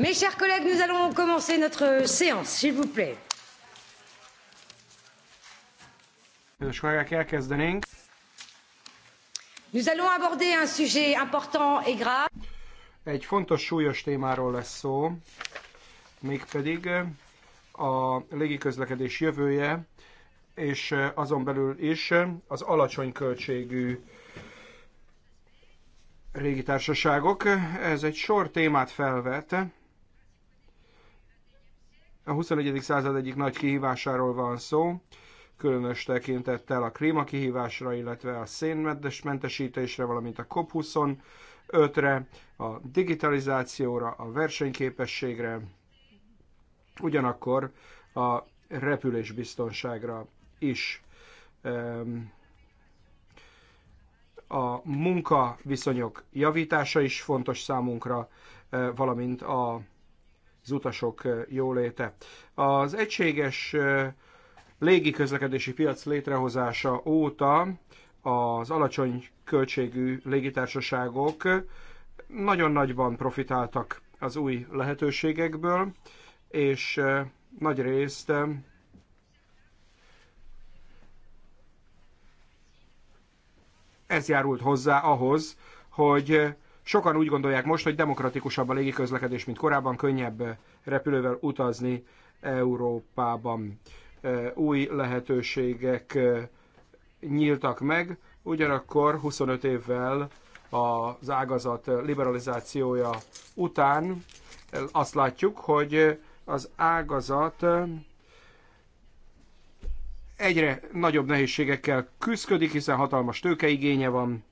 Mes chers collègues, nous allons commencer notre séance, s'il vous plaît. Nous allons aborder un sujet important et grave. Egy fontos, súlyos témáról lesz szó, mégpedig a légiközlekedés jövője, és azon belül is az alacsony költségű régi társaságok. Ez egy sor témát felvet, a 21. század egyik nagy kihívásáról van szó, különös tekintettel a kihívásra illetve a szénmentesítésre, valamint a cop 25 ötre, a digitalizációra, a versenyképességre, ugyanakkor a repülésbiztonságra is. Ehm, a munkaviszonyok javítása is fontos számunkra, eh, valamint a az utasok jóléte. Az egységes légiközlekedési piac létrehozása óta az alacsony költségű légitársaságok nagyon nagyban profitáltak az új lehetőségekből, és nagy részt ez járult hozzá ahhoz, hogy Sokan úgy gondolják most, hogy demokratikusabb a közlekedés, mint korábban, könnyebb repülővel utazni Európában. Új lehetőségek nyíltak meg, ugyanakkor 25 évvel az ágazat liberalizációja után azt látjuk, hogy az ágazat egyre nagyobb nehézségekkel küzdik, hiszen hatalmas tőkeigénye van,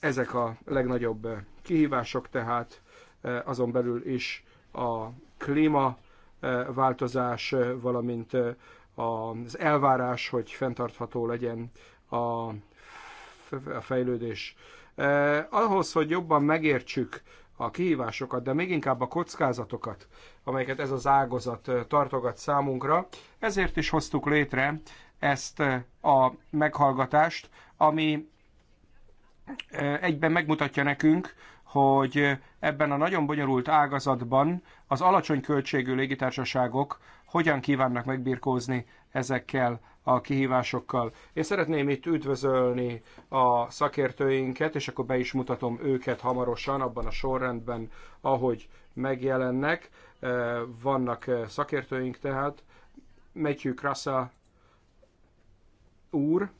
ezek a legnagyobb eh, kihívások tehát eh, azon belül is a klímaváltozás, eh, valamint az elvárás, hogy fenntartható legyen a fejlődés. Ahhoz, hogy jobban megértsük a kihívásokat, de még inkább a kockázatokat, amelyeket ez az ágazat tartogat számunkra, ezért is hoztuk létre ezt a meghallgatást, ami egyben megmutatja nekünk, hogy ebben a nagyon bonyolult ágazatban az alacsony költségű légitársaságok hogyan kívánnak megbirkózni ezekkel a kihívásokkal. Én szeretném itt üdvözölni a szakértőinket, és akkor be is mutatom őket hamarosan, abban a sorrendben, ahogy megjelennek. Vannak szakértőink tehát. Matthew Krasza úr,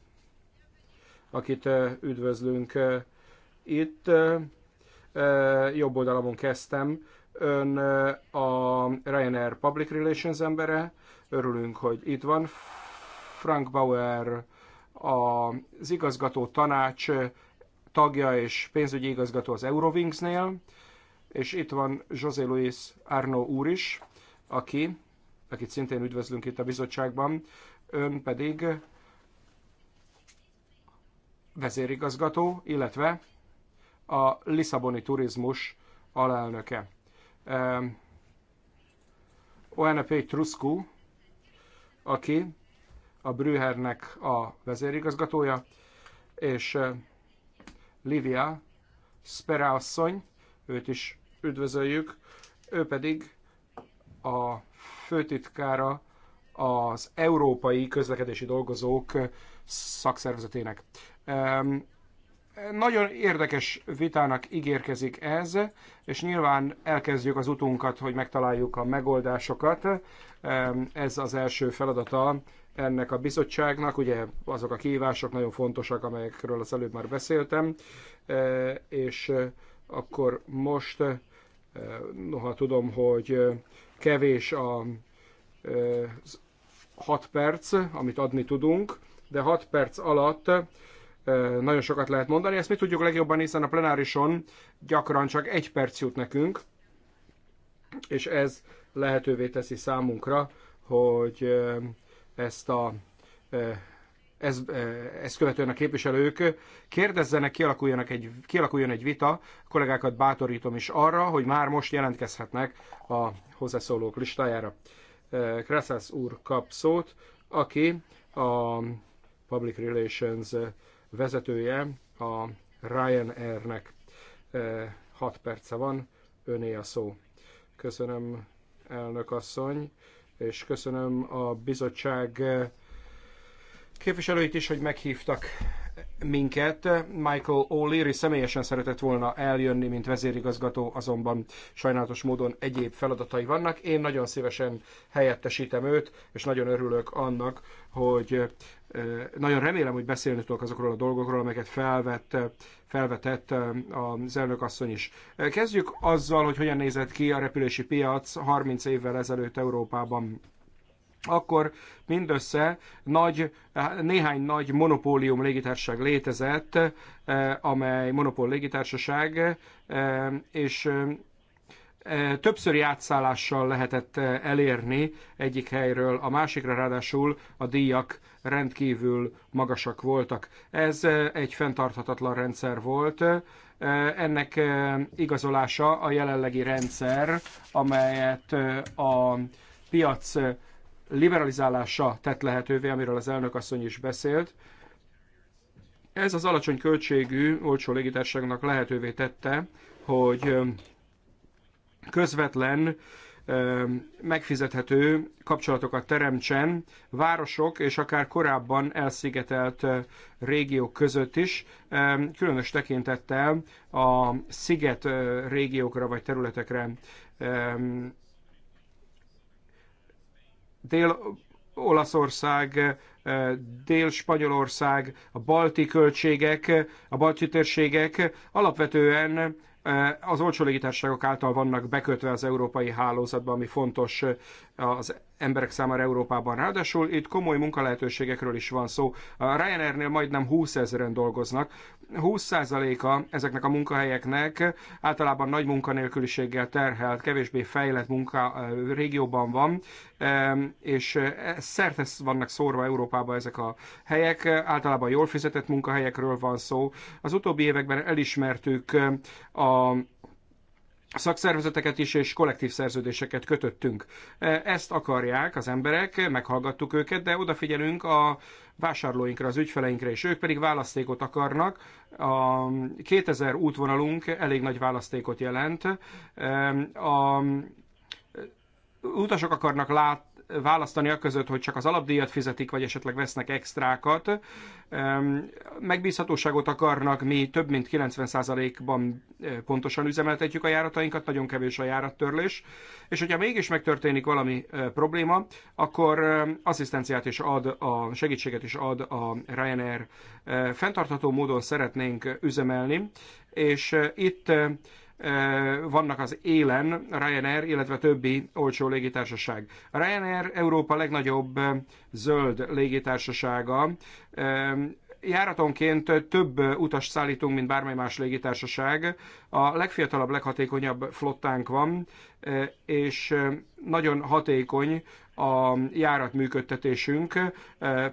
akit üdvözlünk itt. Jobb oldalamon kezdtem. Ön a Ryanair Public Relations embere. Örülünk, hogy itt van. Frank Bauer az igazgató tanács tagja és pénzügyi igazgató az Eurowingsnél, és itt van José Luis Arno úr is, aki, akit szintén üdvözlünk itt a bizottságban, ön pedig vezérigazgató, illetve a Lisszaboni turizmus alelnöke. ONP Truszku, aki a Brühernek a vezérigazgatója, és eh, Livia Spera asszony, őt is üdvözöljük, ő pedig a főtitkára az Európai Közlekedési Dolgozók szakszervezetének. Nagyon érdekes vitának ígérkezik ez, és nyilván elkezdjük az utunkat, hogy megtaláljuk a megoldásokat. Ez az első feladata ennek a bizottságnak, ugye azok a kihívások nagyon fontosak, amelyekről az előbb már beszéltem, és eh, akkor most, eh, noha tudom, hogy eh, kevés a 6 perc, amit adni tudunk, de 6 perc alatt nagyon sokat lehet mondani. Ezt mi tudjuk legjobban, hiszen a plenárison gyakran csak egy perc jut nekünk, és ez lehetővé teszi számunkra, hogy ezt a ez, ezt követően a képviselők kérdezzenek, kialakuljanak egy, kialakuljon egy vita, a kollégákat bátorítom is arra, hogy már most jelentkezhetnek a hozzászólók listájára. Kresszász úr kap szót, aki a Public Relations vezetője a Ryanair-nek. 6 perce van, öné a szó. Köszönöm, elnök asszony, és köszönöm a bizottság képviselőit is, hogy meghívtak minket. Michael O'Leary személyesen szeretett volna eljönni, mint vezérigazgató, azonban sajnálatos módon egyéb feladatai vannak. Én nagyon szívesen helyettesítem őt, és nagyon örülök annak, hogy eh, nagyon remélem, hogy beszélni tudok azokról a dolgokról, amelyeket felvett, felvetett eh, az elnök asszony is. Kezdjük azzal, hogy hogyan nézett ki a repülési piac 30 évvel ezelőtt Európában akkor mindössze nagy, néhány nagy monopólium légitársaság létezett, eh, amely monopól légitársaság, eh, és eh, többszöri átszállással lehetett elérni egyik helyről a másikra, ráadásul a díjak rendkívül magasak voltak. Ez egy fenntarthatatlan rendszer volt. Ennek igazolása a jelenlegi rendszer, amelyet a piac liberalizálása tett lehetővé, amiről az elnök asszony is beszélt. Ez az alacsony költségű, olcsó légitárságnak lehetővé tette, hogy közvetlen megfizethető kapcsolatokat teremtsen városok és akár korábban elszigetelt régiók között is, különös tekintettel a sziget régiókra vagy területekre Dél-Olaszország, eh, Dél-Spanyolország, a balti költségek, a balti térségek alapvetően eh, az olcsó légitársaságok által vannak bekötve az európai hálózatba, ami fontos eh, az emberek számára Európában. Ráadásul itt komoly munkalehetőségekről is van szó. A Ryanairnél majdnem 20 ezeren dolgoznak, 20%-a ezeknek a munkahelyeknek általában nagy munkanélküliséggel terhelt, kevésbé fejlett munka régióban van, és szerte vannak szórva Európában ezek a helyek, általában jól fizetett munkahelyekről van szó. Az utóbbi években elismertük a szakszervezeteket is, és kollektív szerződéseket kötöttünk. E, ezt akarják az emberek, meghallgattuk őket, de odafigyelünk a vásárlóinkra, az ügyfeleinkre, és ők pedig választékot akarnak. A 2000 útvonalunk elég nagy választékot jelent. E, a utasok akarnak lát, választani a között, hogy csak az alapdíjat fizetik, vagy esetleg vesznek extrákat. Megbízhatóságot akarnak, mi több mint 90%-ban eh, pontosan üzemeltetjük a járatainkat, nagyon kevés a járattörlés, és hogyha mégis megtörténik valami eh, probléma, akkor eh, asszisztenciát is ad, a segítséget is ad a Ryanair. Fentartható módon szeretnénk üzemelni, és itt vannak az élen Ryanair, illetve többi olcsó légitársaság. A Ryanair Európa legnagyobb zöld légitársasága. Járatonként több utas szállítunk, mint bármely más légitársaság. A legfiatalabb, leghatékonyabb flottánk van, és nagyon hatékony a működtetésünk. Eh,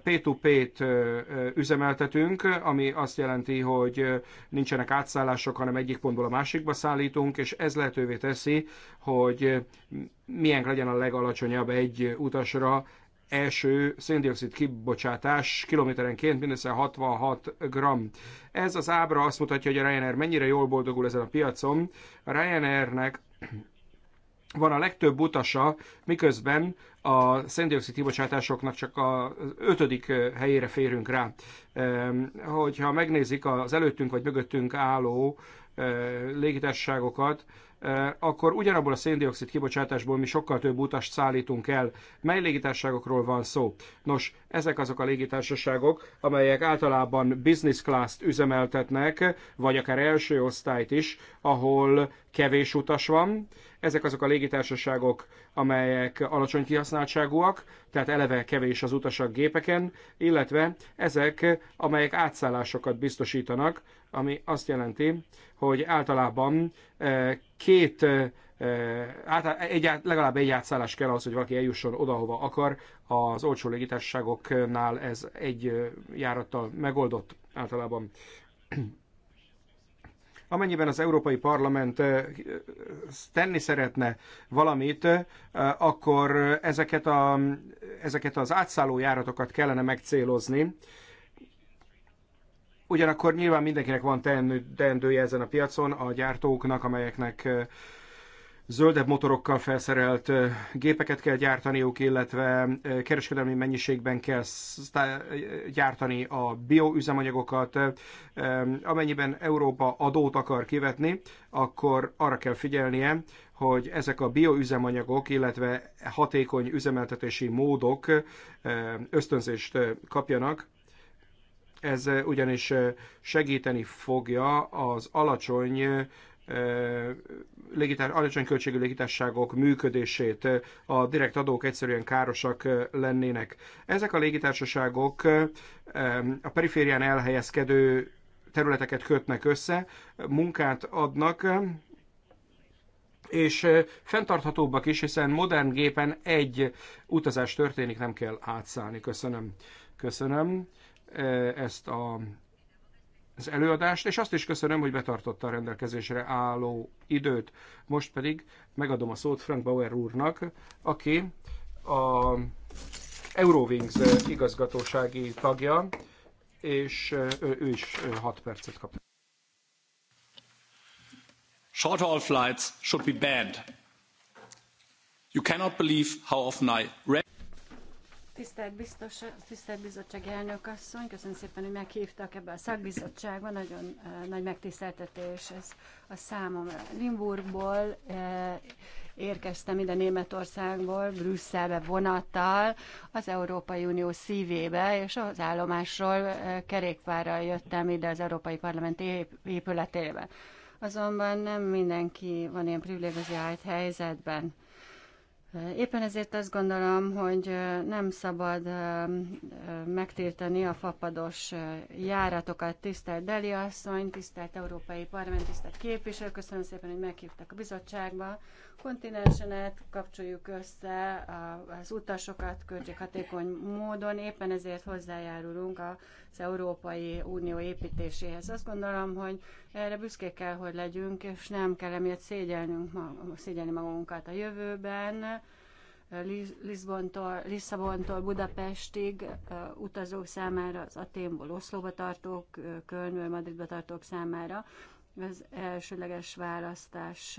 P2P-t eh, eh, üzemeltetünk, ami azt jelenti, hogy nincsenek átszállások, hanem egyik pontból a másikba szállítunk, és ez lehetővé teszi, hogy milyen legyen a legalacsonyabb egy utasra első széndiokszid kibocsátás kilométerenként mindössze 66 g. Ez az ábra azt mutatja, hogy a Ryanair mennyire jól boldogul ezen a piacon. A Ryanairnek van a legtöbb utasa, miközben a széndiokszid kibocsátásoknak csak a ötödik eh, helyére férünk rá. Ehm, hogyha megnézik az előttünk vagy mögöttünk álló eh, légitársaságokat, akkor ugyanabból a széndiokszid kibocsátásból mi sokkal több utast szállítunk el. Mely légitársaságokról van szó? Nos, ezek azok a légitársaságok, amelyek általában business class-t üzemeltetnek, vagy akár első osztályt is, ahol kevés utas van. Ezek azok a légitársaságok, amelyek alacsony kihasználtságúak, tehát eleve kevés az utasak gépeken, illetve ezek, amelyek átszállásokat biztosítanak, ami azt jelenti, hogy általában eh, két eh, általában egy, legalább egy átszállás kell ahhoz, hogy valaki eljusson oda, hova akar. Az olcsó légitársaságoknál ez egy eh, járattal megoldott általában. Amennyiben az Európai Parlament tenni szeretne valamit, akkor ezeket, a, ezeket az átszálló járatokat kellene megcélozni, Ugyanakkor nyilván mindenkinek van teendője ezen a piacon, a gyártóknak, amelyeknek zöldebb motorokkal felszerelt gépeket kell gyártaniuk, illetve kereskedelmi mennyiségben kell gyártani a bioüzemanyagokat. Amennyiben Európa adót akar kivetni, akkor arra kell figyelnie, hogy ezek a bioüzemanyagok, illetve hatékony üzemeltetési módok ösztönzést kapjanak, ez ugyanis segíteni fogja az alacsony légitár, alacsony költségű légitárságok működését, a direkt adók egyszerűen károsak lennének. Ezek a légitársaságok a periférián elhelyezkedő területeket kötnek össze, munkát adnak, és fenntarthatóbbak is, hiszen modern gépen egy utazás történik, nem kell átszállni. Köszönöm. Köszönöm. E, ezt a, az előadást, és azt is köszönöm, hogy betartotta a rendelkezésre álló időt. Most pedig megadom a szót Frank Bauer úrnak, aki a Eurowings igazgatósági tagja, és e, ő, ő is 6 e, percet kap. Short haul flights should be banned. You cannot believe how often I read Tisztelt, biztos, tisztelt bizottság elnök asszony, köszönöm szépen, hogy meghívtak ebbe a szakbizottságba, nagyon eh, nagy megtiszteltetés ez a számomra. Limburgból eh, érkeztem ide Németországból, Brüsszelbe vonattal, az Európai Unió szívébe, és az állomásról eh, kerékpárral jöttem ide az Európai Parlament épületébe. Azonban nem mindenki van ilyen privilegizált helyzetben Éppen ezért azt gondolom, hogy nem szabad megtiltani a fapados járatokat. Tisztelt Deli asszony, tisztelt Európai Parlament, tisztelt képviselő, köszönöm szépen, hogy meghívtak a bizottságba. Kontinensen kapcsoljuk össze az utasokat költséghatékony módon, éppen ezért hozzájárulunk az Európai Unió építéséhez. Azt gondolom, hogy erre büszkék kell, hogy legyünk, és nem kell emiatt szégyelni magunkat a jövőben Liszbontól, Lisszabontól Budapestig utazók számára, az Aténból Oszlóba tartók, Kölnből Madridba tartók számára. Az elsőleges választás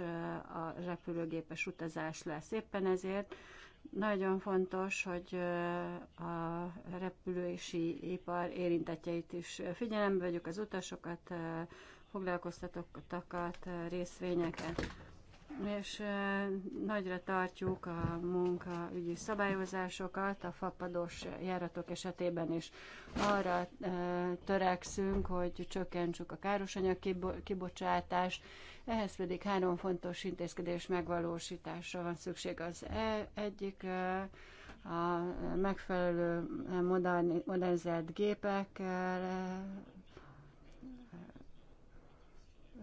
a repülőgépes utazás lesz. Éppen ezért nagyon fontos, hogy a repülési ipar érintetjeit is figyelembe vegyük az utasokat, foglalkoztatókat, részvényeket és nagyra tartjuk a munkaügyi szabályozásokat, a fapados járatok esetében is arra törekszünk, hogy csökkentsük a károsanyag kibocsátást, ehhez pedig három fontos intézkedés megvalósításra van szükség. Az e, egyik a megfelelő modernizált gépek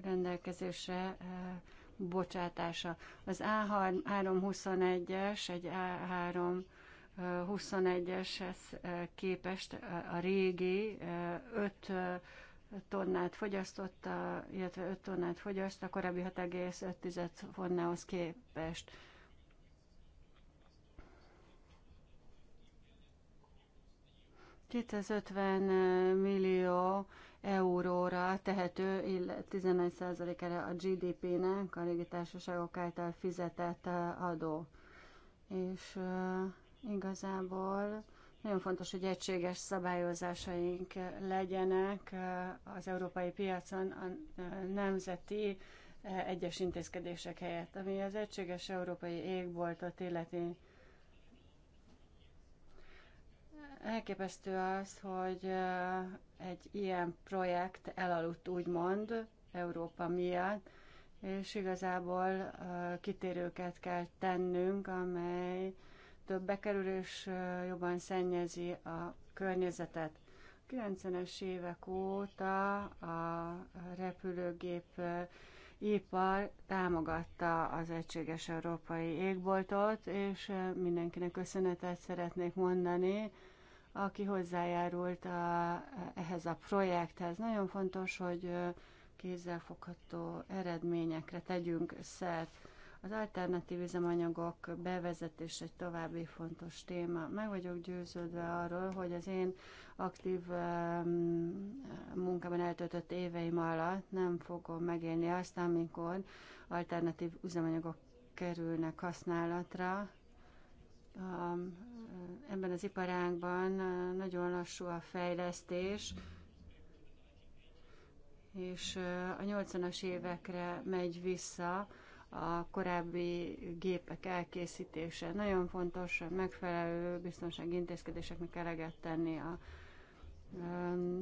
rendelkezésre bocsátása. Az A321-es, egy A321-eshez képest a régi 5 tonnát fogyasztotta, illetve 5 tonnát fogyaszt, a korábbi 6,5 tonnához képest. ...250 millió euróra tehető, illetve 11%-ára a GDP-nek a légitársaságok által fizetett eh, adó. És uh, igazából nagyon fontos, hogy egységes szabályozásaink legyenek eh, az európai piacon a nemzeti egyes intézkedések helyett, ami az egységes európai égboltot illeti Elképesztő az, hogy egy ilyen projekt elaludt úgymond Európa miatt, és igazából kitérőket kell tennünk, amely több bekerül és jobban szennyezi a környezetet. 90-es évek óta a repülőgép ipar támogatta az egységes európai égboltot, és mindenkinek köszönetet szeretnék mondani, aki hozzájárult a, ehhez a projekthez. Nagyon fontos, hogy kézzelfogható eredményekre tegyünk szert. Az alternatív üzemanyagok bevezetés egy további fontos téma. Meg vagyok győződve arról, hogy az én aktív munkában eltöltött éveim alatt nem fogom megélni azt, amikor alternatív üzemanyagok kerülnek használatra ebben az iparágban nagyon lassú a fejlesztés, és a 80-as évekre megy vissza a korábbi gépek elkészítése. Nagyon fontos megfelelő biztonsági intézkedéseknek eleget tenni a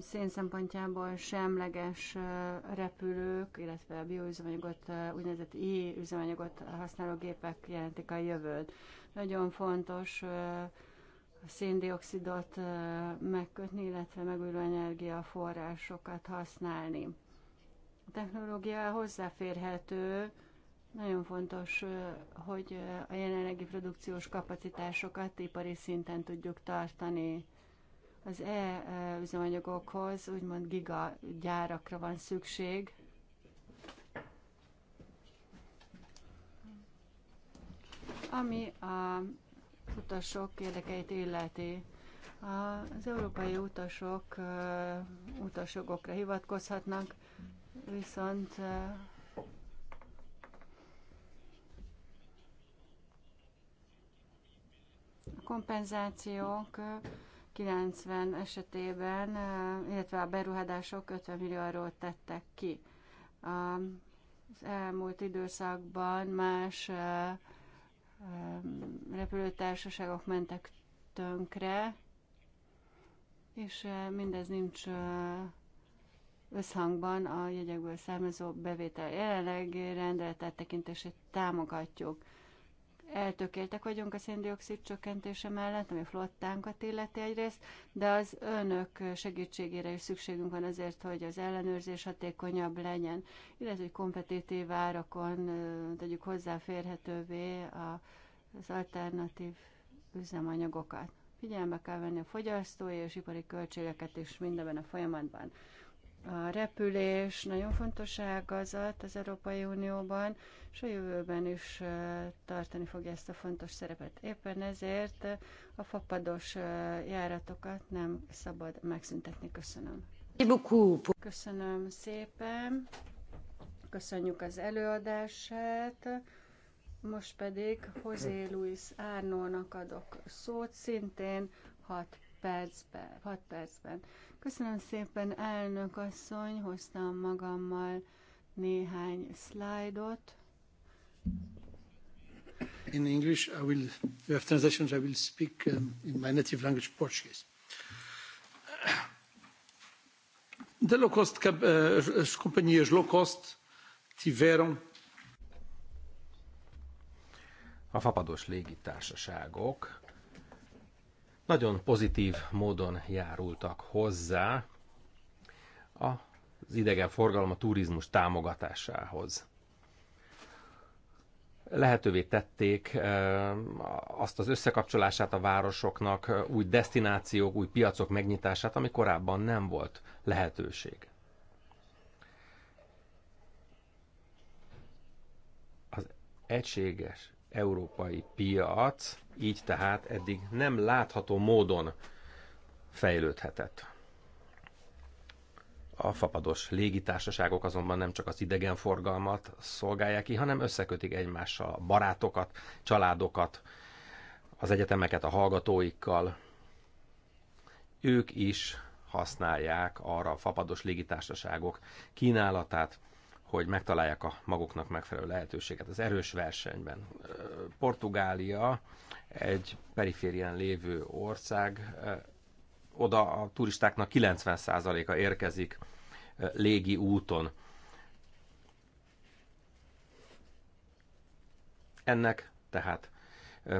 szén szempontjából semleges repülők, illetve a bioüzemanyagot, úgynevezett i üzemanyagot használó gépek jelentik a jövőt. Nagyon fontos a széndiokszidot megkötni, illetve megújuló energiaforrásokat használni. A technológia hozzáférhető, nagyon fontos, hogy a jelenlegi produkciós kapacitásokat ipari szinten tudjuk tartani. Az e-üzemanyagokhoz úgymond gigagyárakra van szükség, ami a utasok érdekeit illeti. Az európai utasok utasjogokra hivatkozhatnak, viszont a kompenzációk 90 esetében, illetve a beruhadások 50 millióról tettek ki. Az elmúlt időszakban más repülőtársaságok mentek tönkre, és mindez nincs összhangban a jegyekből származó bevétel jelenleg rendeletet tekintését támogatjuk eltökéltek vagyunk a széndiokszid csökkentése mellett, ami flottánkat illeti egyrészt, de az önök segítségére is szükségünk van azért, hogy az ellenőrzés hatékonyabb legyen, illetve hogy kompetitív árakon tegyük hozzáférhetővé az alternatív üzemanyagokat. Figyelme kell venni a fogyasztói és ipari költségeket is mindenben a folyamatban. A repülés nagyon fontos ágazat az Európai Unióban, és a jövőben is tartani fogja ezt a fontos szerepet. Éppen ezért a fapados járatokat nem szabad megszüntetni. Köszönöm. Köszönöm szépen. Köszönjük az előadását. Most pedig José Luis Árnónak adok szót, szintén 6 percben. 6 percben. Köszönöm szépen, elnök asszony, hoztam magammal néhány szlájdot in English. I will, you have translations, I will speak um, in my native language, Portuguese. The low cost, uh, as companhias low cost tiveram. A fapados légitársaságok nagyon pozitív módon járultak hozzá az idegen forgalom a turizmus támogatásához lehetővé tették azt az összekapcsolását a városoknak, új destinációk, új piacok megnyitását, ami korábban nem volt lehetőség. Az egységes európai piac így tehát eddig nem látható módon fejlődhetett. A fapados légitársaságok azonban nem csak az idegenforgalmat szolgálják ki, hanem összekötik egymással barátokat, családokat, az egyetemeket a hallgatóikkal. Ők is használják arra a fapados légitársaságok kínálatát, hogy megtalálják a maguknak megfelelő lehetőséget az erős versenyben. Portugália egy periférien lévő ország, oda a turistáknak 90%-a érkezik légi úton. Ennek tehát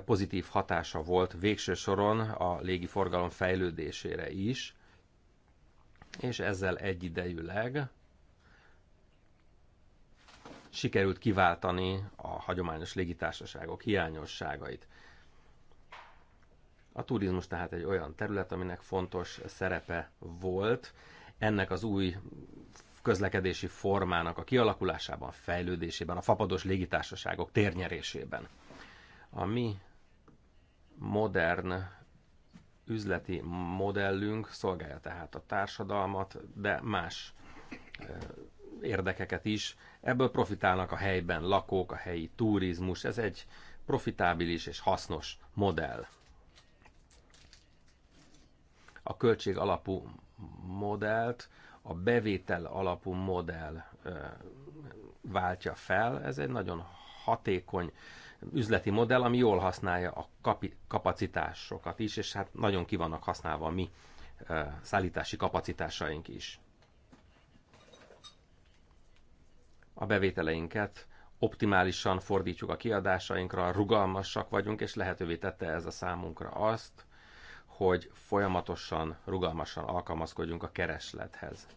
pozitív hatása volt végső soron a forgalom fejlődésére is, és ezzel egyidejűleg sikerült kiváltani a hagyományos légitársaságok hiányosságait. A turizmus tehát egy olyan terület, aminek fontos szerepe volt ennek az új közlekedési formának a kialakulásában, fejlődésében, a fapados légitársaságok térnyerésében. A mi modern üzleti modellünk szolgálja tehát a társadalmat, de más érdekeket is. Ebből profitálnak a helyben lakók, a helyi turizmus. Ez egy profitábilis és hasznos modell a költség alapú modellt a bevétel alapú modell váltja fel. Ez egy nagyon hatékony üzleti modell, ami jól használja a kapacitásokat is, és hát nagyon ki vannak használva a mi szállítási kapacitásaink is. A bevételeinket optimálisan fordítjuk a kiadásainkra, rugalmasak vagyunk, és lehetővé tette ez a számunkra azt, hogy folyamatosan, rugalmasan alkalmazkodjunk a kereslethez.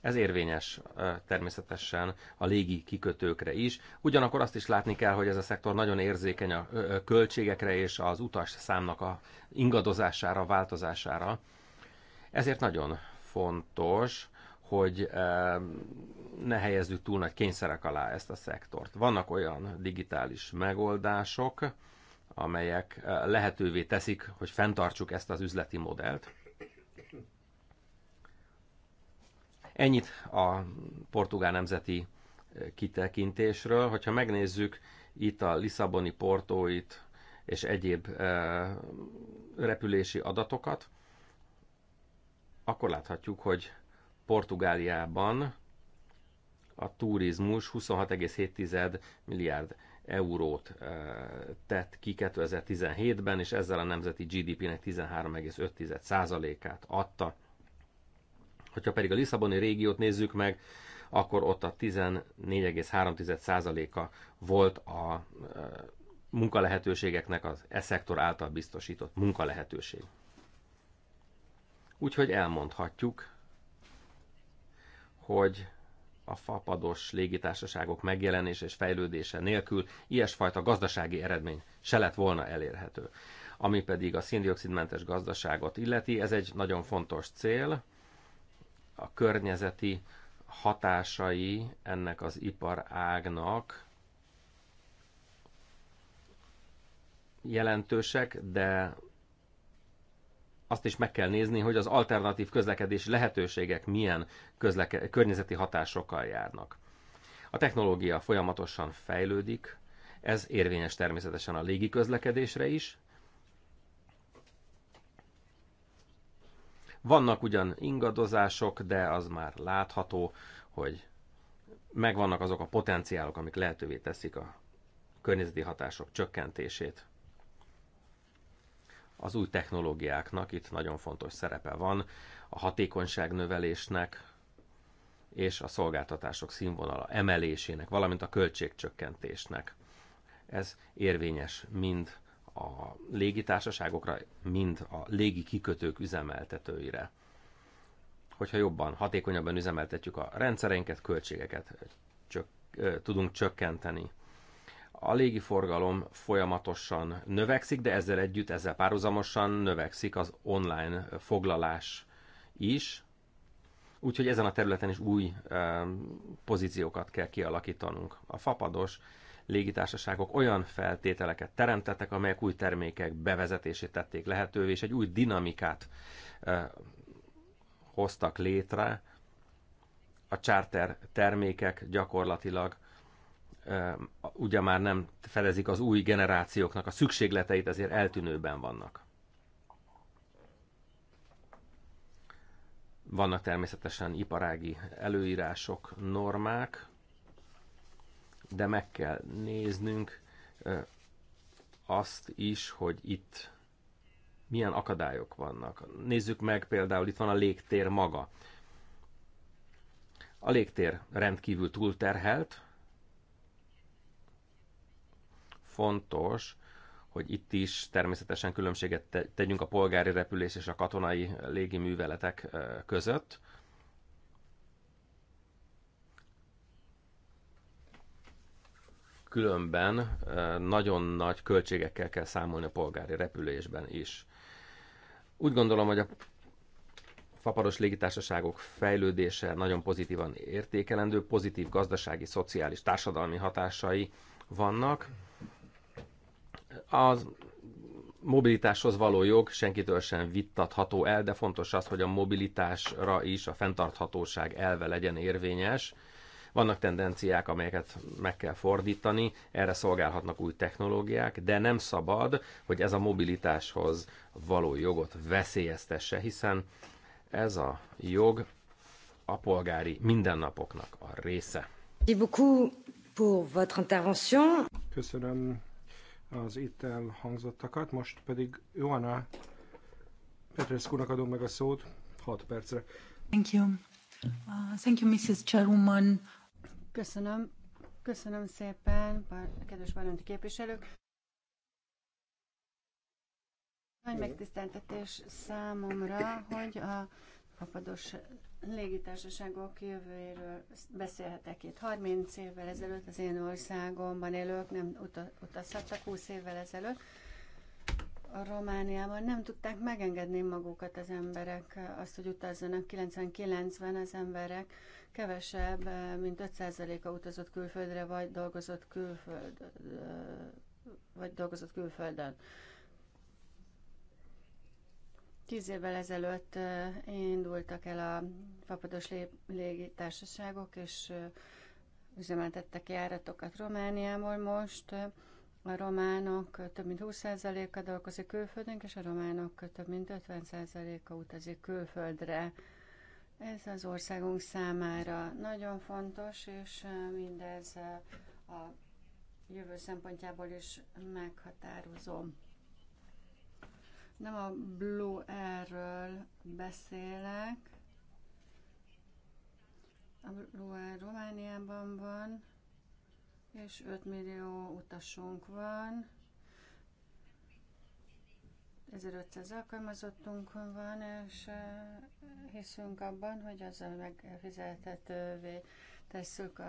Ez érvényes természetesen a légi kikötőkre is. Ugyanakkor azt is látni kell, hogy ez a szektor nagyon érzékeny a költségekre és az utas számnak a ingadozására, változására. Ezért nagyon fontos, hogy ne helyezzük túl nagy kényszerek alá ezt a szektort. Vannak olyan digitális megoldások, amelyek eh, lehetővé teszik, hogy fenntartsuk ezt az üzleti modellt. Ennyit a portugál nemzeti eh, kitekintésről. Hogyha megnézzük itt a Lisszaboni portóit és egyéb eh, repülési adatokat, akkor láthatjuk, hogy Portugáliában a turizmus 26,7 milliárd eurót eh, tett ki 2017-ben, és ezzel a nemzeti GDP-nek 13,5%-át adta. Hogyha pedig a Lisszaboni régiót nézzük meg, akkor ott a 14,3%-a volt a eh, munkalehetőségeknek az e-szektor által biztosított munkalehetőség. Úgyhogy elmondhatjuk, hogy a fapados légitársaságok megjelenése és fejlődése nélkül ilyesfajta gazdasági eredmény se lett volna elérhető. Ami pedig a széndiokszidmentes gazdaságot illeti, ez egy nagyon fontos cél, a környezeti hatásai ennek az iparágnak jelentősek, de azt is meg kell nézni, hogy az alternatív közlekedési lehetőségek milyen közleke- környezeti hatásokkal járnak. A technológia folyamatosan fejlődik, ez érvényes természetesen a légi közlekedésre is. Vannak ugyan ingadozások, de az már látható, hogy megvannak azok a potenciálok, amik lehetővé teszik a környezeti hatások csökkentését az új technológiáknak itt nagyon fontos szerepe van, a hatékonyság növelésnek és a szolgáltatások színvonala emelésének, valamint a költségcsökkentésnek. Ez érvényes mind a légitársaságokra, mind a légi kikötők üzemeltetőire. Hogyha jobban, hatékonyabban üzemeltetjük a rendszereinket, költségeket csök, ö, tudunk csökkenteni. A légiforgalom folyamatosan növekszik, de ezzel együtt, ezzel párhuzamosan növekszik az online foglalás is, úgyhogy ezen a területen is új e, pozíciókat kell kialakítanunk. A fapados légitársaságok olyan feltételeket teremtettek, amelyek új termékek bevezetését tették lehetővé, és egy új dinamikát e, hoztak létre. A charter termékek gyakorlatilag ugye már nem felezik az új generációknak a szükségleteit, ezért eltűnőben vannak. Vannak természetesen iparági előírások, normák, de meg kell néznünk azt is, hogy itt milyen akadályok vannak. Nézzük meg például, itt van a légtér maga. A légtér rendkívül túlterhelt, fontos, hogy itt is természetesen különbséget tegyünk a polgári repülés és a katonai műveletek között. Különben nagyon nagy költségekkel kell számolni a polgári repülésben is. Úgy gondolom, hogy a faparos légitársaságok fejlődése nagyon pozitívan értékelendő, pozitív gazdasági, szociális, társadalmi hatásai vannak az mobilitáshoz való jog senkitől sem vittatható el, de fontos az, hogy a mobilitásra is a fenntarthatóság elve legyen érvényes. Vannak tendenciák, amelyeket meg kell fordítani, erre szolgálhatnak új technológiák, de nem szabad, hogy ez a mobilitáshoz való jogot veszélyeztesse, hiszen ez a jog a polgári mindennapoknak a része. Köszönöm az itt elhangzottakat. Most pedig Joana Petrescu-nak adom meg a szót 6 percre. Thank you. Uh, thank you, Mrs. Chairwoman. Köszönöm. Köszönöm szépen, kedves parlamenti képviselők. Nagy megtiszteltetés számomra, hogy a fapados légitársaságok jövőjéről beszélhetek itt. 30 évvel ezelőtt az én országomban élők nem utazhattak, 20 évvel ezelőtt a Romániában nem tudták megengedni magukat az emberek, azt, hogy utazzanak. 99-ben az emberek kevesebb, mint 5%-a utazott külföldre, vagy dolgozott külföld, vagy dolgozott külföldön. Tíz évvel ezelőtt indultak el a fapados légitársaságok, és üzemeltettek járatokat Romániából most. A románok több mint 20%-a dolgozik külföldön, és a románok több mint 50%-a utazik külföldre. Ez az országunk számára nagyon fontos, és mindez a jövő szempontjából is meghatározó. Nem a Blue Air-ről beszélek. A Blue Air Romániában van, és 5 millió utasunk van. 1500 alkalmazottunk van, és eh, hiszünk abban, hogy azzal megfizethetővé tesszük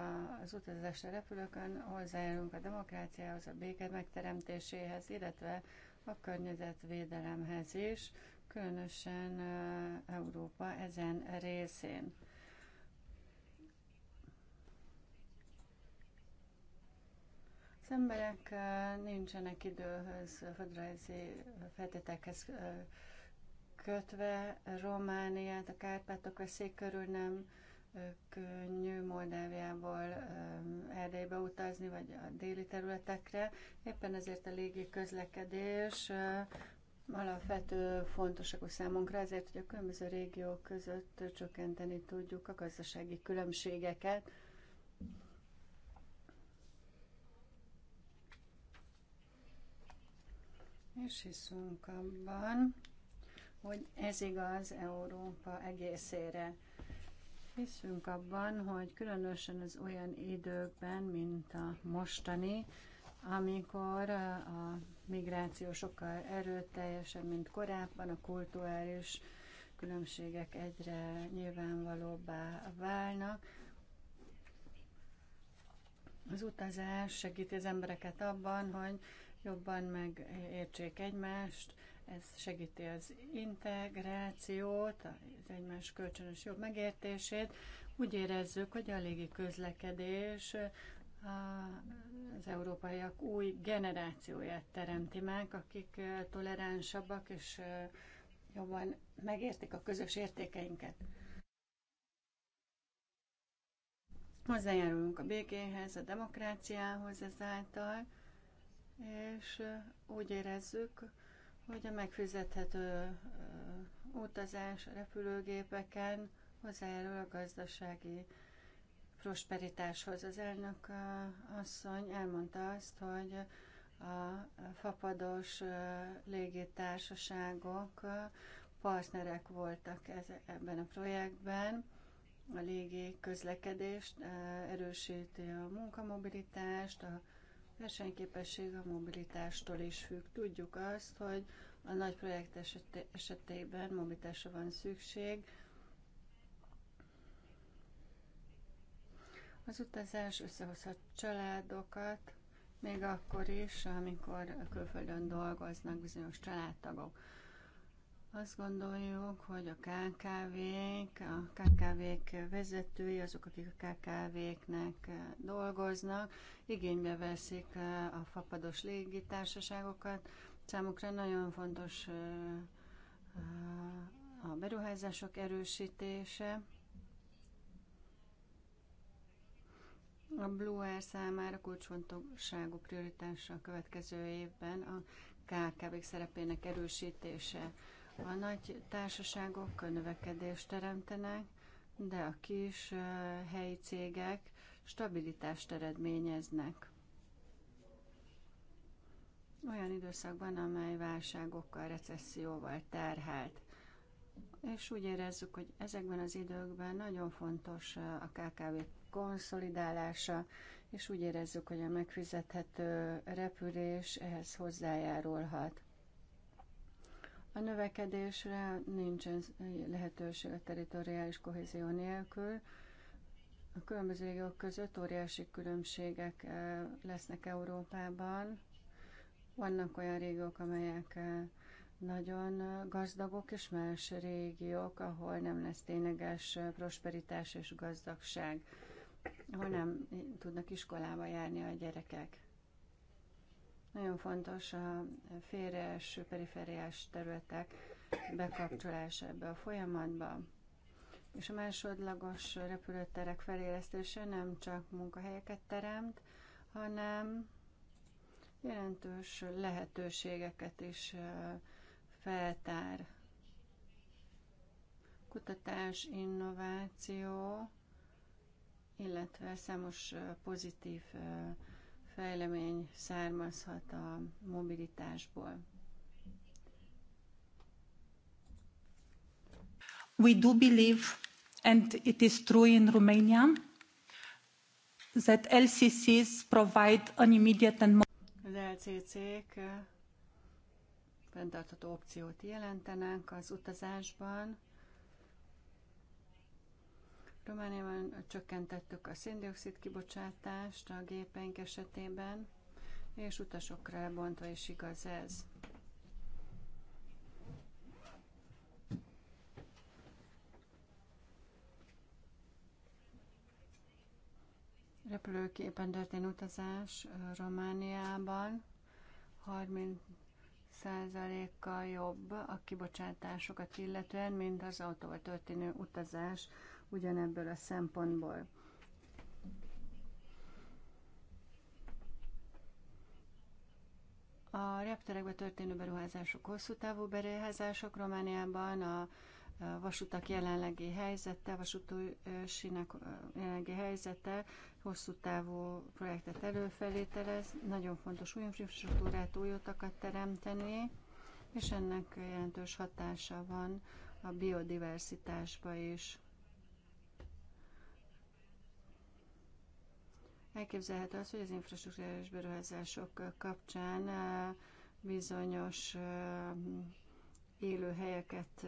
az utazásra repülőkön, hozzájárunk a demokráciához, a béke megteremtéséhez, illetve a környezetvédelemhez is, különösen Európa ezen részén. Az emberek nincsenek időhöz, földrajzi feltételekhez kötve Romániát, a Kárpátok veszély körül nem könnyű Moldáviából Erdélybe utazni, vagy a déli területekre. Éppen ezért a légi közlekedés alapvető a számunkra, ezért, hogy a különböző régiók között csökkenteni tudjuk a gazdasági különbségeket. És hiszünk abban, hogy ez igaz Európa egészére. Hiszünk abban, hogy különösen az olyan időkben, mint a mostani, amikor a migráció sokkal erőteljesebb, mint korábban, a kulturális különbségek egyre nyilvánvalóbbá válnak. Az utazás segíti az embereket abban, hogy jobban megértsék egymást, ez segíti az integrációt, az egymás kölcsönös jobb megértését. Úgy érezzük, hogy a légi közlekedés az európaiak új generációját teremti meg, akik toleránsabbak és jobban megértik a közös értékeinket. Hozzájárulunk a békéhez, a demokráciához ezáltal, és úgy érezzük, hogy a megfizethető utazás repülőgépeken hozzájárul a gazdasági prosperitáshoz. Az elnök asszony elmondta azt, hogy a fapados légitársaságok partnerek voltak ebben a projektben. A légi közlekedést erősíti a munkamobilitást, a versenyképesség a mobilitástól is függ. Tudjuk azt, hogy a nagy projekt esetében mobilitásra van szükség. Az utazás összehozhat családokat, még akkor is, amikor külföldön dolgoznak bizonyos családtagok. Azt gondoljuk, hogy a KKV-k, a KKV-k vezetői, azok, akik a KKV-knek eh, dolgoznak, igénybe veszik eh, a fapados légitársaságokat. Számukra nagyon fontos eh, a beruházások erősítése. A Blue Air számára kulcsfontosságú prioritása a következő évben a KKV-k szerepének erősítése. A nagy társaságok növekedést teremtenek, de a kis helyi cégek stabilitást eredményeznek. Olyan időszakban, amely válságokkal, recesszióval terhelt. És úgy érezzük, hogy ezekben az időkben nagyon fontos a KKV konszolidálása, és úgy érezzük, hogy a megfizethető repülés ehhez hozzájárulhat. A növekedésre nincsen lehetőség a teritoriális kohézió nélkül. A különböző régiók között óriási különbségek eh, lesznek Európában. Vannak olyan régiók, amelyek eh, nagyon eh, gazdagok, és más régiók, ahol nem lesz tényleges prosperitás és gazdagság, ahol nem tudnak iskolába járni a gyerekek. Nagyon fontos a félreeső perifériás területek bekapcsolása ebbe a folyamatba. És a másodlagos repülőterek felélesztése nem csak munkahelyeket teremt, hanem jelentős lehetőségeket is feltár. Kutatás, innováció, illetve számos pozitív fejlemény származhat a mobilitásból. We do believe, and it is true in Romania, that LCCs provide an immediate and az LCC-k eh, fenntartható opciót jelentenek az utazásban, Romániában csökkentettük a széndiokszid kibocsátást a gépeink esetében, és utasokra lebontva is igaz ez. Repülőképen történő utazás Romániában 30 százalékkal jobb a kibocsátásokat illetően, mint az autóval történő utazás ugyanebből a szempontból. A repterekbe történő beruházások hosszú távú beruházások Romániában a vasutak jelenlegi helyzete, vasutósinak jelenlegi helyzete hosszú távú projektet előfelételez, nagyon fontos új infrastruktúrát, új utakat teremteni, és ennek jelentős hatása van a biodiversitásba is. Elképzelhető az, hogy az infrastruktúrális beruházások kapcsán bizonyos élőhelyeket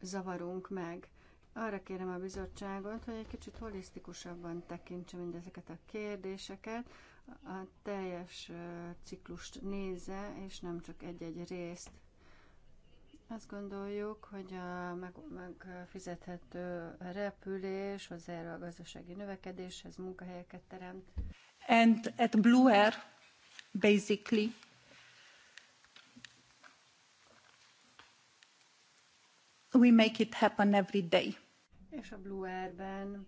zavarunk meg. Arra kérem a bizottságot, hogy egy kicsit holisztikusabban tekintse mindezeket a kérdéseket, a teljes ciklust nézze, és nem csak egy-egy részt. Azt gondoljuk, hogy a meg, megfizethető repülés erre a gazdasági növekedéshez, munkahelyeket teremt. And at Blue Air, basically, we make it happen every day. És a Blue Airben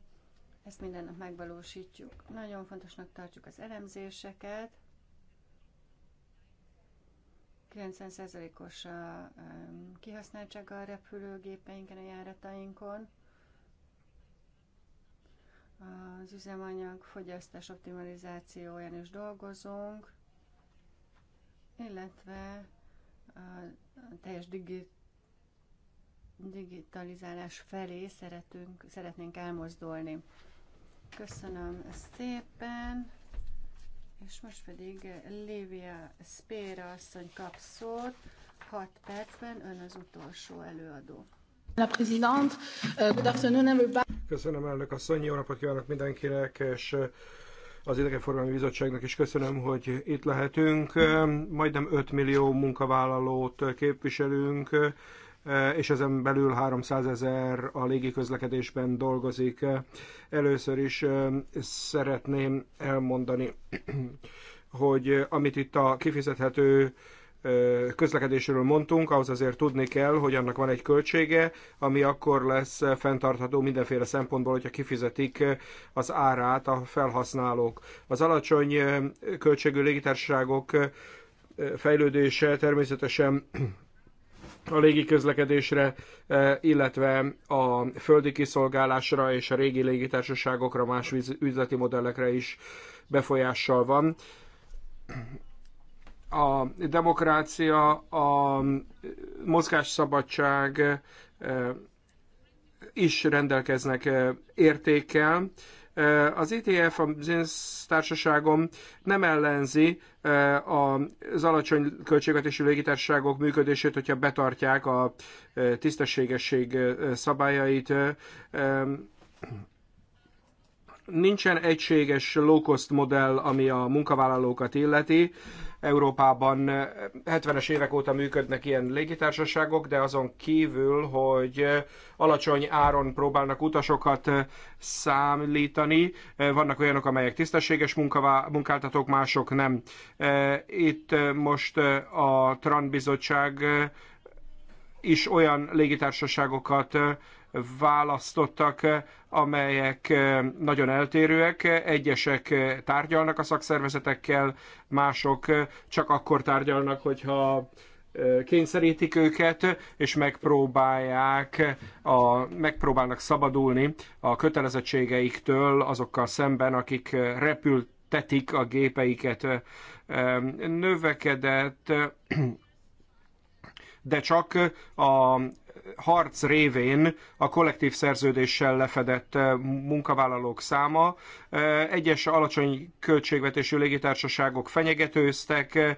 ezt minden nap megvalósítjuk. Nagyon fontosnak tartjuk az elemzéseket, 90%-os a kihasználtsága a repülőgépeinken, a járatainkon. Az üzemanyag fogyasztás optimalizációján is dolgozunk, illetve a teljes digit digitalizálás felé szeretünk, szeretnénk elmozdulni. Köszönöm szépen! És most pedig eh, Lévia Spéra asszony kap szót, 6 percben ön az utolsó előadó. La euh, Köszönöm elnök asszony, jó napot kívánok mindenkinek, és eh, az Idegenforgalmi Bizottságnak is köszönöm, hogy itt lehetünk. Majdnem 5 millió munkavállalót eh, képviselünk, E, és ezen belül 300 ezer a légiközlekedésben dolgozik. E, először is e, szeretném elmondani, hogy amit itt a kifizethető közlekedésről mondtunk, ahhoz azért tudni kell, hogy annak van egy költsége, ami akkor lesz fenntartható mindenféle szempontból, hogyha kifizetik az árát a felhasználók. Az alacsony költségű légitársaságok fejlődése természetesen a légi közlekedésre, e, illetve a földi kiszolgálásra és a régi légitársaságokra, más üzleti modellekre is befolyással van. A demokrácia, a mozgásszabadság e, is rendelkeznek e, értékkel, az ETF, az én társaságom nem ellenzi az alacsony költségvetésű légitársaságok működését, hogyha betartják a tisztességesség szabályait nincsen egységes low-cost modell, ami a munkavállalókat illeti. Európában 70-es eh, évek óta működnek ilyen légitársaságok, de azon kívül, hogy eh, alacsony áron próbálnak utasokat eh, számlítani, vannak olyanok, amelyek tisztességes munkáltatók, mások nem. Itt most a Tran bizottság is olyan légitársaságokat választottak, amelyek eh, nagyon eltérőek. Egyesek eh, tárgyalnak a szakszervezetekkel, mások eh, csak akkor tárgyalnak, hogyha kényszerítik őket, és megpróbálják a, megpróbálnak szabadulni a kötelezettségeiktől azokkal szemben, akik repültetik a gépeiket. Növekedett de csak a harc révén a kollektív szerződéssel lefedett eh, munkavállalók száma. Eh, egyes alacsony költségvetésű légitársaságok fenyegetőztek, eh,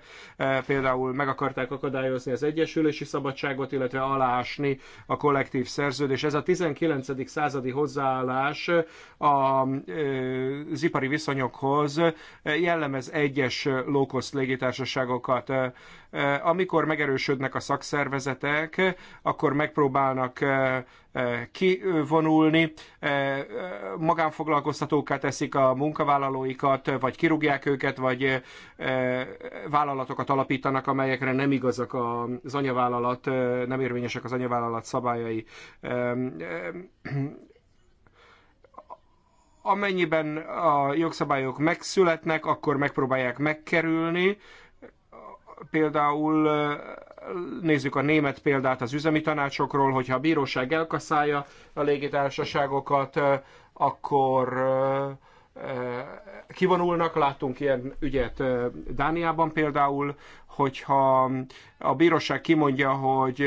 például meg akarták akadályozni az egyesülési szabadságot, illetve aláásni a kollektív szerződés. Ez a 19. századi hozzáállás az ipari viszonyokhoz jellemez egyes low-cost légitársaságokat. Eh, amikor megerősödnek a szakszervezetek, akkor megpróbálnak eh, eh, kivonulni, magánfoglalkoztatókká teszik a munkavállalóikat, vagy kirúgják őket, vagy vállalatokat alapítanak, amelyekre nem igazak az anyavállalat, nem érvényesek az anyavállalat szabályai amennyiben a jogszabályok megszületnek, akkor megpróbálják megkerülni például nézzük a német példát az üzemi tanácsokról, hogyha a bíróság elkaszálja a légitársaságokat, akkor kivonulnak, láttunk ilyen ügyet Dániában például, hogyha a bíróság kimondja, hogy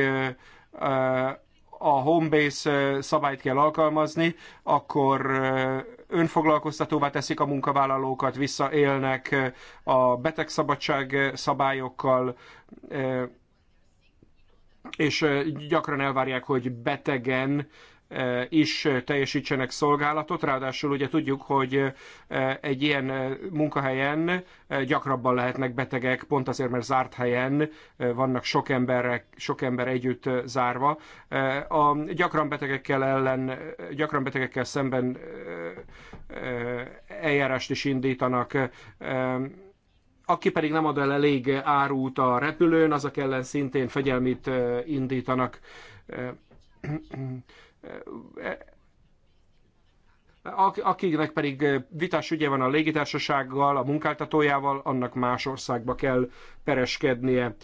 a homebase szabályt kell alkalmazni, akkor önfoglalkoztatóvá teszik a munkavállalókat, visszaélnek a betegszabadság szabályokkal, eh, és gyakran elvárják, hogy betegen Eh, is teljesítsenek szolgálatot. Ráadásul ugye tudjuk, hogy eh, egy ilyen eh, munkahelyen gyakrabban lehetnek betegek, pont azért, mert zárt helyen vannak sok, emberek, sok ember együtt zárva. A gyakran betegekkel ellen, gyakran betegekkel szemben eljárást is indítanak aki pedig nem ad el elég árút a repülőn, azok ellen szintén fegyelmit indítanak akiknek pedig vitás ügye van a légitársasággal, a munkáltatójával, annak más országba kell pereskednie.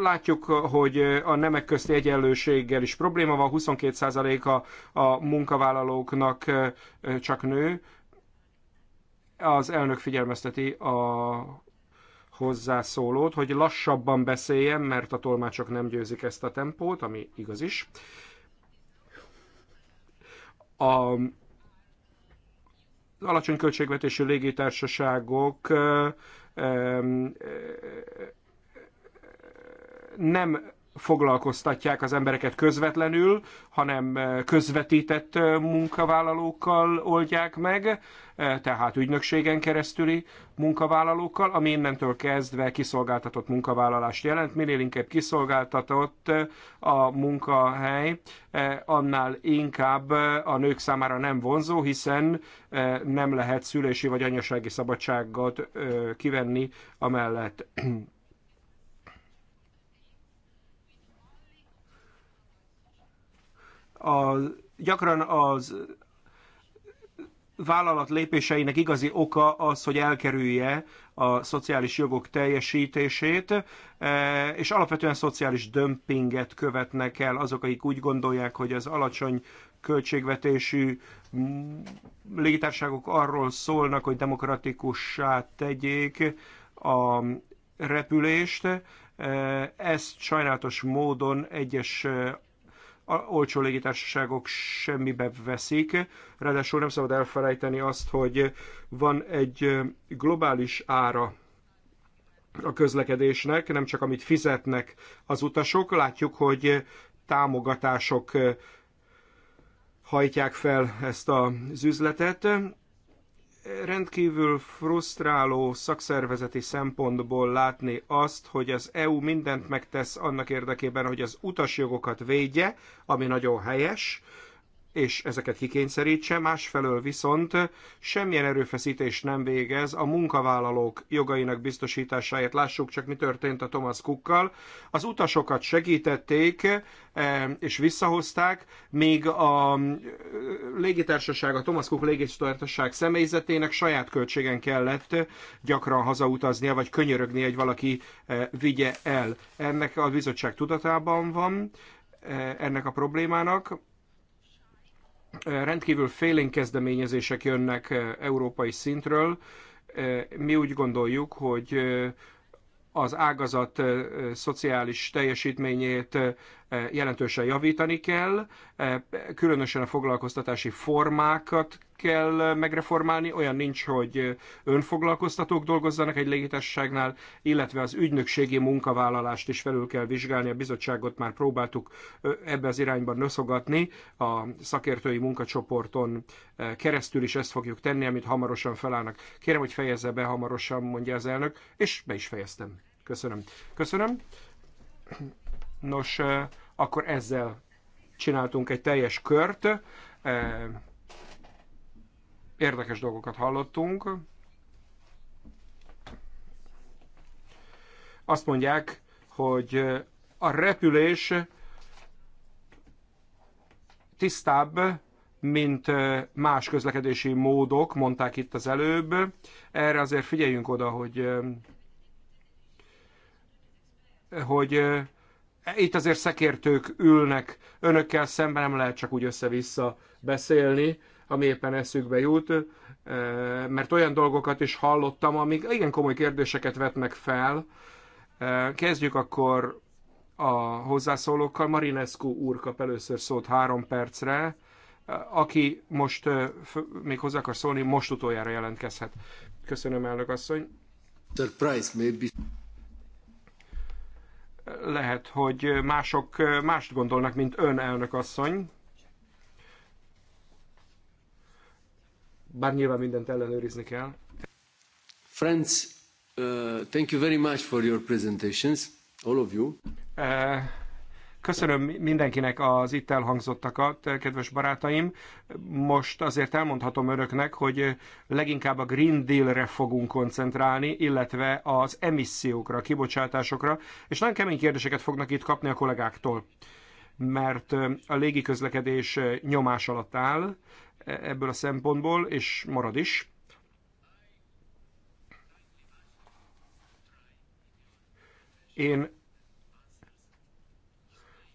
Látjuk, hogy a nemek közti egyenlőséggel is probléma van, 22%-a a munkavállalóknak csak nő. Az elnök figyelmezteti a hozzászólót, hogy lassabban beszéljen, mert a tolmácsok nem győzik ezt a tempót, ami igaz is. A az alacsony költségvetésű légitársaságok nem foglalkoztatják az embereket közvetlenül, hanem eh, közvetített eh, munkavállalókkal oldják meg, eh, tehát ügynökségen keresztüli munkavállalókkal, ami innentől kezdve kiszolgáltatott munkavállalást jelent. Minél inkább kiszolgáltatott a munkahely, annál inkább a nők számára nem vonzó, hiszen nem lehet szülési vagy anyasági szabadságot kivenni amellett a, gyakran az vállalat lépéseinek igazi oka az, hogy elkerülje a szociális jogok teljesítését, e, és alapvetően szociális dömpinget követnek el azok, akik úgy gondolják, hogy az alacsony költségvetésű légitárságok arról szólnak, hogy demokratikussá tegyék a repülést. E, ezt sajnálatos módon egyes a olcsó légitársaságok semmibe veszik. Ráadásul nem szabad elfelejteni azt, hogy van egy globális ára a közlekedésnek, nem csak amit fizetnek az utasok. Látjuk, hogy támogatások hajtják fel ezt az üzletet rendkívül frusztráló szakszervezeti szempontból látni azt, hogy az EU mindent megtesz annak érdekében, hogy az utasjogokat védje, ami nagyon helyes, és ezeket kikényszerítse, másfelől viszont semmilyen erőfeszítés nem végez a munkavállalók jogainak biztosításáért. Lássuk csak, mi történt a Thomas Cookkal. Az utasokat segítették eh, és visszahozták, még a eh, légitársaság, a Thomas Cook légitársaság személyzetének saját költségen kellett gyakran hazautaznia, vagy könyörögni, egy valaki eh, vigye el. Ennek a bizottság tudatában van, ennek a problémának, rendkívül félénk kezdeményezések jönnek eh, európai szintről. Eh, mi úgy gondoljuk, hogy eh, az ágazat szociális teljesítményét jelentősen javítani kell, különösen a foglalkoztatási formákat kell megreformálni, olyan nincs, hogy önfoglalkoztatók dolgozzanak egy légitársaságnál, illetve az ügynökségi munkavállalást is felül kell vizsgálni. A bizottságot már próbáltuk ebbe az irányba nöszogatni. A szakértői munkacsoporton keresztül is ezt fogjuk tenni, amit hamarosan felállnak. Kérem, hogy fejezze be hamarosan, mondja az elnök, és be is fejeztem. Köszönöm. Köszönöm. Nos, akkor ezzel csináltunk egy teljes kört Érdekes dolgokat hallottunk. Azt mondják, hogy a repülés tisztább, mint más közlekedési módok, mondták itt az előbb. Erre azért figyeljünk oda, hogy, hogy itt azért szekértők ülnek önökkel szemben, nem lehet csak úgy össze-vissza beszélni ami éppen eszükbe jut, mert olyan dolgokat is hallottam, amik igen komoly kérdéseket vetnek fel. Kezdjük akkor a hozzászólókkal. Marinescu úr kap először szót három percre. Aki most még hozzá akar szólni, most utoljára jelentkezhet. Köszönöm, elnök asszony. Lehet, hogy mások mást gondolnak, mint ön, elnök asszony. bár nyilván mindent ellenőrizni kell. Friends, uh, thank you very much for your presentations, all of you. Uh, Köszönöm mindenkinek az itt elhangzottakat, eh, kedves barátaim. Most azért elmondhatom önöknek, hogy eh, leginkább a Green Deal-re fogunk koncentrálni, illetve az emissziókra, kibocsátásokra, és nagyon kemény kérdéseket fognak itt kapni a kollégáktól mert a légiközlekedés nyomás alatt áll, ebből a szempontból, és marad is. Én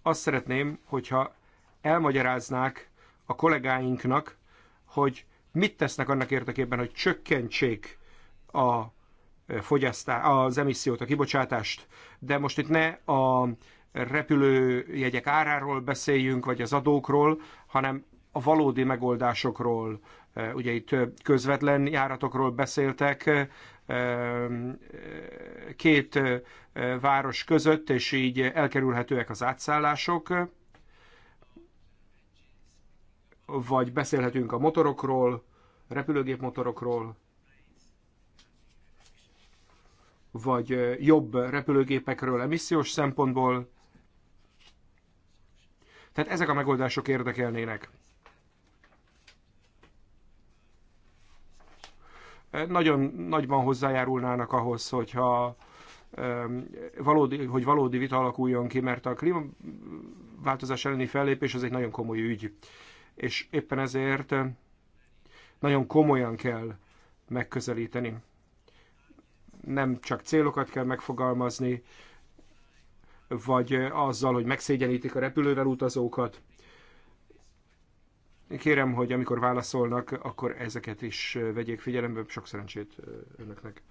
azt szeretném, hogyha elmagyaráznák a kollégáinknak, hogy mit tesznek annak érdekében, hogy csökkentsék a fogyasztá, az emissziót, a kibocsátást, de most itt ne a repülőjegyek áráról beszéljünk, vagy az adókról, hanem a valódi megoldásokról, e, ugye itt közvetlen járatokról beszéltek, e, e, két város között, és így elkerülhetőek az átszállások, vagy beszélhetünk a motorokról, repülőgép motorokról, vagy jobb repülőgépekről emissziós szempontból. Tehát ezek a megoldások érdekelnének. nagyon nagyban hozzájárulnának ahhoz, hogyha valódi, hogy valódi vita alakuljon ki, mert a klímaváltozás elleni fellépés az egy nagyon komoly ügy. És éppen ezért nagyon komolyan kell megközelíteni. Nem csak célokat kell megfogalmazni, vagy azzal, hogy megszégyenítik a repülővel utazókat, Kérem, hogy amikor válaszolnak, akkor ezeket is vegyék figyelembe. Sok szerencsét önöknek.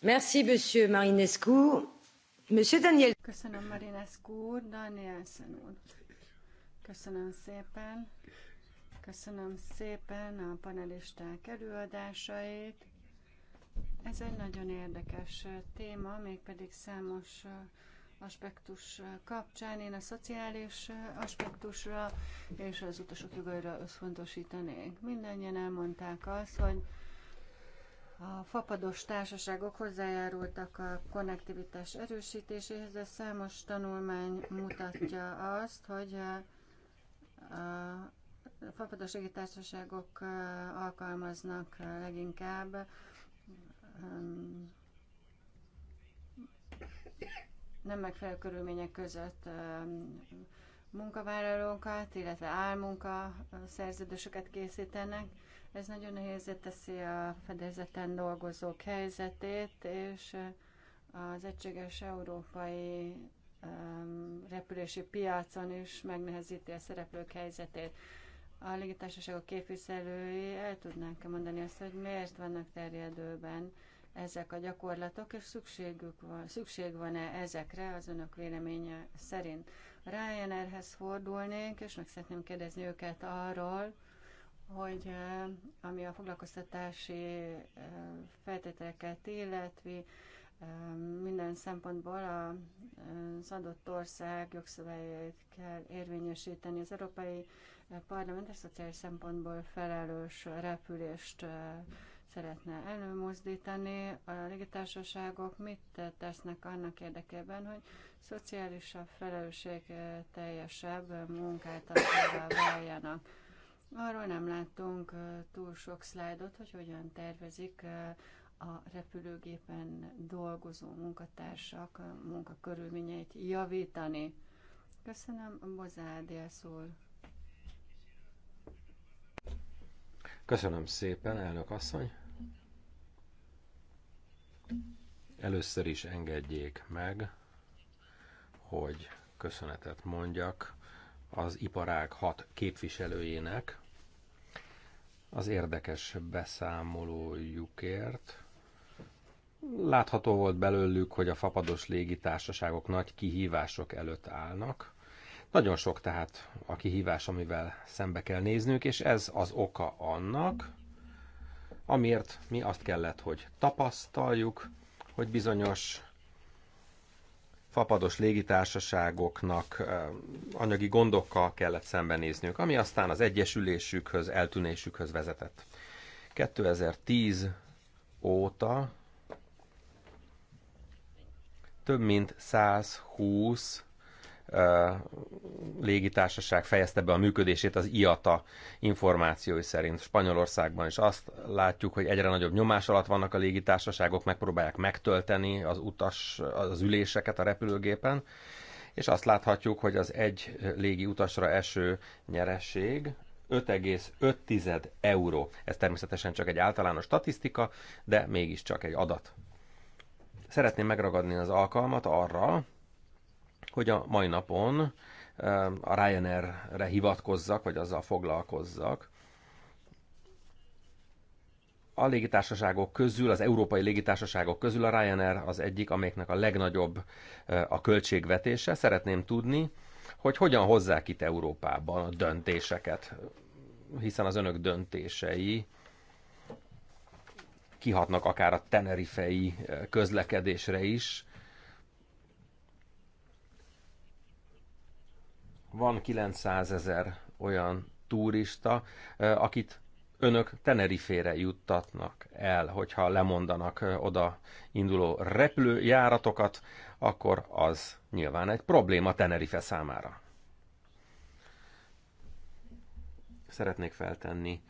Merci, monsieur Marinescu. Monsieur Daniel. Köszönöm, Marinescu úr, Daniel úr. Köszönöm szépen. Köszönöm szépen a panelisták előadásait. Ez egy nagyon érdekes téma, mégpedig számos aspektus kapcsán én a szociális aspektusra és az utasok jogaira összfontosítanék. Mindennyien elmondták azt, hogy a fapados társaságok hozzájárultak a konnektivitás erősítéséhez, de számos tanulmány mutatja azt, hogy a fapados társaságok alkalmaznak leginkább nem megfelelő körülmények között munkavállalókat, illetve álmunka szerződéseket készítenek. Ez nagyon nehézé teszi a fedezeten dolgozók helyzetét, és az egységes európai repülési piacon is megnehezíti a szereplők helyzetét. A légitársaságok képviselői el tudnánk -e mondani azt, hogy miért vannak terjedőben ezek a gyakorlatok, és szükségük van, szükség van-e ezekre az önök véleménye szerint. Ryanairhez fordulnék, és meg szeretném kérdezni őket arról, hogy eh, ami a foglalkoztatási eh, feltételeket illetve eh, minden szempontból az adott ország jogszabályait kell érvényesíteni. Az Európai Parlament a szociális szempontból felelős repülést szeretne előmozdítani, a légitársaságok mit tesznek annak érdekében, hogy szociálisabb, eh, teljesebb munkát váljanak. Arról nem láttunk eh, túl sok szlájdot, hogy hogyan tervezik eh, a repülőgépen dolgozó munkatársak munkakörülményeit javítani. Köszönöm, Bozárdél szól. Köszönöm szépen, elnök asszony. Először is engedjék meg, hogy köszönetet mondjak az iparág hat képviselőjének az érdekes beszámolójukért. Látható volt belőlük, hogy a fapados légitársaságok nagy kihívások előtt állnak. Nagyon sok tehát a kihívás, amivel szembe kell néznünk, és ez az oka annak, amiért mi azt kellett, hogy tapasztaljuk, hogy bizonyos fapados légitársaságoknak anyagi gondokkal kellett szembenézniük, ami aztán az egyesülésükhöz, eltűnésükhöz vezetett. 2010 óta több mint 120 légitársaság fejezte be a működését az IATA információi szerint Spanyolországban, és azt látjuk, hogy egyre nagyobb nyomás alatt vannak a légitársaságok, megpróbálják megtölteni az utas, az üléseket a repülőgépen, és azt láthatjuk, hogy az egy légi utasra eső nyereség 5,5 euró. Ez természetesen csak egy általános statisztika, de mégiscsak egy adat. Szeretném megragadni az alkalmat arra, hogy a mai napon eh, a Ryanair-re hivatkozzak, vagy azzal foglalkozzak. A légitársaságok közül, az európai légitársaságok közül a Ryanair az egyik, amelyiknek a legnagyobb eh, a költségvetése. Szeretném tudni, hogy hogyan hozzák itt Európában a döntéseket, hiszen az önök döntései kihatnak akár a tenerifei eh, közlekedésre is, van 900 ezer olyan turista, akit önök Tenerifére juttatnak el, hogyha lemondanak oda induló repülőjáratokat, akkor az nyilván egy probléma Tenerife számára. Szeretnék feltenni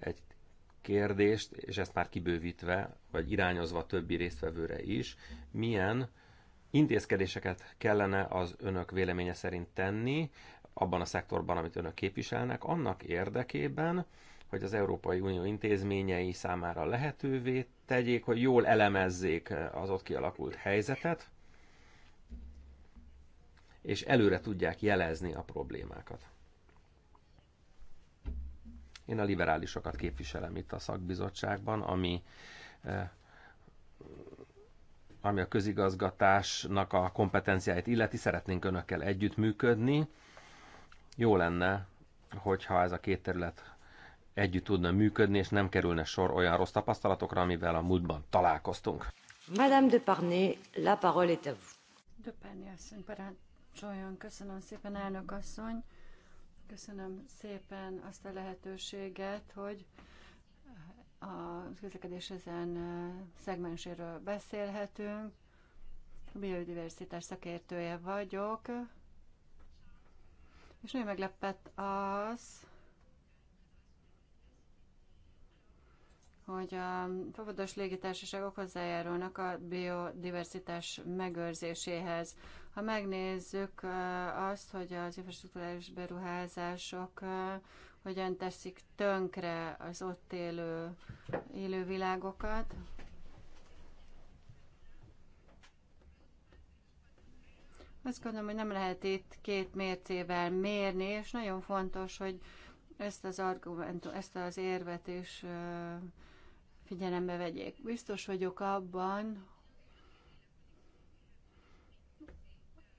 egy kérdést, és ezt már kibővítve, vagy irányozva többi résztvevőre is, milyen intézkedéseket kellene az önök véleménye szerint tenni abban a szektorban, amit önök képviselnek, annak érdekében, hogy az Európai Unió intézményei számára lehetővé tegyék, hogy jól elemezzék az ott kialakult helyzetet, és előre tudják jelezni a problémákat. Én a liberálisokat képviselem itt a szakbizottságban, ami eh, ami a közigazgatásnak a kompetenciáit illeti, szeretnénk önökkel együttműködni. Jó lenne, hogyha ez a két terület együtt tudna működni, és nem kerülne sor olyan rossz tapasztalatokra, amivel a múltban találkoztunk. Madame de Parné, la parole est à vous. De Parné asszony, parancsoljon. Köszönöm szépen, elnök asszony. Köszönöm szépen azt a lehetőséget, hogy a közlekedés ezen szegmenséről beszélhetünk. Biodiversitás szakértője vagyok, és nagyon meglepett az, hogy a fogadós légitársaságok hozzájárulnak a biodiversitás megőrzéséhez. Ha megnézzük azt, hogy az infrastruktúrális beruházások hogyan teszik tönkre az ott élő élővilágokat. Azt gondolom, hogy nem lehet itt két mércével mérni, és nagyon fontos, hogy ezt az argumentum, ezt az érvet is figyelembe vegyék. Biztos vagyok abban,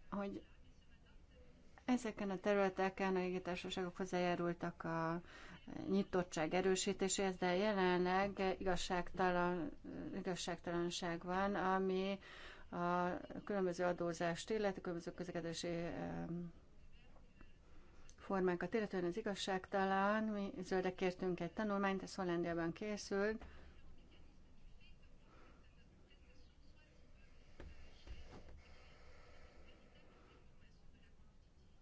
hogy Ezeken a területeken a légitársaságok hozzájárultak a nyitottság erősítéséhez, de jelenleg igazságtalan, igazságtalanság van, ami a különböző adózást illetve különböző közlekedési formákat illetően az igazságtalan. Mi zöldek kértünk egy tanulmányt, ez Hollandiában készült,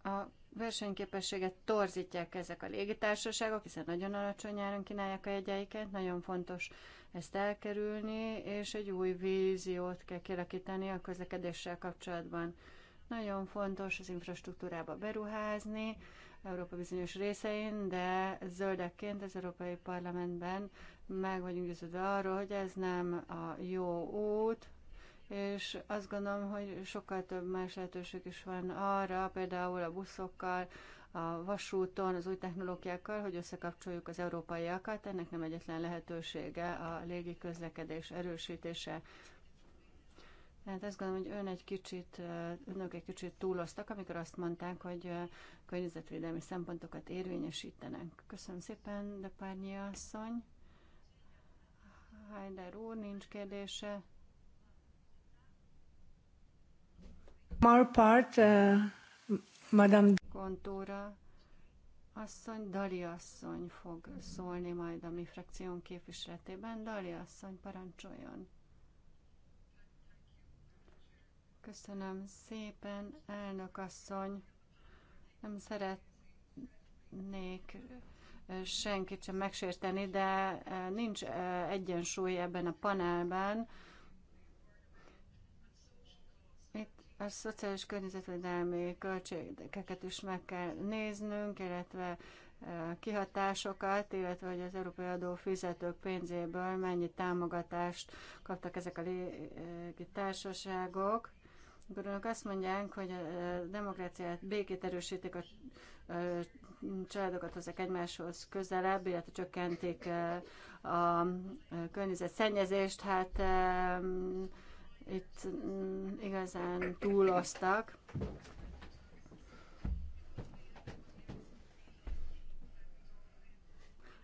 A versenyképességet torzítják ezek a légitársaságok, hiszen nagyon alacsony áron kínálják a jegyeiket, nagyon fontos ezt elkerülni, és egy új víziót kell kialakítani a közlekedéssel kapcsolatban. Nagyon fontos az infrastruktúrába beruházni, Európa bizonyos részein, de zöldekként az Európai Parlamentben meg vagyunk győződve arról, hogy ez nem a jó út, és azt gondolom, hogy sokkal több más lehetőség is van arra, például a buszokkal, a vasúton, az új technológiákkal, hogy összekapcsoljuk az európaiakat. Ennek nem egyetlen lehetősége a légi közlekedés erősítése. Hát azt gondolom, hogy ön egy kicsit, önök egy kicsit túloztak, amikor azt mondták, hogy környezetvédelmi szempontokat érvényesítenek. Köszönöm szépen, de Párnyi asszony. Hajder úr, nincs kérdése. Our part, uh, Madame Kontóra asszony, Dali asszony fog szólni majd a mi frakción képviseletében. Dali asszony, parancsoljon! Köszönöm szépen, elnök asszony. Nem szeretnék senkit sem megsérteni, de nincs egyensúly ebben a panelben. A szociális környezetvédelmi költségeket is meg kell néznünk, illetve e, kihatásokat, illetve hogy az európai adófizetők pénzéből mennyi támogatást kaptak ezek a e, társaságok. Gondolok azt mondják, hogy a e, demokráciát békét erősítik, a családokat hozzák egymáshoz közelebb, illetve csökkentik a környezet szennyezést. Hát itt mm, igazán túloztak.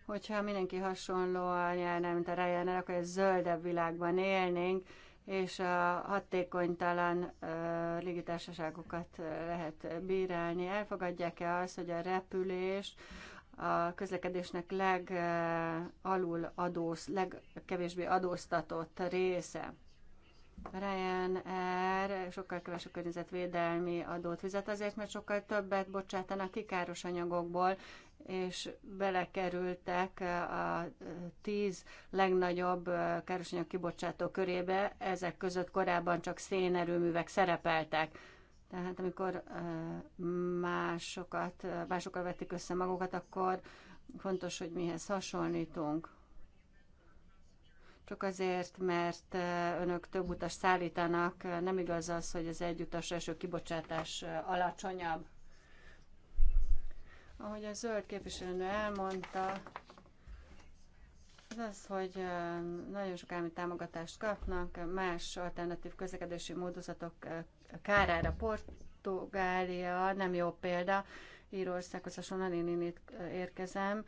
Hogyha mindenki hasonlóan járna, mint a Ryanair, akkor egy zöldebb világban élnénk, és a hatékonytalan uh, légitársaságokat lehet bírálni. Elfogadják-e azt, hogy a repülés a közlekedésnek legalul adóz, legkevésbé adóztatott része? Ryanair sokkal kevesebb környezetvédelmi adót fizet azért, mert sokkal többet bocsátanak ki káros anyagokból, és belekerültek a tíz legnagyobb anyag kibocsátó körébe, ezek között korábban csak szénerőművek szerepeltek. Tehát amikor másokat, másokkal vették össze magukat, akkor fontos, hogy mihez hasonlítunk csak azért, mert önök több utas szállítanak, nem igaz az, hogy az utas eső kibocsátás alacsonyabb. Ahogy a zöld képviselőnő elmondta, az az, hogy nagyon sok állami támogatást kapnak, más alternatív közlekedési módozatok kárára Portugália nem jó példa, Írországhoz hasonlóan én, én itt érkezem,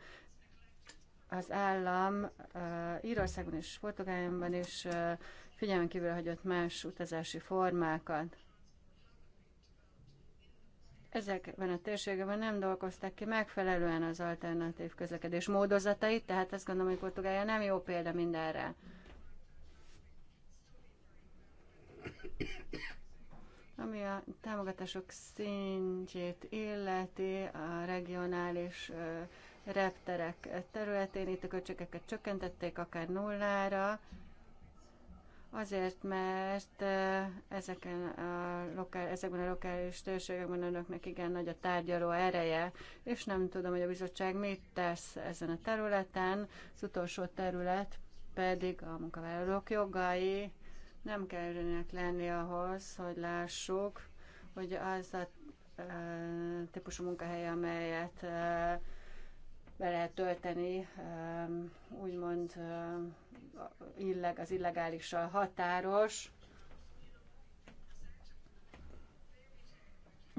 az állam uh, Írországban és Portugáliában is uh, figyelmen kívül hagyott más utazási formákat. Ezekben a térségekben nem dolgozták ki megfelelően az alternatív közlekedés módozatait, tehát azt gondolom, hogy Portugália nem jó példa mindenre. Ami a támogatások szintjét illeti, a regionális uh, repterek területén. Itt a költségeket csökkentették akár nullára, azért, mert ezeken a lokál, ezekben a lokális térségekben önöknek igen nagy a tárgyaló ereje, és nem tudom, hogy a bizottság mit tesz ezen a területen. Az utolsó terület pedig a munkavállalók jogai. Nem kell lenni ahhoz, hogy lássuk, hogy az a típusú munkahely, amelyet be lehet tölteni, úgymond illeg, az illegálissal határos.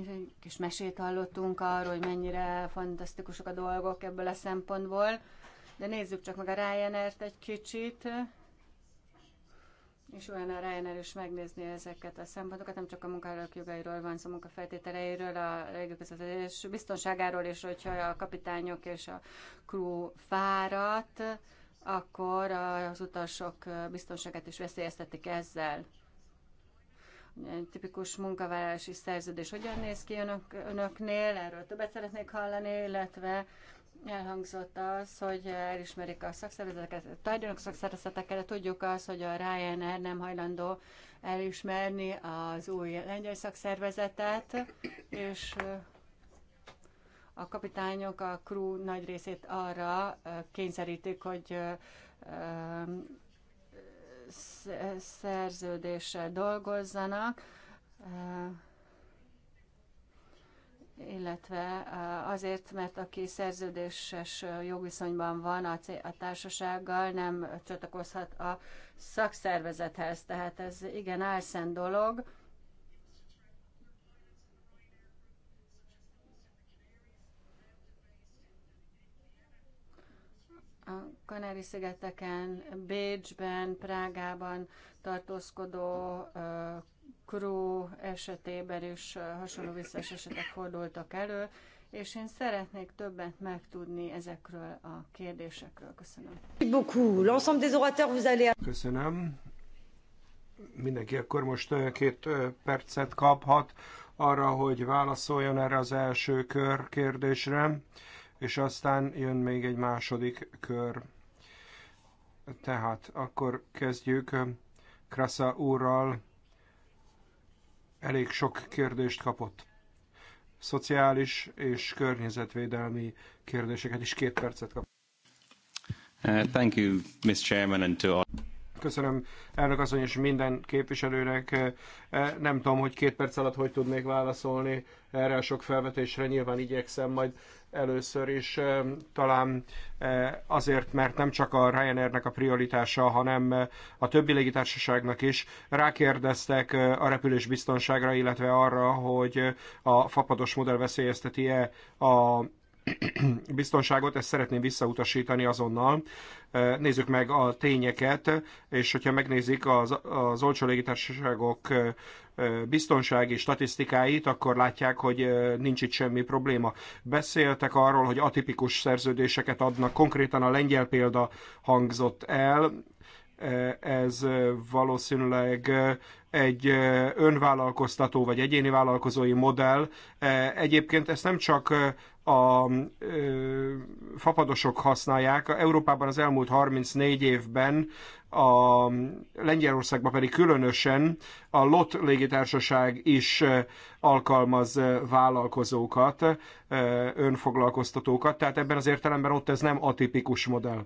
És egy kis mesét hallottunk arról, hogy mennyire fantasztikusak a dolgok ebből a szempontból. De nézzük csak meg a ryanair egy kicsit és olyan a Ryanair is megnézni ezeket a szempontokat, nem csak a munkahelyek jogairól van szó, a munkafeltételeiről, a és biztonságáról, és hogyha a kapitányok és a crew fáradt, akkor az utasok biztonságát is veszélyeztetik ezzel. Egy tipikus munkavállalási szerződés hogyan néz ki önök, önöknél, erről többet szeretnék hallani, illetve elhangzott az, hogy elismerik a szakszervezeteket, a tárgyalók szakszervezeteket, de tudjuk az, hogy a Ryanair nem hajlandó elismerni az új lengyel szakszervezetet, és a kapitányok a crew nagy részét arra kényszerítik, hogy szerződéssel dolgozzanak illetve azért, mert aki szerződéses jogviszonyban van a, a társasággal, nem csatlakozhat a szakszervezethez. Tehát ez igen álszent dolog. a Kanári-szigeteken, Bécsben, Prágában tartózkodó Kró esetében is hasonló visszaesetek fordultak elő, és én szeretnék többet megtudni ezekről a kérdésekről. Köszönöm. Köszönöm. Mindenki akkor most két percet kaphat arra, hogy válaszoljon erre az első kör kérdésre, és aztán jön még egy második kör. Tehát akkor kezdjük Krasza úrral elég sok kérdést kapott. Szociális és környezetvédelmi kérdéseket is két percet kap. Uh, thank you, Mr. Chairman, and to all. Köszönöm elnök asszony és minden képviselőnek. E, e, nem tudom, hogy két perc alatt hogy tudnék válaszolni erre a sok felvetésre. Nyilván igyekszem majd először is, e, talán azért, mert nem csak a Ryanairnek a prioritása, hanem a többi légitársaságnak is rákérdeztek a repülés biztonságra, illetve arra, hogy a fapados modell veszélyezteti-e a biztonságot, ezt szeretném visszautasítani azonnal. Nézzük meg a tényeket, és hogyha megnézik az, az olcsó légitársaságok biztonsági statisztikáit, akkor látják, hogy nincs itt semmi probléma. Beszéltek arról, hogy atipikus szerződéseket adnak, konkrétan a lengyel példa hangzott el, ez valószínűleg egy önvállalkoztató vagy egyéni vállalkozói modell. Egyébként ezt nem csak a fapadosok használják. Európában az elmúlt 34 évben, a Lengyelországban pedig különösen a LOT légitársaság is alkalmaz vállalkozókat, önfoglalkoztatókat, tehát ebben az értelemben ott ez nem atipikus modell.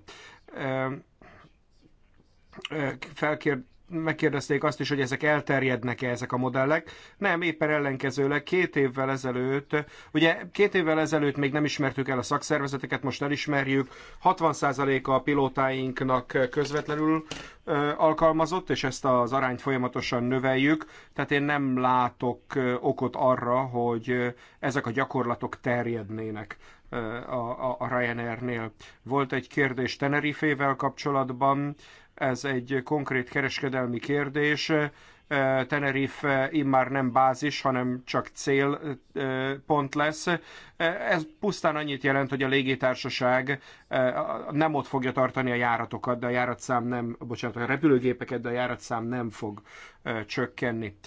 Felkér, megkérdezték azt is, hogy ezek elterjednek-e ezek a modellek. Nem, éppen ellenkezőleg két évvel ezelőtt, ugye két évvel ezelőtt még nem ismertük el a szakszervezeteket, most elismerjük, 60%-a a pilótáinknak közvetlenül alkalmazott, és ezt az arányt folyamatosan növeljük, tehát én nem látok okot arra, hogy ezek a gyakorlatok terjednének a, a, a nél Volt egy kérdés Tenerifével kapcsolatban, ez egy konkrét kereskedelmi kérdés. Tenerife immár nem bázis, hanem csak célpont lesz. Ez pusztán annyit jelent, hogy a légitársaság nem ott fogja tartani a járatokat, de a járatszám nem, bocsánat, a repülőgépeket, de a járatszám nem fog csökkenni.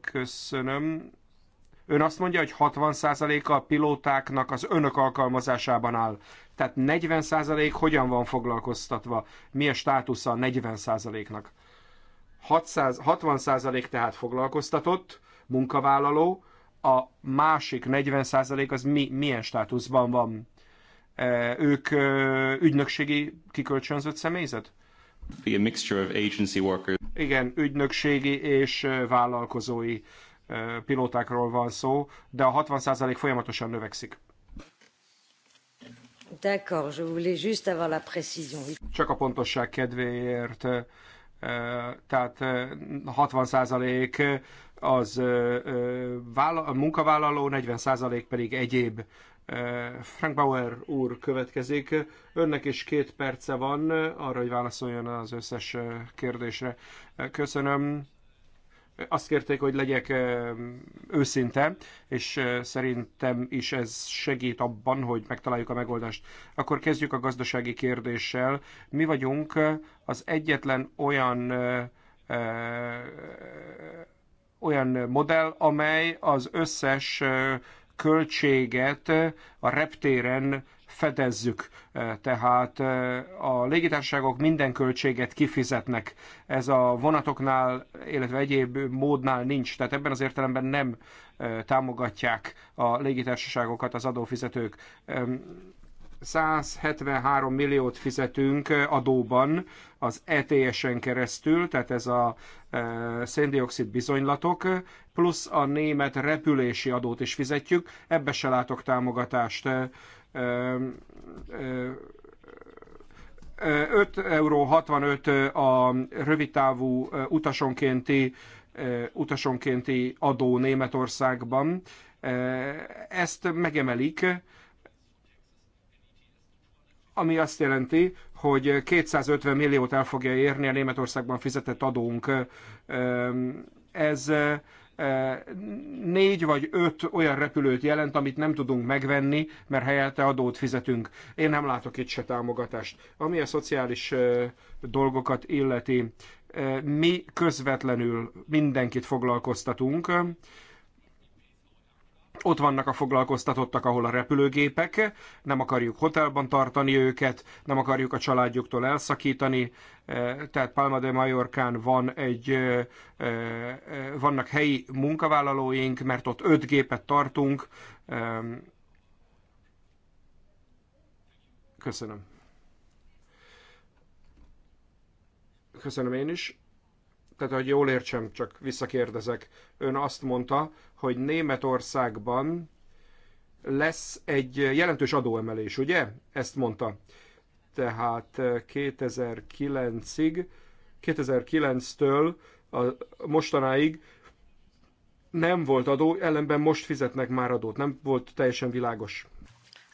Köszönöm. Ön azt mondja, hogy 60%-a a pilótáknak az önök alkalmazásában áll. Tehát 40% hogyan van foglalkoztatva? Mi a státusza a 40%-nak? 600, 60% tehát foglalkoztatott, munkavállaló, a másik 40% az mi, milyen státuszban van? E, ők ügynökségi kikölcsönzött személyzet? a mixture of agency workers. Igen, ügynökségi és vállalkozói pilótákról van szó, de a 60% folyamatosan növekszik. D'accord, je voulais juste avoir la précision. Csak a pontosság kedvéért, eh, tehát 60 eh, százalék az eh, a munkavállaló, 40 százalék pedig egyéb. Frank Bauer úr következik. Önnek is két perce van arra, hogy válaszoljon az összes kérdésre. Köszönöm azt kérték, hogy legyek őszinte, és szerintem is ez segít abban, hogy megtaláljuk a megoldást. Akkor kezdjük a gazdasági kérdéssel. Mi vagyunk az egyetlen olyan olyan modell, amely az összes költséget a reptéren fedezzük. Eh, tehát eh, a légitársaságok minden költséget kifizetnek. Ez a vonatoknál, illetve egyéb módnál nincs. Tehát ebben az értelemben nem eh, támogatják a légitársaságokat az adófizetők. 173 milliót fizetünk adóban az ETS-en keresztül, tehát ez a széndiokszid bizonylatok, plusz a német repülési adót is fizetjük, ebbe se látok támogatást. 5,65 euró a rövidtávú utasonkénti, utasonkénti adó Németországban. Ezt megemelik, ami azt jelenti, hogy 250 milliót el fogja érni a Németországban fizetett adónk. Ez négy vagy öt olyan repülőt jelent, amit nem tudunk megvenni, mert helyette adót fizetünk. Én nem látok itt se támogatást. Ami a szociális dolgokat illeti, mi közvetlenül mindenkit foglalkoztatunk, ott vannak a foglalkoztatottak, ahol a repülőgépek, nem akarjuk hotelban tartani őket, nem akarjuk a családjuktól elszakítani, eh, tehát Palma de Mallorcán van egy, eh, eh, vannak helyi munkavállalóink, mert ott öt gépet tartunk. Köszönöm. Köszönöm én is tehát hogy jól értsem, csak visszakérdezek. Ön azt mondta, hogy Németországban lesz egy jelentős adóemelés, ugye? Ezt mondta. Tehát 2009-ig, eh, 2009-től a, mostanáig nem volt adó, ellenben most fizetnek már adót. Nem volt teljesen világos.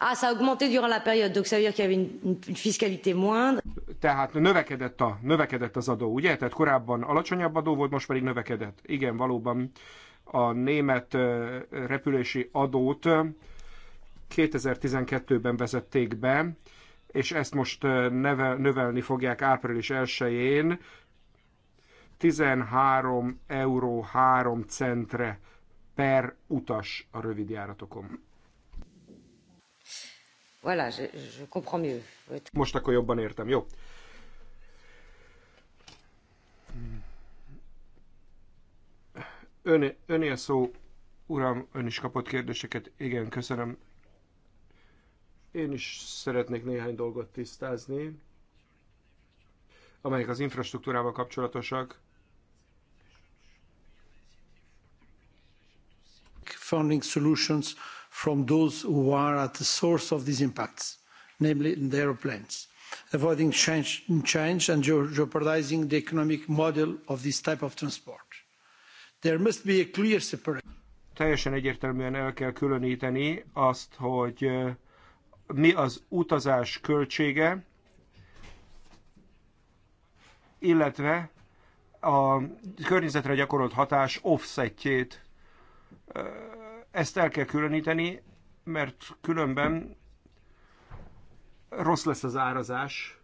Ah, ça a augmenté durant la période, donc ça veut dire qu'il y avait une, une fiscalité moindre. Tehát növekedett, a, növekedett az adó, ugye? Tehát korábban alacsonyabb adó volt, most pedig növekedett. Igen, valóban a német repülési adót 2012-ben vezették be, és ezt most neve, növelni fogják április 1-én 13 euró 3 centre per utas a rövid járatokon. Voilà, je, je comprends mieux. Most akkor jobban értem, jó. Ön, önél szó, uram, ön is kapott kérdéseket. Igen, köszönöm. Én is szeretnék néhány dolgot tisztázni, amelyek az infrastruktúrával kapcsolatosak. Funding solutions from those who are at the source of these impacts, namely the aeroplanes, avoiding change, change and jeopardising the economic model of this type of transport. There must be a clear separation. Teljesen egyértelműen el kell különíteni azt, hogy mi az utazás költsége, illetve a környezetre gyakorolt hatás offsetjét ezt el kell különíteni, mert különben rossz lesz az árazás.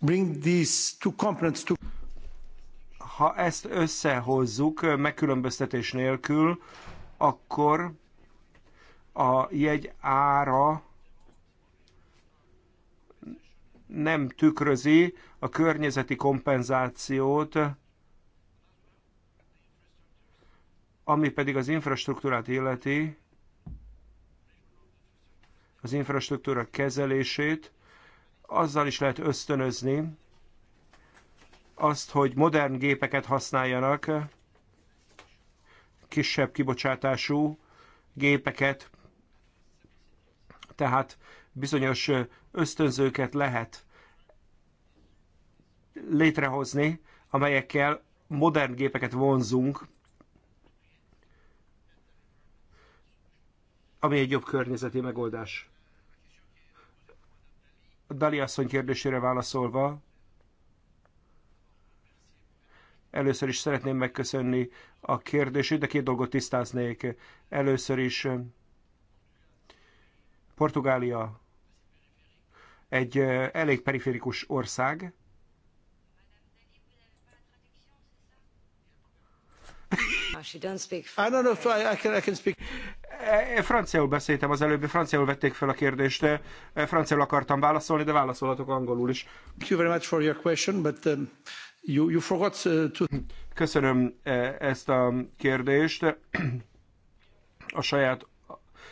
Bring these two components to... Ha ezt összehozzuk megkülönböztetés nélkül, akkor a jegy ára nem tükrözi a környezeti kompenzációt, Ami pedig az infrastruktúrát illeti, az infrastruktúra kezelését, azzal is lehet ösztönözni azt, hogy modern gépeket használjanak, kisebb kibocsátású gépeket, tehát bizonyos ösztönzőket lehet létrehozni, amelyekkel modern gépeket vonzunk ami egy jobb környezeti megoldás. A Dali asszony kérdésére válaszolva, először is szeretném megköszönni a kérdését, de két dolgot tisztáznék. Először is eh, Portugália egy eh, elég periférikus ország. Ah, she don't speak I don't know, if I, I, can, I can speak. Franciául beszéltem az előbb, franciául vették fel a kérdést, franciául akartam válaszolni, de válaszolhatok angolul is. Thank you very much for your question, but um, you, forgot uh, to... Köszönöm e, ezt a kérdést. A saját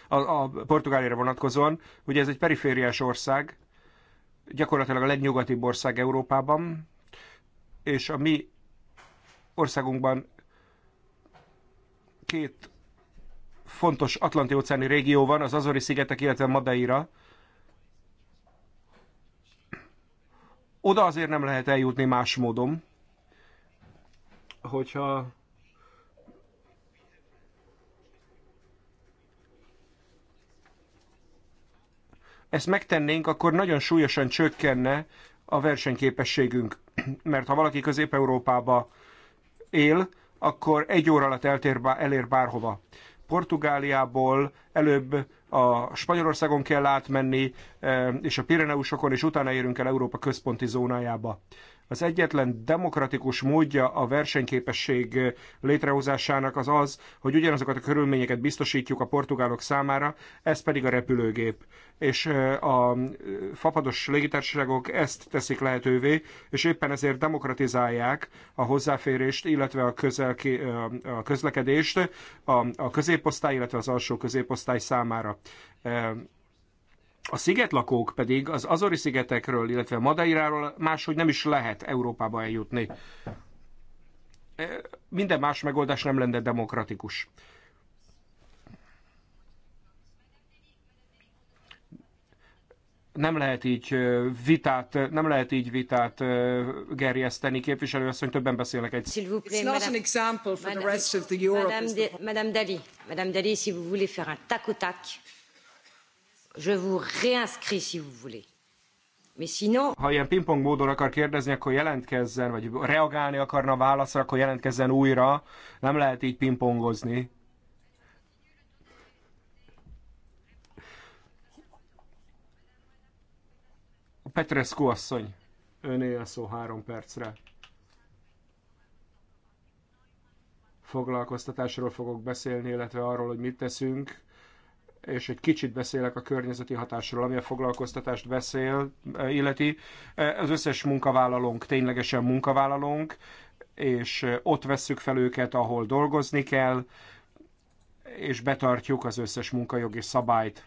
a, a Portugáliára vonatkozóan, ugye ez egy perifériás ország, gyakorlatilag a legnyugatibb ország Európában, és a mi országunkban két fontos Atlanti-óceáni régió van, az Azori-szigetek, illetve Madeira. Oda azért nem lehet eljutni más módon, hogyha ezt megtennénk, akkor nagyon súlyosan csökkenne a versenyképességünk. Mert ha valaki Közép-Európába él, akkor egy óra alatt eltér, elér bárhova. Portugáliából előbb a Spanyolországon kell átmenni, eh, és a Pireneusokon, és utána érünk el Európa központi zónájába. Az egyetlen demokratikus módja a versenyképesség létrehozásának az az, hogy ugyanazokat a körülményeket biztosítjuk a portugálok számára, ez pedig a repülőgép. És a fapados légitársaságok ezt teszik lehetővé, és éppen ezért demokratizálják a hozzáférést, illetve a, közelki, a közlekedést a, a középosztály, illetve az alsó középosztály számára. A szigetlakók pedig az Azori szigetekről, illetve Madeiráról máshogy nem is lehet Európába eljutni. E, minden más megoldás nem lenne demokratikus. nem lehet így vitát, nem lehet így vitát gerjeszteni, képviselő asszony, többen beszélnek egy... It's Madame, Madame Dali, si vous voulez faire un tac au tac. Je vous réinscris si vous voulez. Mais sinon... Ha ilyen pingpong módon akar kérdezni, akkor jelentkezzen, vagy reagálni akarna a válaszra, akkor jelentkezzen újra. Nem lehet így pingpongozni. Petrescu asszony, Önél a szó három percre. Foglalkoztatásról fogok beszélni, illetve arról, hogy mit teszünk és egy kicsit beszélek a környezeti hatásról, ami a foglalkoztatást beszél, e, illeti. E, az összes munkavállalónk ténylegesen munkavállalónk, és e, ott vesszük fel őket, ahol dolgozni kell, és betartjuk az összes munkajogi szabályt.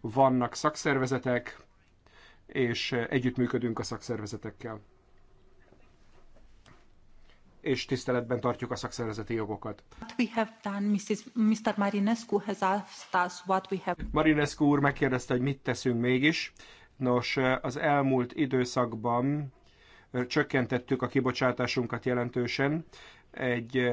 Vannak szakszervezetek, és együttműködünk a szakszervezetekkel és tiszteletben tartjuk a szakszervezeti jogokat. Mr. Marinescu Marinescu úr megkérdezte, hogy mit teszünk mégis. Nos, az elmúlt időszakban csökkentettük a kibocsátásunkat jelentősen. Egy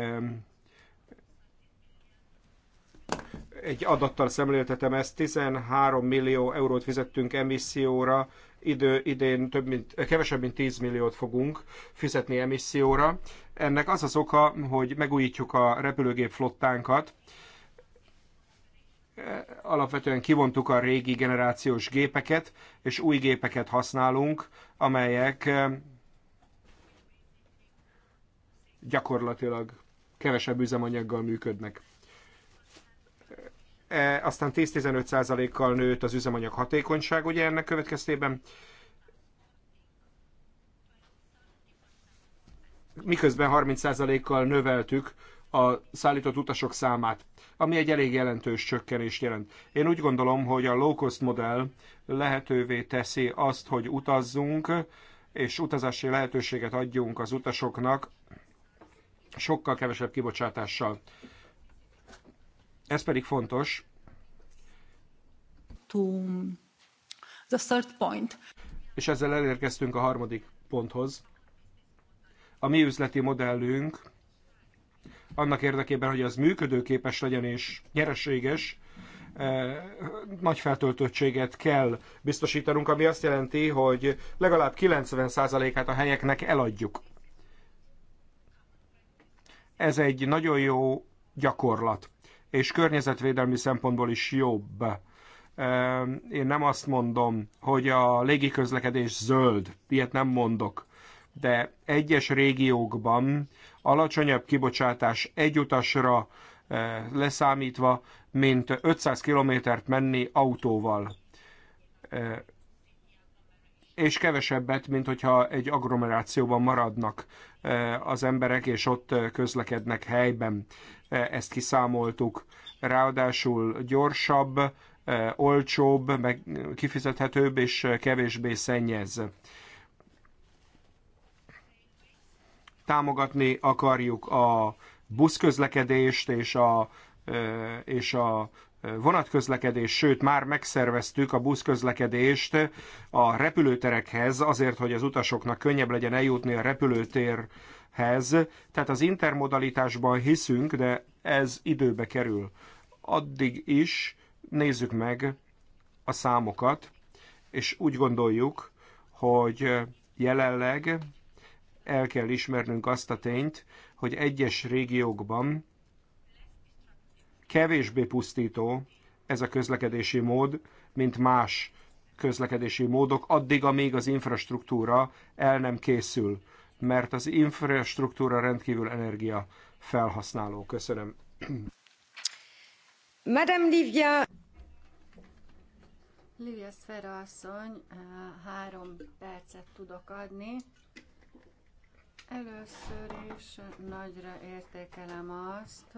egy adattal szemléltetem ezt, 13 millió eurót fizettünk emisszióra idő, idén több mint, kevesebb mint 10 milliót fogunk fizetni emisszióra. Ennek az az oka, hogy megújítjuk a repülőgép flottánkat, alapvetően kivontuk a régi generációs gépeket, és új gépeket használunk, amelyek eh, gyakorlatilag kevesebb üzemanyaggal működnek. E, aztán 10-15%-kal nőtt az üzemanyag hatékonyság, ugye ennek következtében. Miközben 30%-kal növeltük a szállított utasok számát, ami egy elég jelentős csökkenést jelent. Én úgy gondolom, hogy a low-cost modell lehetővé teszi azt, hogy utazzunk, és utazási lehetőséget adjunk az utasoknak sokkal kevesebb kibocsátással. Ez pedig fontos. To the third point. És ezzel elérkeztünk a harmadik ponthoz. A mi üzleti modellünk annak érdekében, hogy az működőképes legyen és nyereséges, eh, nagy feltöltöttséget kell biztosítanunk, ami azt jelenti, hogy legalább 90%-át a helyeknek eladjuk. Ez egy nagyon jó gyakorlat és környezetvédelmi szempontból is jobb. Én nem azt mondom, hogy a légiközlekedés zöld, ilyet nem mondok, de egyes régiókban alacsonyabb kibocsátás egy utasra eh, leszámítva, mint 500 kilométert menni autóval. Eh, és kevesebbet, mint hogyha egy agglomerációban maradnak e, az emberek, és ott e, közlekednek helyben. E, ezt kiszámoltuk. Ráadásul gyorsabb, olcsóbb, meg kifizethetőbb és kevésbé szennyez. Támogatni akarjuk a buszközlekedést és a, és a vonatközlekedés, sőt már megszerveztük a buszközlekedést a repülőterekhez, azért, hogy az utasoknak könnyebb legyen eljutni a repülőtérhez. Tehát az intermodalitásban hiszünk, de ez időbe kerül. Addig is nézzük meg a számokat, és úgy gondoljuk, hogy jelenleg el kell ismernünk azt a tényt, hogy egyes régiókban kevésbé pusztító ez a közlekedési mód, mint más közlekedési módok, addig, amíg az infrastruktúra el nem készül, mert az infrastruktúra rendkívül energia felhasználó. Köszönöm. Madame Livia. Livia Szfera asszony, eh, három percet tudok adni. Először is nagyra értékelem azt,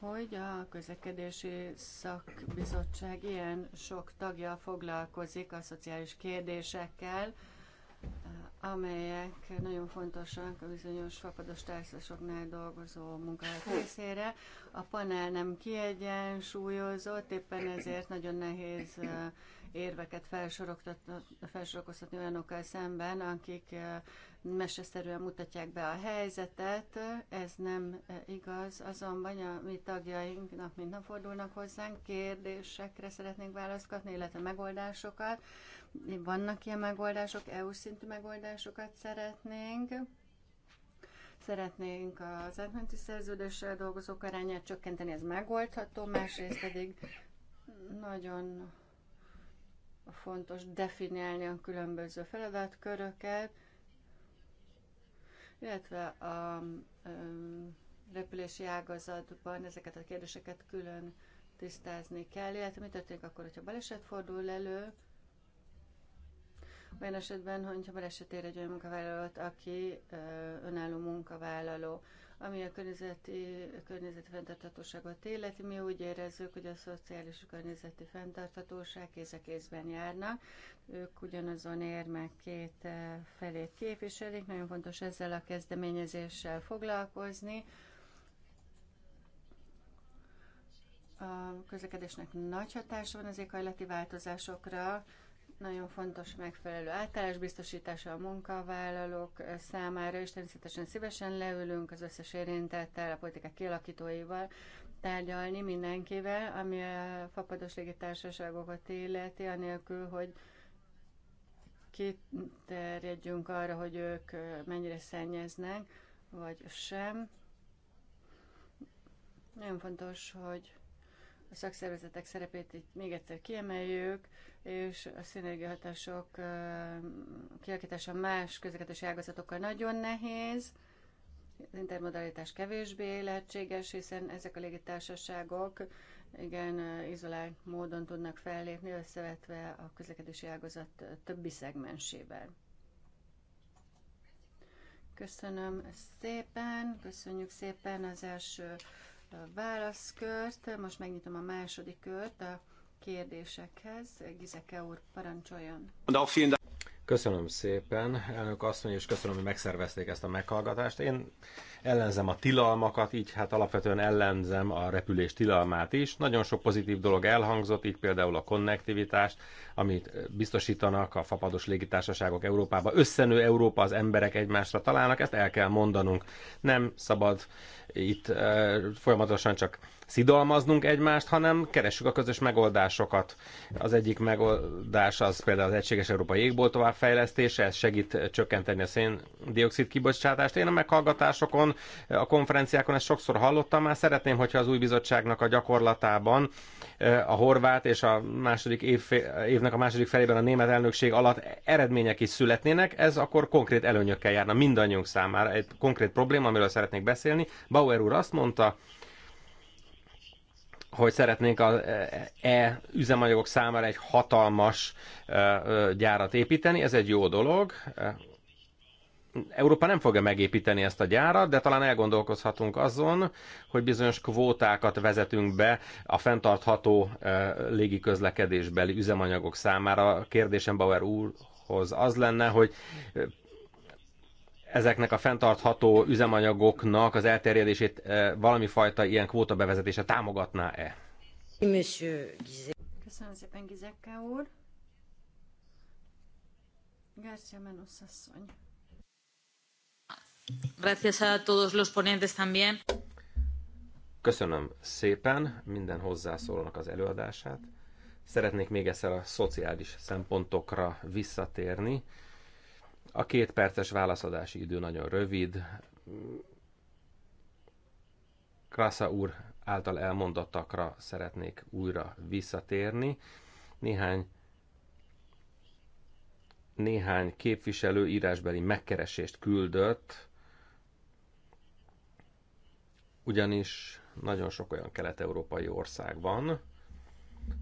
hogy a közlekedési szakbizottság ilyen sok tagja foglalkozik a szociális kérdésekkel, amelyek nagyon fontosak a bizonyos fapados társasoknál dolgozó munkahelyek részére. A panel nem kiegyensúlyozott, éppen ezért nagyon nehéz érveket felsorokoztatni olyanokkal szemben, akik meseszerűen mutatják be a helyzetet, ez nem e, igaz, azonban a mi tagjainknak mind nap fordulnak hozzánk, kérdésekre szeretnénk válaszkatni, illetve megoldásokat. Vannak ilyen megoldások, EU szintű megoldásokat szeretnénk. Szeretnénk az adventi szerződéssel dolgozók arányát csökkenteni, ez megoldható, másrészt pedig nagyon fontos definiálni a különböző feladatköröket, illetve a um, repülési ágazatban ezeket a kérdéseket külön tisztázni kell, illetve mi történik akkor, hogyha baleset fordul elő, olyan esetben, hogyha baleset ér egy olyan munkavállalót, aki önálló munkavállaló, ami a környezeti, a környezeti fenntarthatóságot illeti. Mi úgy érezzük, hogy a szociális és környezeti fenntarthatóság kéz a kézben járnak. Ők ugyanazon érmek két eh, felét képviselik. Nagyon fontos ezzel a kezdeményezéssel foglalkozni. A közlekedésnek nagy hatása van az éghajlati változásokra, nagyon fontos megfelelő általános biztosítása a munkavállalók számára, és természetesen szívesen leülünk az összes érintettel, a politikák kialakítóival, tárgyalni mindenkivel, ami a fapados légitársaságokat illeti, anélkül, hogy kiterjedjünk arra, hogy ők mennyire szennyeznek, vagy sem. Nagyon fontos, hogy a szakszervezetek szerepét itt még egyszer kiemeljük, és a szinergiahatások kialakítása más közlekedési ágazatokkal nagyon nehéz, az intermodalitás kevésbé lehetséges, hiszen ezek a légitársaságok igen izolált módon tudnak fellépni, összevetve a közlekedési ágazat többi szegmensével. Köszönöm szépen, köszönjük szépen az első válaszkört. Most megnyitom a második kört a kérdésekhez. Gizeke úr, parancsoljon. Köszönöm szépen, elnök asszony, és köszönöm, hogy megszervezték ezt a meghallgatást. Én ellenzem a tilalmakat, így hát alapvetően ellenzem a repülés tilalmát is. Nagyon sok pozitív dolog elhangzott, így például a konnektivitást, amit biztosítanak a fapados légitársaságok Európába. Összenő Európa, az emberek egymásra találnak, ezt el kell mondanunk. Nem szabad itt eh, folyamatosan csak szidalmaznunk egymást, hanem keressük a közös megoldásokat. Az egyik megoldás az például az egységes európai égbolt továbbfejlesztése, ez segít csökkenteni a széndiokszid kibocsátást. Én a meghallgatásokon, a konferenciákon ezt sokszor hallottam, már szeretném, hogyha az új bizottságnak a gyakorlatában eh, a horvát és a második év, évnek a második felében a német elnökség alatt eredmények is születnének, ez akkor konkrét előnyökkel járna mindannyiunk számára. Egy konkrét probléma, amiről szeretnék beszélni. Bauer úr azt mondta, hogy szeretnénk az e üzemanyagok számára egy hatalmas e, e, gyárat építeni, ez egy jó dolog. E, Európa nem fogja megépíteni ezt a gyárat, de talán elgondolkozhatunk azon, hogy bizonyos kvótákat vezetünk be a fenntartható légiközlekedésbeli üzemanyagok számára. A kérdésem Bauer úrhoz az lenne, hogy ezeknek a fenntartható üzemanyagoknak az elterjedését eh, valami fajta ilyen kvóta bevezetése támogatná-e? Köszönöm szépen, Gizekká úr. García Menos asszony. Gracias a todos los ponentes también. Köszönöm szépen minden hozzászólónak az előadását. Szeretnék még egyszer a szociális szempontokra visszatérni a két perces válaszadási idő nagyon rövid. Krasza úr által elmondottakra szeretnék újra visszatérni. Néhány néhány képviselő írásbeli megkeresést küldött, ugyanis nagyon sok olyan kelet-európai ország van,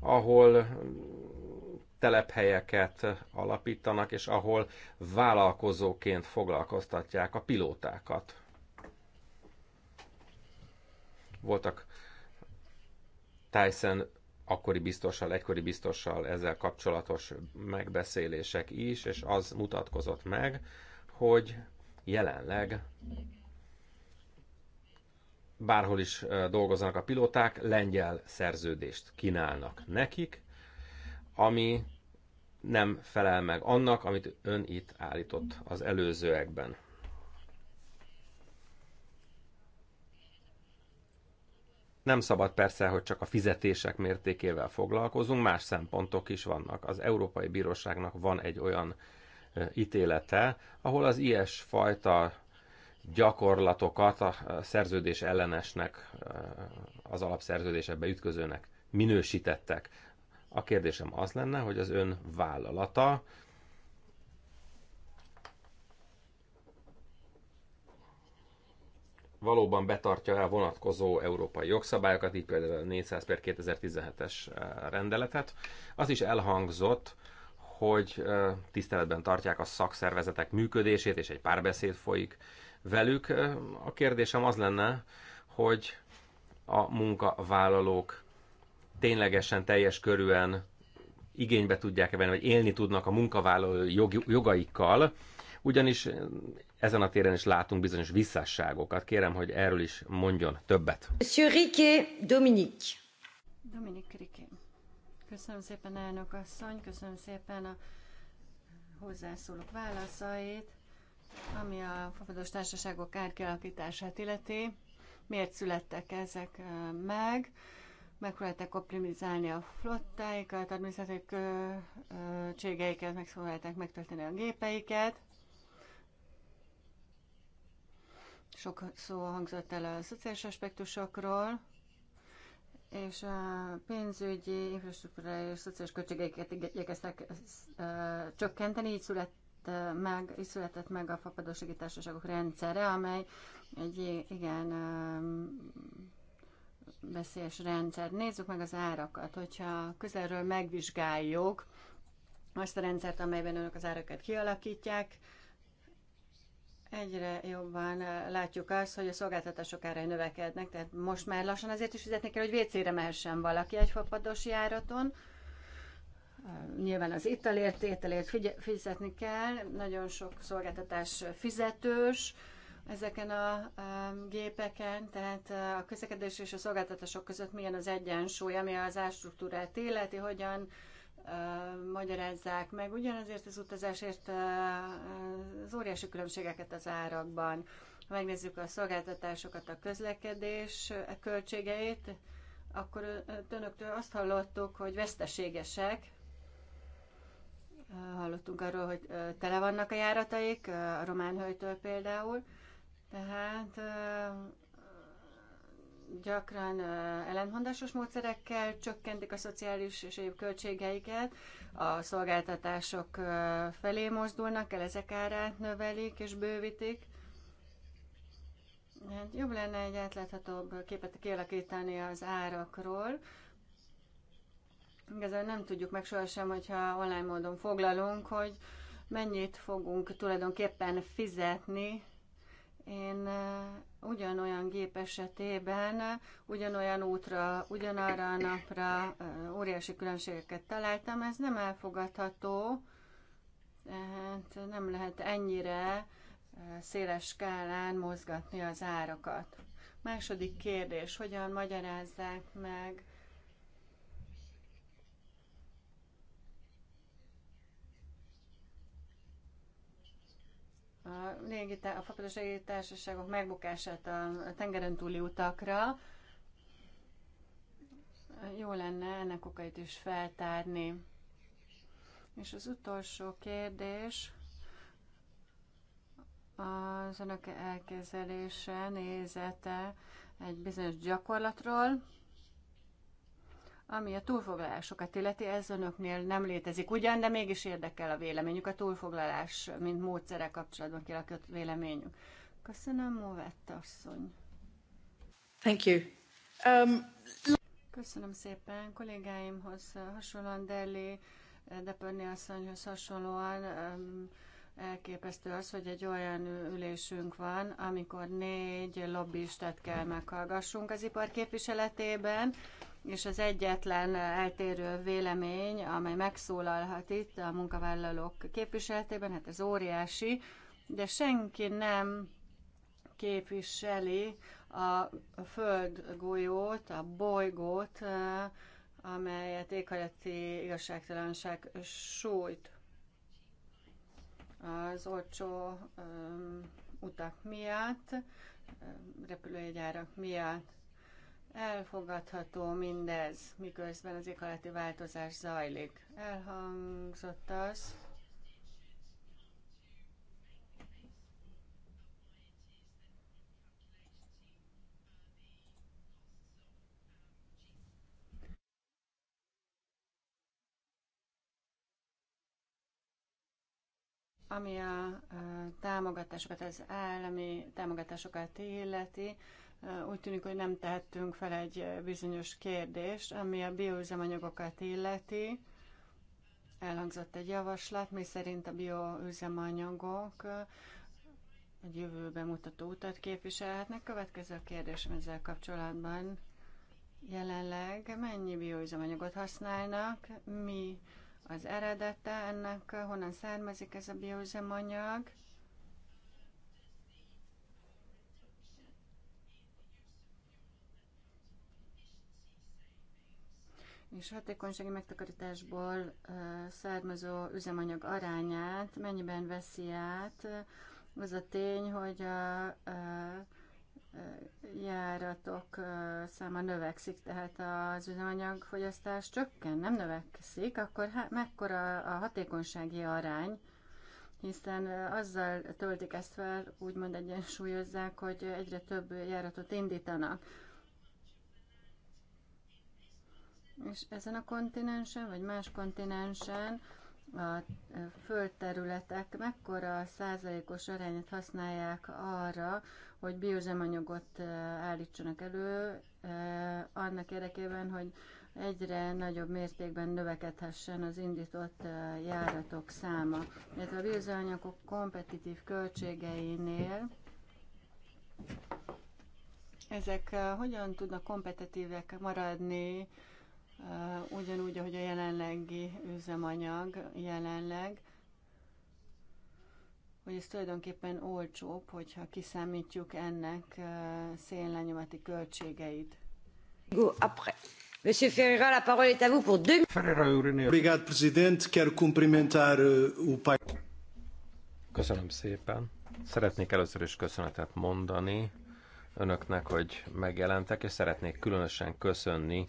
ahol telephelyeket alapítanak, és ahol vállalkozóként foglalkoztatják a pilótákat. Voltak Tyson akkori biztossal, egykori biztossal ezzel kapcsolatos megbeszélések is, és az mutatkozott meg, hogy jelenleg bárhol is dolgoznak a pilóták, lengyel szerződést kínálnak nekik, ami nem felel meg annak, amit ön itt állított az előzőekben. Nem szabad persze, hogy csak a fizetések mértékével foglalkozunk, más szempontok is vannak. Az Európai Bíróságnak van egy olyan ítélete, ahol az ilyesfajta gyakorlatokat a szerződés ellenesnek, az alapszerződésekbe ütközőnek minősítettek. A kérdésem az lenne, hogy az ön vállalata valóban betartja el vonatkozó európai jogszabályokat, így például a 400 per 2017-es eh, rendeletet. Az is elhangzott, hogy eh, tiszteletben tartják a szakszervezetek működését, és egy párbeszéd folyik velük. Eh, a kérdésem az lenne, hogy a munkavállalók ténylegesen teljes körűen igénybe tudják venni, vagy élni tudnak a munkavállaló jog, jogaikkal, ugyanis ezen a téren is látunk bizonyos visszásságokat. Kérem, hogy erről is mondjon többet. Monsieur Riquet, Dominique. Dominique Riquet. Köszönöm szépen, elnök asszony, köszönöm szépen a hozzászólók válaszait, ami a fogadós társaságok árkialakítását illeti. Miért születtek ezek eh, meg? megpróbálták optimizálni a flottáikat, adminisztratív költségeiket, megpróbálták megtölteni a gépeiket. Sok szó hangzott el a szociális aspektusokról, és a pénzügyi, infrastruktúra és szociális költségeiket igyekeztek csökkenteni, így született meg, így született meg a fapadósegítársaságok rendszere, amely egy igen veszélyes rendszer. Nézzük meg az árakat. Hogyha közelről megvizsgáljuk azt a rendszert, amelyben önök az árakat kialakítják, Egyre jobban látjuk azt, hogy a szolgáltatások árai növekednek, tehát most már lassan azért is fizetni kell, hogy WC-re mehessen valaki egy fapados járaton. Nyilván az italért, ételért fizetni kell, nagyon sok szolgáltatás fizetős, ezeken a gépeken, tehát a közlekedés és a szolgáltatások között milyen az egyensúly, ami az ástruktúrát illeti, hogyan magyarázzák meg ugyanazért az utazásért az óriási különbségeket az árakban. Ha megnézzük a szolgáltatásokat, a közlekedés költségeit, akkor önöktől azt hallottuk, hogy veszteségesek. Hallottunk arról, hogy tele vannak a járataik, a román hölgytől például. Tehát gyakran ellentmondásos módszerekkel csökkentik a szociális és egyéb költségeiket, a szolgáltatások felé mozdulnak el, ezek árát növelik és bővítik. Hát jobb lenne egy átláthatóbb képet kialakítani az árakról. Igazán nem tudjuk meg sohasem, hogyha online módon foglalunk, hogy mennyit fogunk tulajdonképpen fizetni én ugyanolyan gép esetében, ugyanolyan útra, ugyanarra a napra óriási különbségeket találtam. Ez nem elfogadható, tehát nem lehet ennyire széles skálán mozgatni az árakat. Második kérdés, hogyan magyarázzák meg a, légitá, a fapados társaságok megbukását a tengeren túli utakra. Jó lenne ennek okait is feltárni. És az utolsó kérdés az önök elkezelése, nézete egy bizonyos gyakorlatról. Ami a túlfoglalásokat illeti, ez önöknél nem létezik ugyan, de mégis érdekel a véleményük. A túlfoglalás, mint módszere kapcsolatban kirakott véleményük. Köszönöm, Movett asszony. Thank you. Um... Köszönöm szépen kollégáimhoz uh, hasonlóan, Deli, uh, Depörni asszonyhoz hasonlóan um, Elképesztő az, hogy egy olyan ülésünk van, amikor négy lobbistát kell meghallgassunk az ipar képviseletében, és az egyetlen eltérő vélemény, amely megszólalhat itt a munkavállalók képviseletében, hát ez óriási, de senki nem képviseli a földgolyót, a bolygót, eh, amelyet éghajlati igazságtalanság sújt az olcsó utak miatt, repülőjegyárak miatt. Elfogadható mindez, miközben az éghajlati változás zajlik. Elhangzott az, Ami a támogatásokat, az állami támogatásokat illeti, úgy tűnik, hogy nem tehettünk fel egy bizonyos kérdést, ami a bioüzemanyagokat illeti. Elhangzott egy javaslat, mi szerint a bioüzemanyagok egy jövőbe mutató utat képviselhetnek. Következő a kérdésem ezzel kapcsolatban. Jelenleg mennyi bioüzemanyagot használnak, mi az eredete ennek, honnan származik ez a bioüzemanyag. és hatékonysági megtakarításból származó üzemanyag arányát mennyiben veszi át az a tény, hogy a, a járatok száma növekszik, tehát az üzemanyagfogyasztás csökken, nem növekszik, akkor há- mekkora a hatékonysági arány, hiszen azzal töltik ezt fel, úgymond egyensúlyozzák, hogy egyre több járatot indítanak. És ezen a kontinensen, vagy más kontinensen a földterületek mekkora százalékos arányát használják arra, hogy biozemanyagot állítsanak elő, annak érdekében, hogy egyre nagyobb mértékben növekedhessen az indított járatok száma. mert a biozemanyagok kompetitív költségeinél ezek hogyan tudnak kompetitívek maradni ugyanúgy, ahogy a jelenlegi üzemanyag jelenleg, hogy ez tulajdonképpen olcsóbb, hogyha kiszámítjuk ennek szénlenyomati költségeit. Go, après. Monsieur Ferreira, la parole est à vous pour deux minutes. Obrigado, presidente. Quero cumprimentar eh, o pai. Köszönöm szépen. Szeretnék először is köszönetet mondani önöknek, hogy megjelentek, és szeretnék különösen köszönni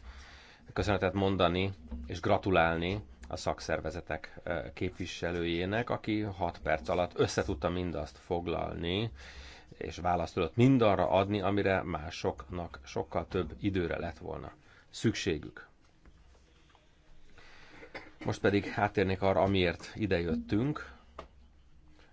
köszönetet mondani és gratulálni a szakszervezetek képviselőjének, aki 6 perc alatt összetudta mindazt foglalni, és választ tudott mindarra adni, amire másoknak sokkal több időre lett volna szükségük. Most pedig háttérnék arra, amiért idejöttünk,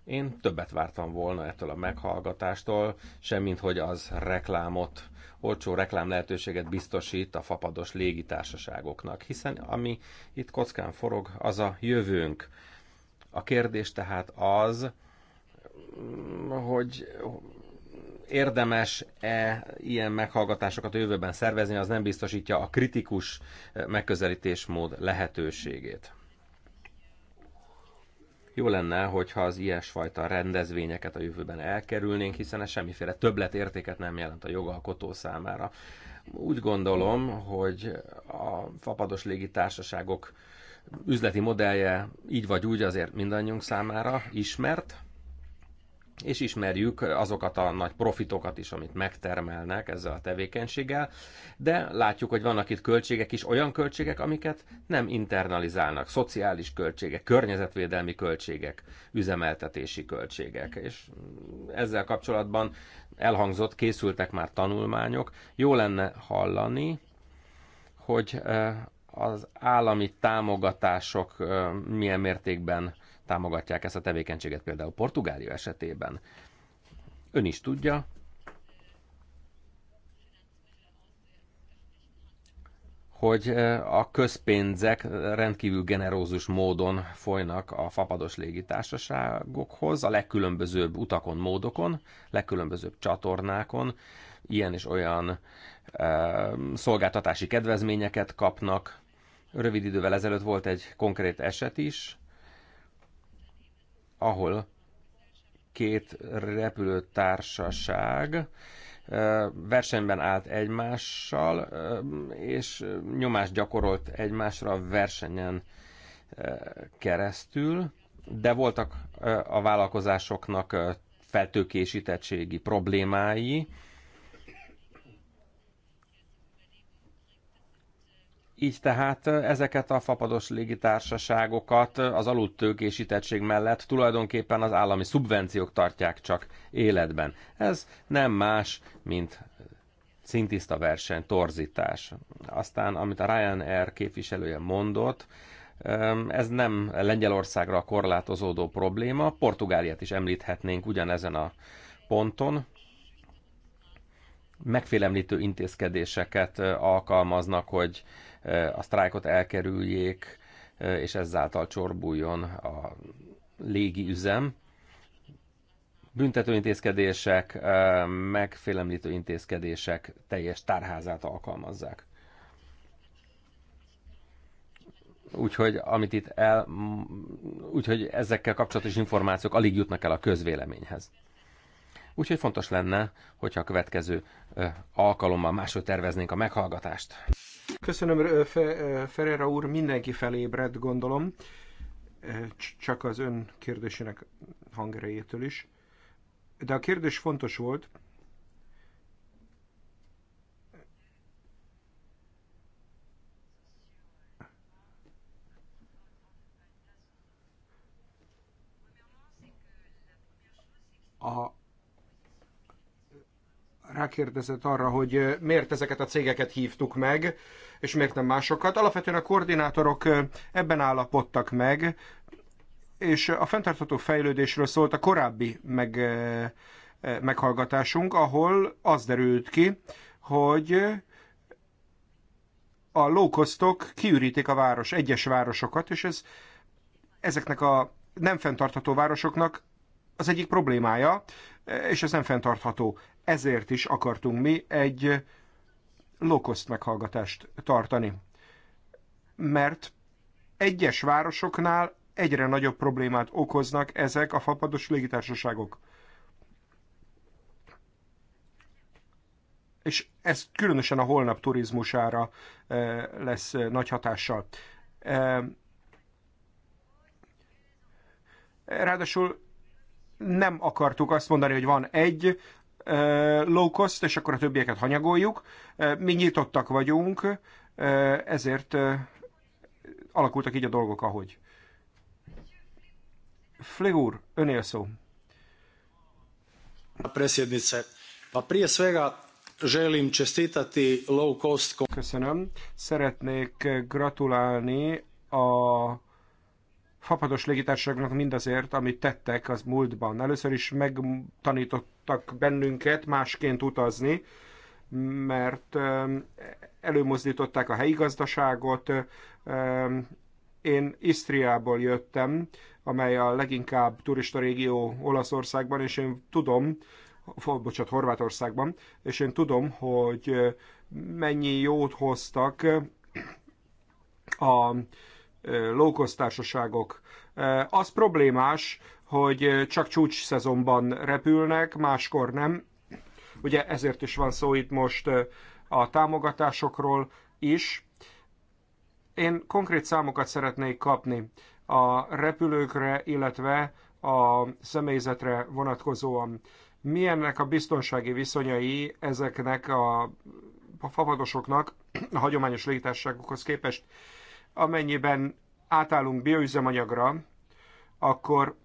én többet vártam volna ettől a meghallgatástól, semmint hogy az reklámot, olcsó reklám lehetőséget biztosít a fapados légitársaságoknak, hiszen ami itt kockán forog, az a jövőnk. A kérdés tehát az, hogy érdemes-e ilyen meghallgatásokat a jövőben szervezni, az nem biztosítja a kritikus megközelítésmód lehetőségét. Jó lenne, hogyha az ilyesfajta rendezvényeket a jövőben elkerülnénk, hiszen ez semmiféle többletértéket nem jelent a jogalkotó számára. Úgy gondolom, hogy a fapados légitársaságok üzleti modellje így vagy úgy azért mindannyiunk számára ismert, és ismerjük azokat a nagy profitokat is, amit megtermelnek ezzel a tevékenységgel, de látjuk, hogy vannak itt költségek is, olyan költségek, amiket nem internalizálnak, szociális költségek, környezetvédelmi költségek, üzemeltetési költségek, és ezzel kapcsolatban elhangzott, készültek már tanulmányok, jó lenne hallani, hogy eh, az állami támogatások eh, milyen mértékben támogatják ezt a tevékenységet például Portugália esetében. Ön is tudja, hogy a közpénzek rendkívül generózus módon folynak a fapados légitársaságokhoz, a legkülönbözőbb utakon, módokon, legkülönbözőbb csatornákon, ilyen és olyan e, szolgáltatási kedvezményeket kapnak. Rövid idővel ezelőtt volt egy konkrét eset is, ahol két repülőtársaság versenyben állt egymással, és nyomást gyakorolt egymásra a versenyen keresztül, de voltak a vállalkozásoknak feltőkésítettségi problémái, Így tehát ezeket a fapados légitársaságokat az alultőkésítettség mellett tulajdonképpen az állami szubvenciók tartják csak életben. Ez nem más, mint szintiszta verseny, torzítás. Aztán, amit a Ryanair képviselője mondott, ez nem Lengyelországra korlátozódó probléma, Portugáliát is említhetnénk ugyanezen a ponton. Megfélemlítő intézkedéseket alkalmaznak, hogy a sztrájkot elkerüljék, és ezáltal csorbuljon a légi üzem. Büntetőintézkedések, megfélemlítő intézkedések teljes tárházát alkalmazzák. Úgyhogy, amit itt el, úgyhogy ezekkel kapcsolatos információk alig jutnak el a közvéleményhez. Úgyhogy fontos lenne, hogyha a következő alkalommal máshogy terveznénk a meghallgatást. Köszönöm, Ferreira úr, mindenki felébredt, gondolom, csak az ön kérdésének hangerejétől is. De a kérdés fontos volt, a rákérdezett arra, hogy miért ezeket a cégeket hívtuk meg, és miért nem másokat. Alapvetően a koordinátorok ebben állapodtak meg, és a fenntartható fejlődésről szólt a korábbi meg, meghallgatásunk, ahol az derült ki, hogy a lókosztok kiürítik a város, egyes városokat, és ez ezeknek a nem fenntartható városoknak az egyik problémája, és ez nem fenntartható ezért is akartunk mi egy lokoszt meghallgatást tartani. Mert egyes városoknál egyre nagyobb problémát okoznak ezek a fapados légitársaságok. És ez különösen a holnap turizmusára eh, lesz eh, nagy hatással. Eh, ráadásul nem akartuk azt mondani, hogy van egy Eh, low cost, és akkor a többieket hanyagoljuk. Eh, mi nyitottak vagyunk, eh, ezért alakultak így a dolgok, ahogy. Flegúr, önél szó. A presjednice. Pa prije svega želim čestitati low cost... Köszönöm. Szeretnék gratulálni a fapados légitársaságnak mindazért, amit tettek az múltban. Először is megtanított hagytak bennünket másként utazni, mert előmozdították a helyi gazdaságot. Én Isztriából jöttem, amely a leginkább turista régió Olaszországban, és én tudom, bocsánat, Horvátországban, és én tudom, hogy mennyi jót hoztak a low társaságok. Eh, az problémás, hogy eh, csak csúcs szezonban repülnek, máskor nem. Ugye ezért is van szó itt most eh, a támogatásokról is. Én konkrét számokat szeretnék kapni a repülőkre, illetve a személyzetre vonatkozóan. Milyennek a biztonsági viszonyai ezeknek a fapadosoknak a hagyományos légitársaságokhoz képest, amennyiben átállunk bioüzemanyagra, akkor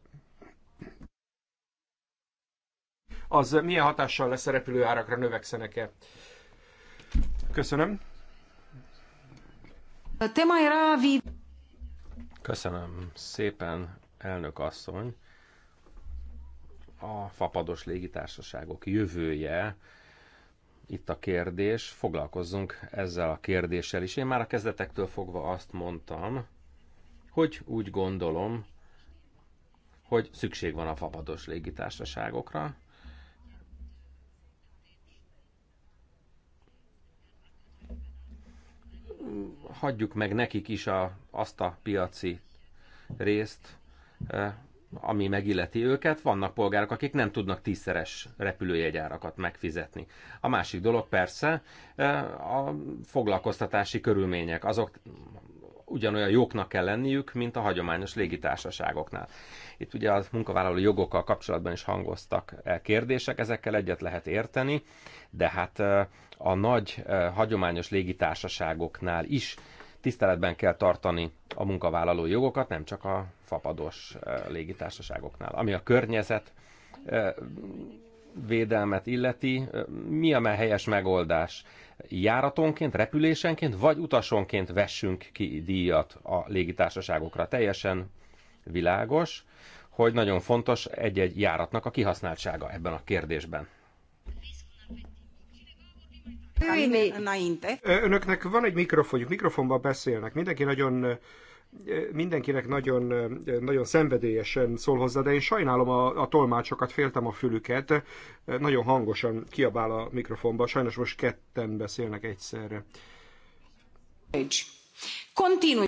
az milyen hatással lesz a repülőárakra, növekszenek-e? Köszönöm. A téma era Köszönöm szépen, elnök asszony. A fapados légitársaságok jövője itt a kérdés, foglalkozzunk ezzel a kérdéssel is. Én már a kezdetektől fogva azt mondtam, hogy úgy gondolom, hogy szükség van a fapados légitársaságokra, hagyjuk meg nekik is a, azt a piaci részt, eh, ami megilleti őket. Vannak polgárok, akik nem tudnak tízszeres repülőjegyárakat megfizetni. A másik dolog persze eh, a foglalkoztatási körülmények. Azok ugyanolyan jóknak kell lenniük, mint a hagyományos légitársaságoknál. Itt ugye a munkavállaló jogokkal kapcsolatban is hangoztak el eh, kérdések, ezekkel egyet lehet érteni, de hát eh, a nagy eh, hagyományos légitársaságoknál is tiszteletben kell tartani a munkavállaló jogokat, nem csak a fapados légitársaságoknál. Ami a környezet védelmet illeti, mi a helyes megoldás? Járatonként, repülésenként, vagy utasonként vessünk ki díjat a légitársaságokra? Teljesen világos, hogy nagyon fontos egy-egy járatnak a kihasználtsága ebben a kérdésben. Önöknek van egy mikrofonjuk, mikrofonban beszélnek. Mindenki nagyon mindenkinek nagyon, nagyon szenvedélyesen szól hozzá, de én sajnálom a, a tolmácsokat, féltem a fülüket, nagyon hangosan kiabál a mikrofonba, sajnos most ketten beszélnek egyszerre. Continue.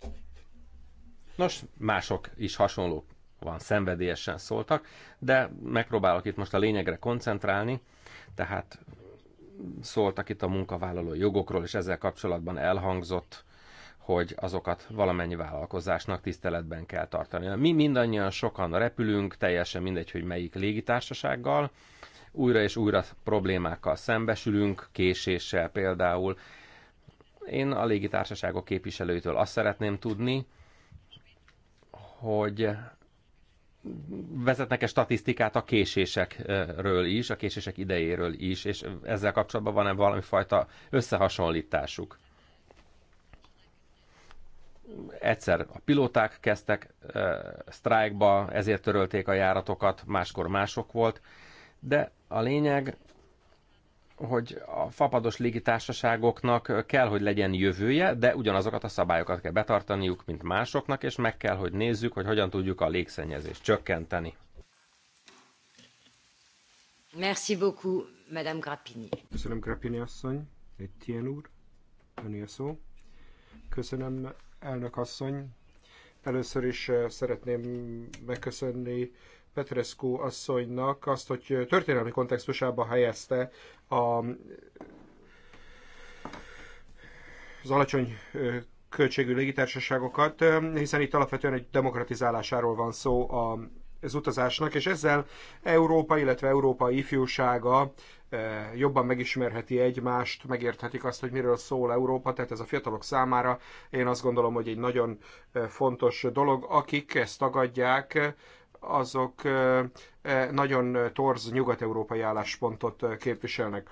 Nos, mások is hasonlók van, szenvedélyesen szóltak, de megpróbálok itt most a lényegre koncentrálni, tehát szóltak itt a munkavállaló jogokról, és ezzel kapcsolatban elhangzott hogy azokat valamennyi vállalkozásnak tiszteletben kell tartani. Mi mindannyian sokan repülünk, teljesen mindegy, hogy melyik légitársasággal, újra és újra problémákkal szembesülünk, késéssel például. Én a légitársaságok képviselőitől azt szeretném tudni, hogy vezetnek-e statisztikát a késésekről is, a késések idejéről is, és ezzel kapcsolatban van-e valami fajta összehasonlításuk? egyszer a pilóták kezdtek sztrájkba, ezért törölték a járatokat, máskor mások volt, de a lényeg, hogy a fapados légitársaságoknak kell, hogy legyen jövője, de ugyanazokat a szabályokat kell betartaniuk, mint másoknak, és meg kell, hogy nézzük, hogy hogyan tudjuk a légszennyezést csökkenteni. Merci beaucoup, Madame Grappini. Köszönöm, Grappini asszony. Etienne úr, öné a szó. Köszönöm, elnök asszony. Először is szeretném megköszönni Petrescu asszonynak azt, hogy történelmi kontextusába helyezte a, az alacsony költségű légitársaságokat, hiszen itt alapvetően egy demokratizálásáról van szó a az utazásnak, és ezzel Európa, illetve Európa ifjúsága eh, jobban megismerheti egymást, megérthetik azt, hogy miről szól Európa, tehát ez a fiatalok számára én azt gondolom, hogy egy nagyon eh, fontos dolog. Akik ezt tagadják, azok eh, nagyon torz nyugat-európai álláspontot képviselnek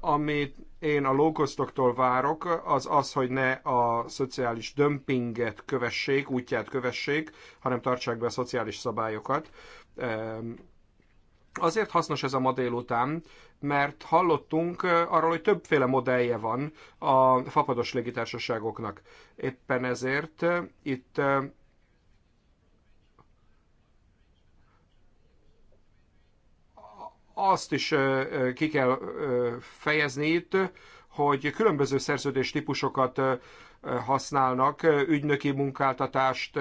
amit én a lókosztoktól várok, az az, hogy ne a szociális dömpinget kövessék, útját kövessék, hanem tartsák be a szociális szabályokat. Azért hasznos ez a ma délután, mert hallottunk arról, hogy többféle modellje van a fapados légitársaságoknak. Éppen ezért itt azt is ki kell fejezni itt, hogy különböző szerződés típusokat használnak, ügynöki munkáltatást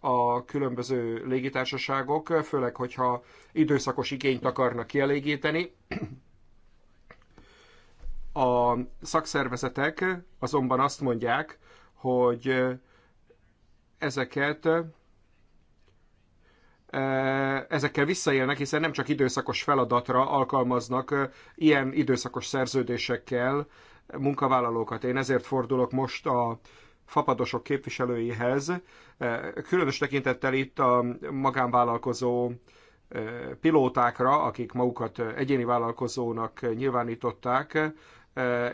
a különböző légitársaságok, főleg, hogyha időszakos igényt akarnak kielégíteni. A szakszervezetek azonban azt mondják, hogy ezeket ezekkel visszaélnek, hiszen nem csak időszakos feladatra alkalmaznak ilyen időszakos szerződésekkel munkavállalókat. Én ezért fordulok most a fapadosok képviselőihez, különös tekintettel itt a magánvállalkozó pilótákra, akik magukat egyéni vállalkozónak nyilvánították,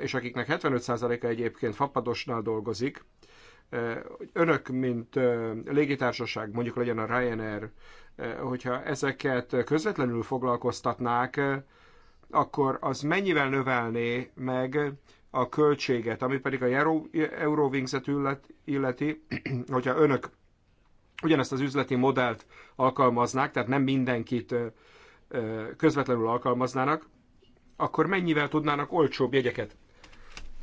és akiknek 75%-a egyébként fapadosnál dolgozik, önök, mint légitársaság, mondjuk legyen a Ryanair, Eh, hogyha ezeket közvetlenül foglalkoztatnák, eh, akkor az mennyivel növelné meg a költséget, ami pedig a Eurowings-et illeti, hogyha önök ugyanezt az üzleti modellt alkalmaznák, tehát nem mindenkit eh, közvetlenül alkalmaznának, akkor mennyivel tudnának olcsóbb jegyeket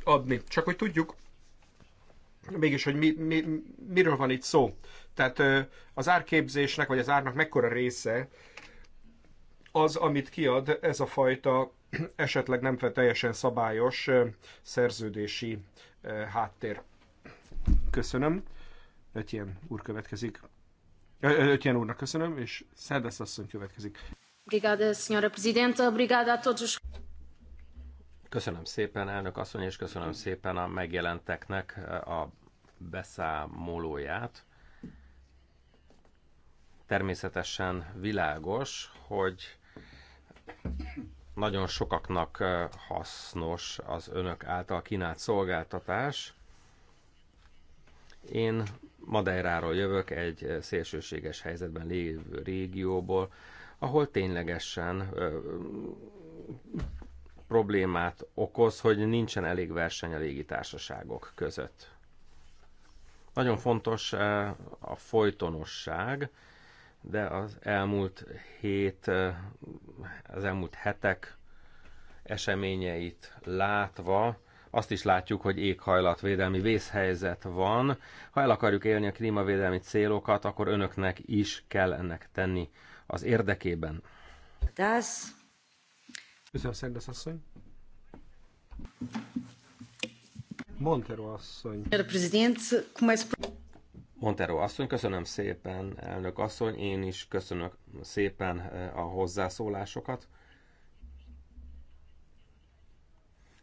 adni? Csak hogy tudjuk mégis, hogy mi, mi, miről van itt szó. Tehát az árképzésnek, vagy az árnak mekkora része az, amit kiad ez a fajta esetleg nem teljesen szabályos szerződési háttér. Köszönöm. Ötjen úr következik. Ötjen úrnak köszönöm, és Szerdesz asszony következik. Obrigada, senhora presidente. Obrigada a todos. Köszönöm szépen, elnök asszony, és köszönöm szépen a megjelenteknek a beszámolóját. Természetesen világos, hogy nagyon sokaknak hasznos az önök által kínált szolgáltatás. Én Madeiráról jövök, egy szélsőséges helyzetben lévő régióból, ahol ténylegesen ö, problémát okoz, hogy nincsen elég verseny a légitársaságok között. Nagyon fontos a folytonosság, de az elmúlt hét, az elmúlt hetek eseményeit látva, azt is látjuk, hogy éghajlatvédelmi vészhelyzet van. Ha el akarjuk élni a klímavédelmi célokat, akkor önöknek is kell ennek tenni az érdekében. Das. Köszönöm, Szerdes asszony. Montero asszony. Herr Präsident, Montero asszony, köszönöm szépen, elnök asszony, én is köszönök szépen eh, a hozzászólásokat.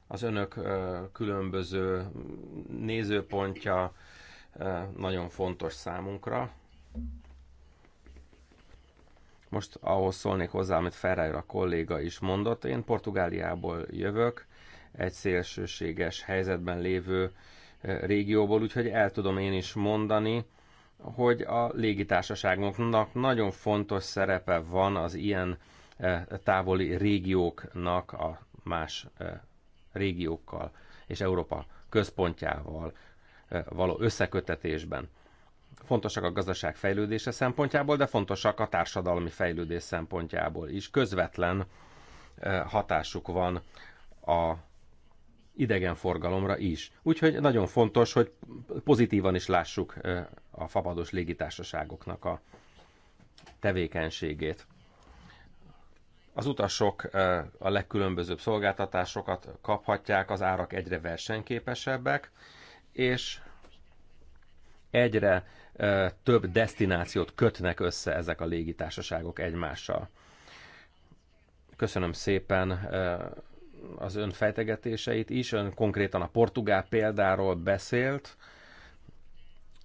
Az önök eh, különböző nézőpontja eh, nagyon fontos számunkra. Most ahhoz szólnék hozzá, amit Ferreira a kolléga is mondott. Én Portugáliából jövök, egy szélsőséges helyzetben lévő régióból, úgyhogy el tudom én is mondani, hogy a légitársaságoknak nagyon fontos szerepe van az ilyen e, távoli régióknak a más e, régiókkal és Európa központjával e, való összekötetésben. Fontosak a gazdaság fejlődése szempontjából, de fontosak a társadalmi fejlődés szempontjából is. Közvetlen hatásuk van a idegenforgalomra is. Úgyhogy nagyon fontos, hogy pozitívan is lássuk a fapados légitársaságoknak a tevékenységét. Az utasok a legkülönbözőbb szolgáltatásokat kaphatják, az árak egyre versenyképesebbek, és egyre több destinációt kötnek össze ezek a légitársaságok egymással. Köszönöm szépen az ön fejtegetéseit is. Ön konkrétan a portugál példáról beszélt,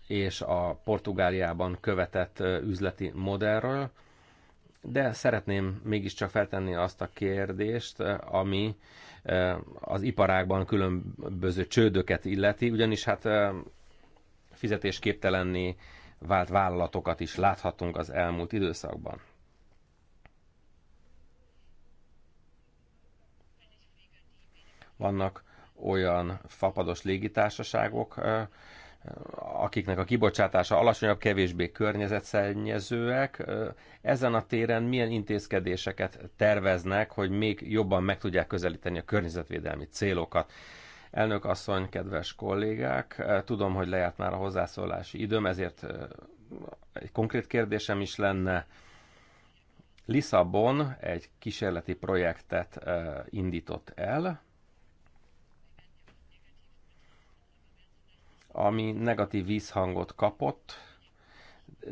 és a Portugáliában követett üzleti modellről, de szeretném mégiscsak feltenni azt a kérdést, ami az iparágban különböző csődöket illeti, ugyanis hát fizetésképtelenné vált vállalatokat is láthatunk az elmúlt időszakban. Vannak olyan fapados légitársaságok, akiknek a kibocsátása alacsonyabb, kevésbé környezetszennyezőek. Ezen a téren milyen intézkedéseket terveznek, hogy még jobban meg tudják közelíteni a környezetvédelmi célokat? Elnök asszony, kedves kollégák, tudom, hogy lejárt már a hozzászólási időm, ezért egy konkrét kérdésem is lenne. Lisszabon egy kísérleti projektet indított el, ami negatív vízhangot kapott,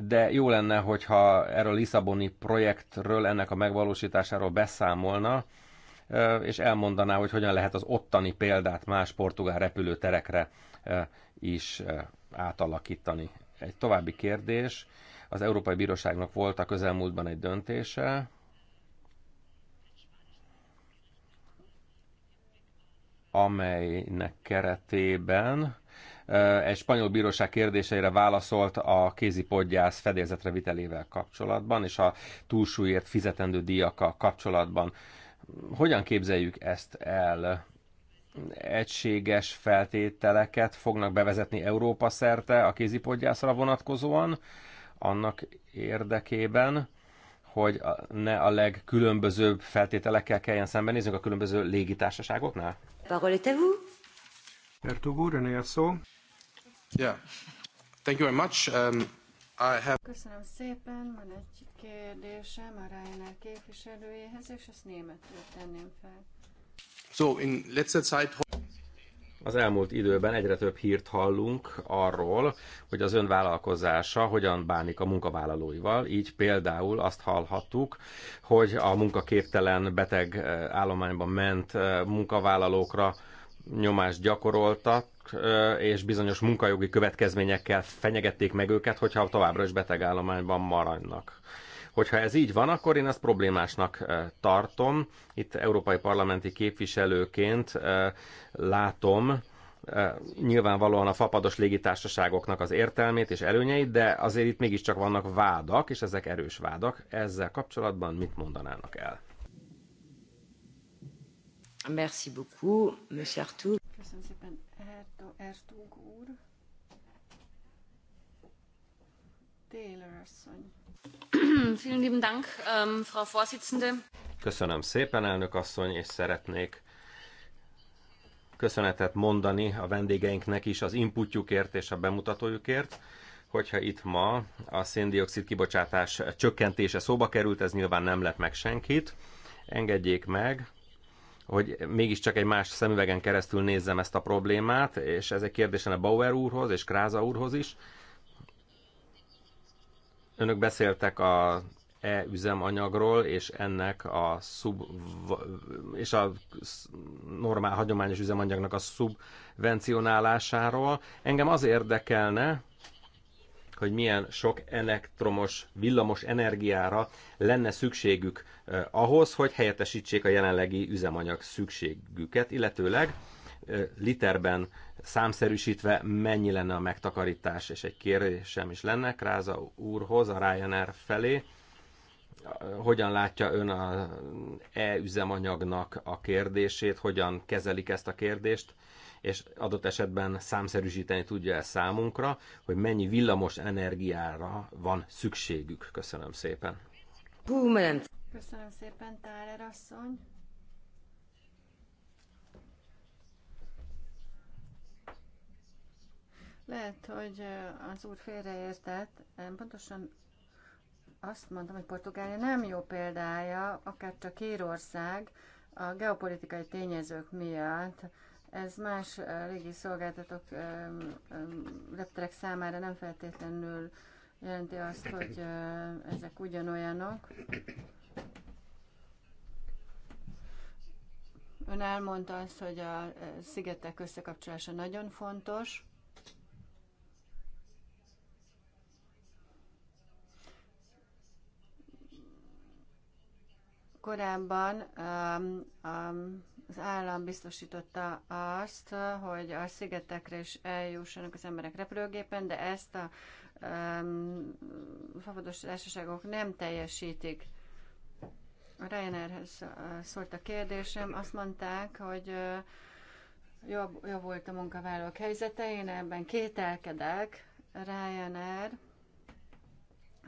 de jó lenne, hogyha erről a Lisszaboni projektről, ennek a megvalósításáról beszámolna, és elmondaná, hogy hogyan lehet az ottani példát más portugál repülőterekre is átalakítani. Egy további kérdés. Az Európai Bíróságnak volt a közelmúltban egy döntése, amelynek keretében egy spanyol bíróság kérdéseire válaszolt a kézi podgyász fedélzetre vitelével kapcsolatban, és a túlsúlyért fizetendő díjakkal kapcsolatban. Hogyan képzeljük ezt el? Egységes feltételeket fognak bevezetni Európa szerte a kézipodgyászra vonatkozóan, annak érdekében, hogy ne a legkülönbözőbb feltételekkel kelljen szembenéznünk a különböző légitársaságoknál? Parole est à vous. Ertug a szó. Um, Köszönöm szépen. Van egy kérdésem a Ryanair képviselőjéhez, és ezt németül tenném fel. So in letzter Zeit... Az elmúlt időben egyre több hírt hallunk arról, hogy az önvállalkozása hogyan bánik a munkavállalóival. Így például azt hallhattuk, hogy a munkaképtelen beteg eh, állományban ment eh, munkavállalókra nyomást gyakoroltat, és bizonyos munkajogi következményekkel fenyegették meg őket, hogyha továbbra is betegállományban maradnak. Hogyha ez így van, akkor én ezt problémásnak tartom. Itt európai parlamenti képviselőként látom, nyilvánvalóan a fapados légitársaságoknak az értelmét és előnyeit, de azért itt mégiscsak vannak vádak, és ezek erős vádak. Ezzel kapcsolatban mit mondanának el? Merci beaucoup, Monsieur Köszönöm szépen, Vielen lieben Dank, ähm, Frau Vorsitzende. Köszönöm szépen, elnök asszony, és szeretnék köszönetet mondani a vendégeinknek is az inputjukért és a bemutatójukért hogyha itt ma a széndiokszid kibocsátás csökkentése szóba került, ez nyilván nem lett meg senkit. Engedjék meg, hogy mégiscsak egy más szemüvegen keresztül nézzem ezt a problémát, és ez egy kérdésen a Bauer úrhoz és Kráza úrhoz is. Önök beszéltek a e üzemanyagról, és ennek a szub, és a normál hagyományos üzemanyagnak a szubvencionálásáról. Engem az érdekelne, hogy milyen sok elektromos, villamos energiára lenne szükségük eh, ahhoz, hogy helyettesítsék a jelenlegi üzemanyag szükségüket, illetőleg eh, literben számszerűsítve mennyi lenne a megtakarítás, és egy kérdésem is lenne Kráza úrhoz, a Ryanair felé, eh, hogyan látja ön a e-üzemanyagnak a kérdését, hogyan kezelik ezt a kérdést, és adott esetben számszerűsíteni tudja el számunkra, hogy mennyi villamos energiára van szükségük. Köszönöm szépen. Köszönöm szépen, Tárer asszony. Lehet, hogy az úr félreértett. Pontosan azt mondtam, hogy Portugália nem jó példája, akár csak Írország, a geopolitikai tényezők miatt ez más régi szolgáltatók, repterek számára nem feltétlenül jelenti azt, hogy ezek ugyanolyanok. Ön elmondta azt, hogy a szigetek összekapcsolása nagyon fontos. Korábban um, um, az állam biztosította azt, hogy a szigetekre is eljussanak az emberek repülőgépen, de ezt a um, fapados társaságok nem teljesítik. A Ryanairhez szólt a kérdésem, azt mondták, hogy jobb, jobb volt a munkavállalók helyzete, én ebben kételkedek. Ryanair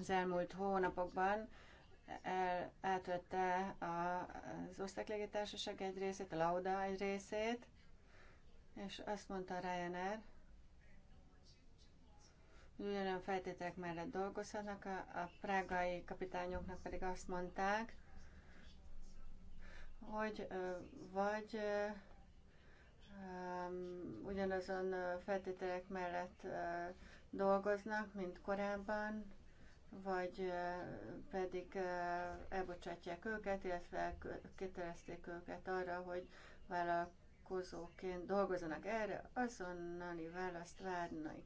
az elmúlt hónapokban el, átvette a, az osztrák légitársaság egy részét, a Lauda egy részét, és azt mondta Ryanair, hogy ugyanolyan feltételek mellett dolgozhatnak, a, a prágai kapitányoknak pedig azt mondták, hogy vagy um, ugyanazon feltételek mellett uh, dolgoznak, mint korábban, vagy pedig elbocsátják őket, illetve kiterezték őket arra, hogy vállalkozóként dolgozzanak erre, azonnali választ várnak.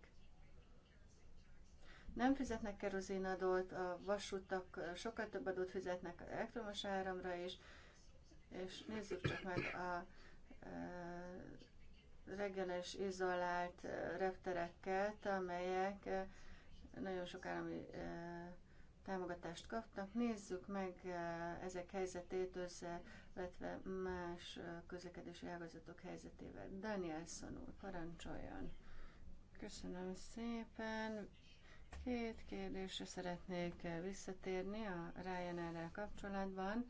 Nem fizetnek kerozinadót, a vasútak sokkal több adót fizetnek az elektromos áramra is, és nézzük csak meg a reggeles izolált repterekkel, amelyek nagyon sok állami támogatást kaptak, Nézzük meg ezek helyzetét összevetve más közlekedési ágazatok helyzetével. Danielson úr, parancsoljon! Köszönöm szépen! Két kérdésre szeretnék visszatérni a Ryanair-rel kapcsolatban.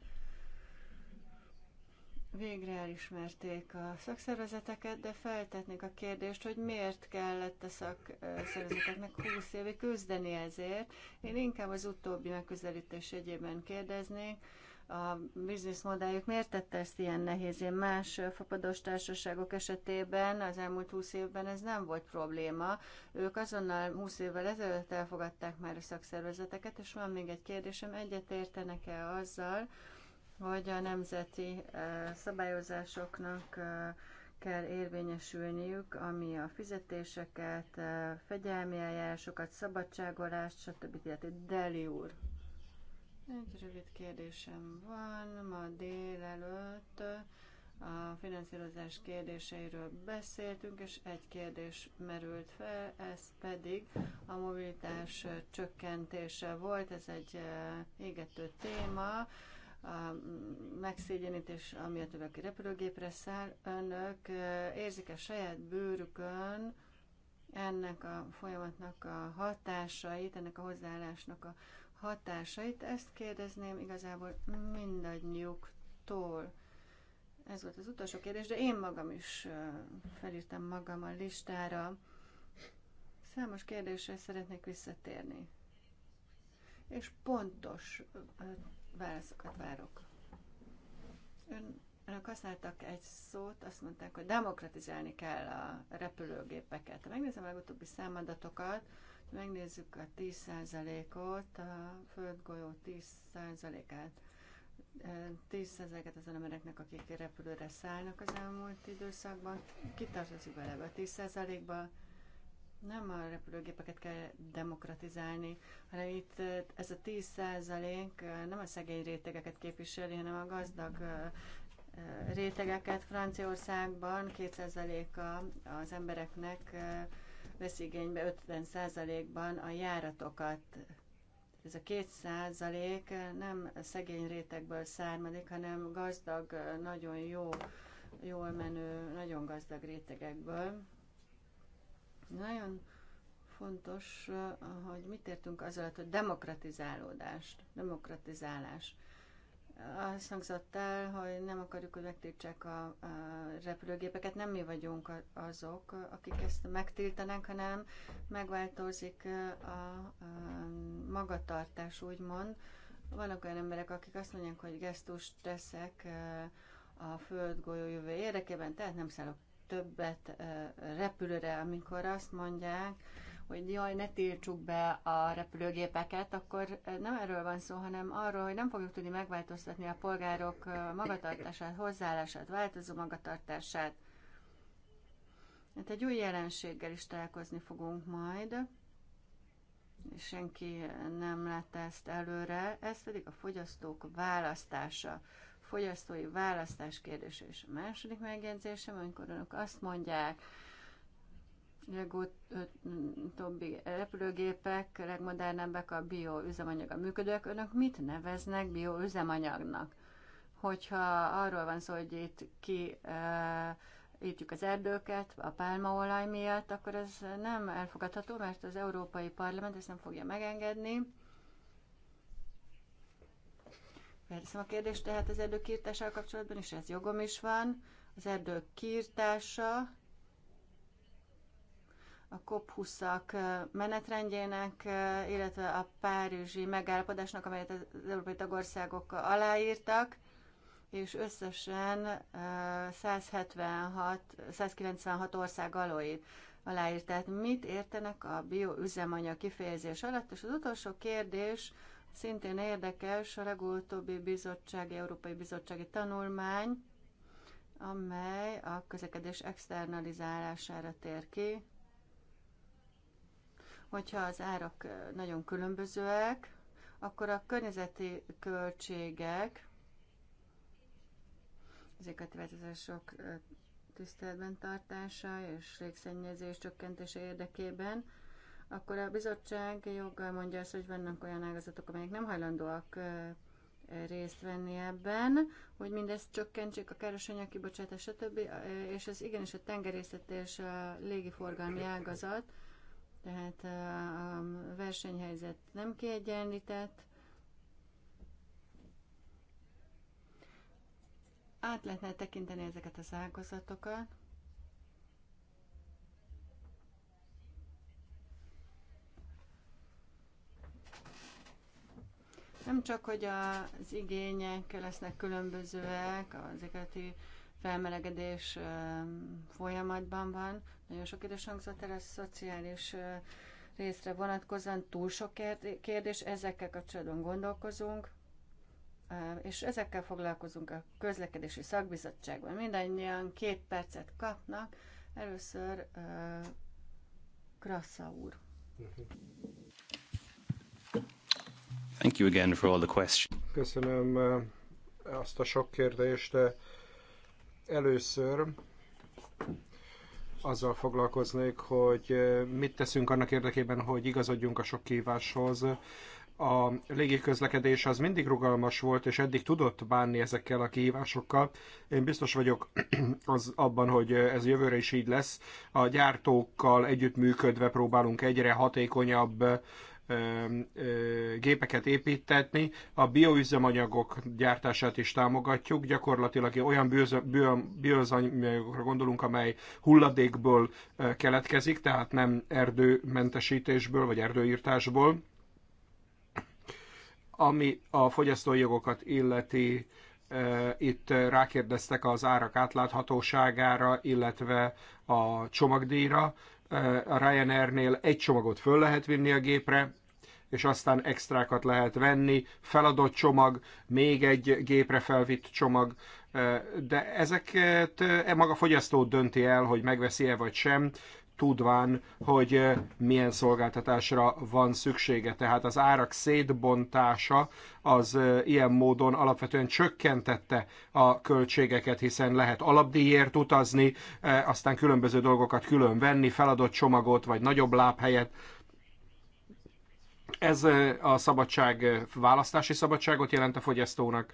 Végre elismerték a szakszervezeteket, de feltetnék a kérdést, hogy miért kellett a szakszervezeteknek 20 évig küzdeni ezért. Én inkább az utóbbi megközelítés egyében kérdeznék, a bizniszmodelljük miért tette ezt ilyen Én Más fapados társaságok esetében az elmúlt 20 évben ez nem volt probléma. Ők azonnal 20 évvel ezelőtt elfogadták már a szakszervezeteket, és van még egy kérdésem, egyetértenek-e azzal, hogy a nemzeti eh, szabályozásoknak eh, kell érvényesülniük, ami a fizetéseket, eh, fegyelmi eljárásokat, szabadságolást, stb. illeti. Deli úr. Egy rövid kérdésem van. Ma délelőtt a finanszírozás kérdéseiről beszéltünk, és egy kérdés merült fel, ez pedig a mobilitás csökkentése volt. Ez egy égető téma a megszégyenítés, amiatt, hogy aki repülőgépre száll, önök érzik a saját bőrükön ennek a folyamatnak a hatásait, ennek a hozzáállásnak a hatásait. Ezt kérdezném igazából mindannyiuktól. Ez volt az utolsó kérdés, de én magam is felírtam magam a listára. Számos kérdésre szeretnék visszatérni. És pontos válaszokat várok. Ön, önök használtak egy szót, azt mondták, hogy demokratizálni kell a repülőgépeket. Ha megnézem a legutóbbi számadatokat, megnézzük a 10%-ot, a földgolyó 10%-át, 10%-et az embereknek, akik repülőre szállnak az elmúlt időszakban, kitartozik bele a 10%-ba, nem a repülőgépeket kell demokratizálni, hanem itt ez a 10 százalék nem a szegény rétegeket képviseli, hanem a gazdag rétegeket. Franciaországban 2%-a az embereknek vesz igénybe 50%-ban a járatokat. Ez a 2% nem szegény rétegből származik, hanem gazdag, nagyon jó, jól menő, nagyon gazdag rétegekből. Nagyon fontos, eh, hogy mit értünk az alatt, hogy demokratizálódást, demokratizálás. Azt hangzott el, hogy nem akarjuk, hogy megtiltsák a, a repülőgépeket. Nem mi vagyunk azok, akik ezt megtiltanánk, hanem megváltozik eh, a, a magatartás, úgymond. Vannak olyan emberek, akik azt mondják, hogy gesztust teszek eh, a földgolyó jövő érdekében, tehát nem szállok többet repülőre, amikor azt mondják, hogy jaj, ne tiltsuk be a repülőgépeket, akkor nem erről van szó, hanem arról, hogy nem fogjuk tudni megváltoztatni a polgárok magatartását, hozzáállását, változó magatartását. Hát egy új jelenséggel is találkozni fogunk majd, senki nem látta ezt előre, ez pedig a fogyasztók választása fogyasztói választás kérdése és a második megjegyzésem, amikor önök azt mondják, legutóbbi repülőgépek legmodernebbek a a működők. Önök mit neveznek bioüzemanyagnak? Hogyha arról van szó, hogy itt ki írtjuk az erdőket a pálmaolaj miatt, akkor ez nem elfogadható, mert az Európai Parlament ezt nem fogja megengedni. Felteszem a kérdést tehát az erdőkiirtással kapcsolatban, is, ez jogom is van. Az erdők kiirtása a cop menetrendjének, illetve a párizsi megállapodásnak, amelyet az európai tagországok aláírtak, és összesen 176, 196 ország alóit aláírt. Tehát mit értenek a bioüzemanyag kifejezés alatt? És az utolsó kérdés, Szintén érdekes a legutóbbi bizottsági, Európai Bizottsági Tanulmány, amely a közlekedés externalizálására tér ki. Hogyha az árak nagyon különbözőek, akkor a környezeti költségek, ezeket változások tiszteletben tartása és légszennyezés csökkentése érdekében akkor a bizottság joggal mondja azt, hogy vannak olyan ágazatok, amelyek nem hajlandóak részt venni ebben, hogy mindezt csökkentsék a károsanyag kibocsátás, stb. És ez igenis a tengerészet és a légiforgalmi ágazat, tehát a versenyhelyzet nem kiegyenlített. Át lehetne tekinteni ezeket az ágazatokat. Nem csak, hogy az igények lesznek különbözőek, az ikati felmelegedés folyamatban van. Nagyon sok idős hangzott el a szociális részre vonatkozóan túl sok kérdés, ezekkel kapcsolatban gondolkozunk, és ezekkel foglalkozunk a közlekedési szakbizottságban. Mindannyian két percet kapnak. Először Krasza úr. Mhm. Thank you again for all the questions. Köszönöm eh, azt a sok kérdést. Eh, először azzal foglalkoznék, hogy eh, mit teszünk annak érdekében, hogy igazodjunk a sok kíváshoz. A légiközlekedés az mindig rugalmas volt, és eddig tudott bánni ezekkel a kihívásokkal. Én biztos vagyok az abban, hogy ez jövőre is így lesz. A gyártókkal együttműködve próbálunk egyre hatékonyabb gépeket építetni. A bioüzemanyagok gyártását is támogatjuk. Gyakorlatilag olyan bioüzemanyagokra gondolunk, amely hulladékból keletkezik, tehát nem erdőmentesítésből vagy erdőírtásból. Ami a fogyasztói jogokat illeti, itt rákérdeztek az árak átláthatóságára, illetve a csomagdíjra. Eh, a Ryanairnél egy csomagot föl lehet vinni a gépre, és aztán extrákat lehet venni, feladott csomag, még egy gépre felvitt csomag, eh, de ezeket eh, maga fogyasztó dönti el, hogy megveszi-e vagy sem tudván, hogy eh, milyen szolgáltatásra van szüksége. Tehát az árak szétbontása az eh, ilyen módon alapvetően csökkentette a költségeket, hiszen lehet alapdíjért utazni, eh, aztán különböző dolgokat külön venni, feladott csomagot, vagy nagyobb lábhelyet, ez a szabadság választási szabadságot jelent a fogyasztónak.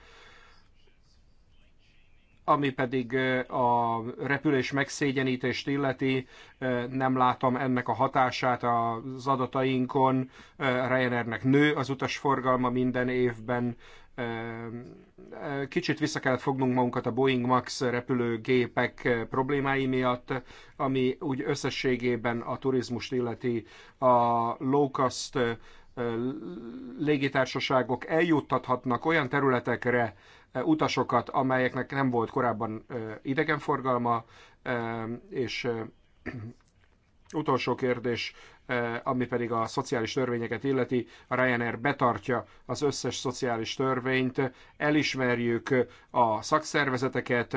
Ami pedig a repülés megszégyenítést illeti, nem látom ennek a hatását az adatainkon. Ryanairnek nő az utasforgalma minden évben. Kicsit vissza kellett fognunk magunkat a Boeing Max repülőgépek problémái miatt, ami úgy összességében a turizmust illeti a low-cost légitársaságok eljuttathatnak olyan területekre utasokat, amelyeknek nem volt korábban idegenforgalma, és utolsó kérdés, ami pedig a szociális törvényeket illeti, a Ryanair betartja az összes szociális törvényt, elismerjük a szakszervezeteket,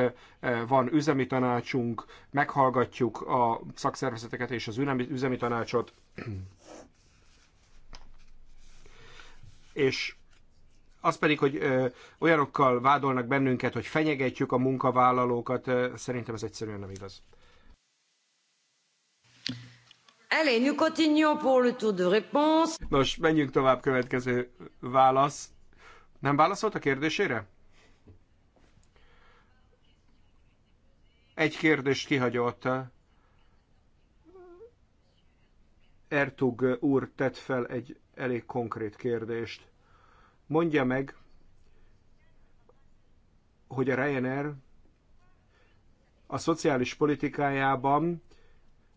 van üzemi tanácsunk, meghallgatjuk a szakszervezeteket és az üzemi tanácsot, és az pedig, hogy olyanokkal vádolnak bennünket, hogy fenyegetjük a munkavállalókat, szerintem ez egyszerűen nem igaz. Allez, nous continuons pour le tour de réponse. Nos, menjünk tovább következő válasz. Nem válaszolt a kérdésére? Egy kérdést kihagyott. Ertug úr tett fel egy elég konkrét kérdést mondja meg, hogy a Ryanair a szociális politikájában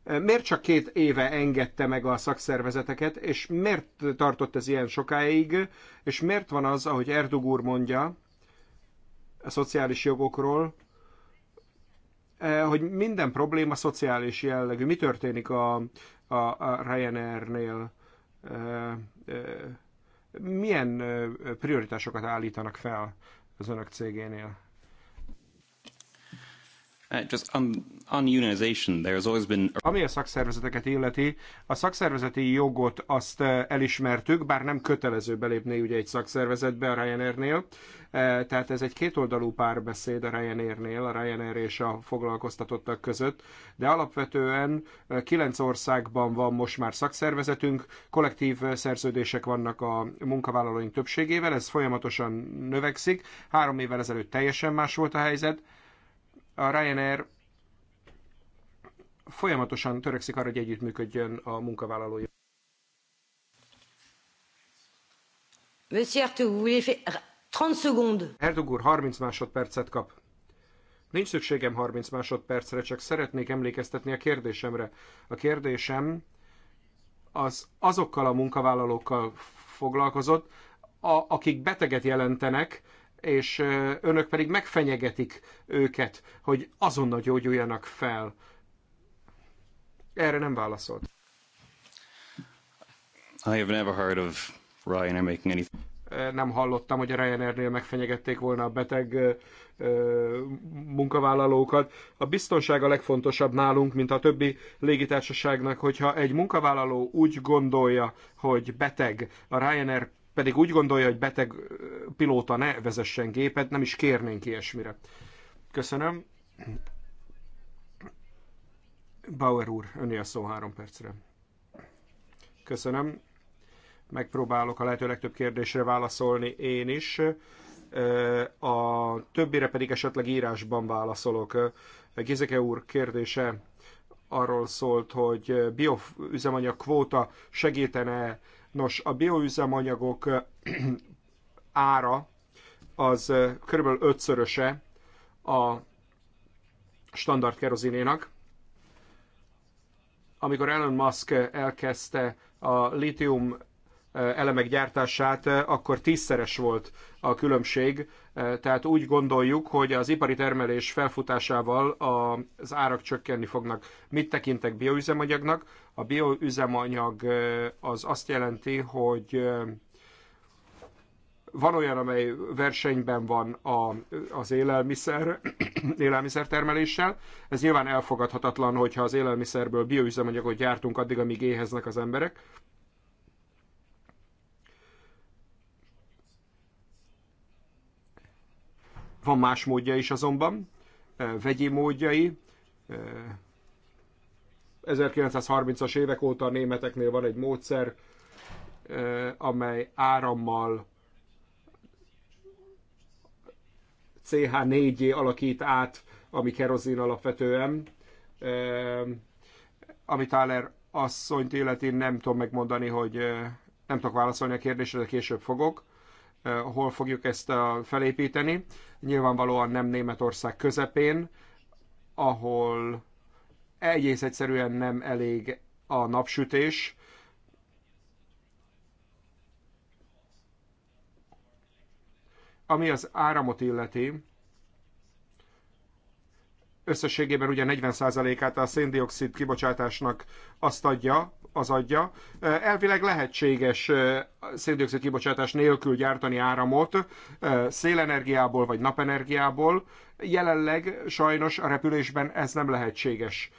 eh, miért csak két éve engedte meg a szakszervezeteket, és miért tartott ez ilyen sokáig, és miért van az, ahogy Erdog úr mondja a szociális jogokról, eh, hogy minden probléma szociális jellegű. Mi történik a, a, a Ryanair-nél? Eh, milyen prioritásokat állítanak fel az önök cégénél? Uh, just always been... Ami a szakszervezeteket illeti, a szakszervezeti jogot azt uh, elismertük, bár nem kötelező belépni ugye egy szakszervezetbe a Ryanairnél, uh, tehát ez egy kétoldalú párbeszéd a Ryanairnél, a Ryanair és a foglalkoztatottak között, de alapvetően kilenc országban van most már szakszervezetünk, kollektív szerződések vannak a munkavállalóink többségével, ez folyamatosan növekszik, három évvel ezelőtt teljesen más volt a helyzet, a Ryanair folyamatosan törekszik arra, hogy együttműködjön a munkavállalói. Monsieur vous voulez faire 30 secondes. Ertug úr, 30 másodpercet kap. Nincs szükségem 30 másodpercre, csak szeretnék emlékeztetni a kérdésemre. A kérdésem az azokkal a munkavállalókkal foglalkozott, a, akik beteget jelentenek, és önök pedig megfenyegetik őket, hogy azonnal gyógyuljanak fel. Erre nem válaszolt. I have never heard of Ryanair making any... Nem hallottam, hogy a Ryanair-nél megfenyegették volna a beteg munkavállalókat. A biztonság a legfontosabb nálunk, mint a többi légitársaságnak, hogyha egy munkavállaló úgy gondolja, hogy beteg, a Ryanair pedig úgy gondolja, hogy beteg pilóta ne vezessen gépet, nem is kérnénk ilyesmire. Köszönöm. Bauer úr, öné a szó három percre. Köszönöm. Megpróbálok a lehető legtöbb kérdésre válaszolni én is. A többire pedig esetleg írásban válaszolok. Gizeke úr kérdése arról szólt, hogy bioüzemanyag kvóta segítene. Nos, a bioüzemanyagok ára az körülbelül ötszöröse a standard kerozinénak. Amikor Elon Musk elkezdte a litium elemek gyártását, akkor tízszeres volt a különbség. Tehát úgy gondoljuk, hogy az ipari termelés felfutásával az árak csökkenni fognak. Mit tekintek bioüzemanyagnak? A bioüzemanyag az azt jelenti, hogy van olyan, amely versenyben van a, az élelmiszer, élelmiszertermeléssel. Ez nyilván elfogadhatatlan, hogyha az élelmiszerből bioüzemanyagot gyártunk addig, amíg éheznek az emberek Van más módja is azonban, vegyi módjai. 1930-as évek óta a németeknél van egy módszer, amely árammal CH4-é alakít át, ami kerozin alapvetően. Ami Thaler asszonyt illeti, nem tudom megmondani, hogy nem tudok válaszolni a kérdésre, de később fogok. Eh, hol fogjuk ezt eh, felépíteni. Nyilvánvalóan nem Németország közepén, ahol egész egyszerűen nem elég a napsütés. Ami az áramot illeti, összességében ugye 40%-át a széndiokszid kibocsátásnak azt adja, az adja. Elvileg lehetséges széndiokszid kibocsátás nélkül gyártani áramot szélenergiából vagy napenergiából. Jelenleg sajnos a repülésben ez nem lehetséges.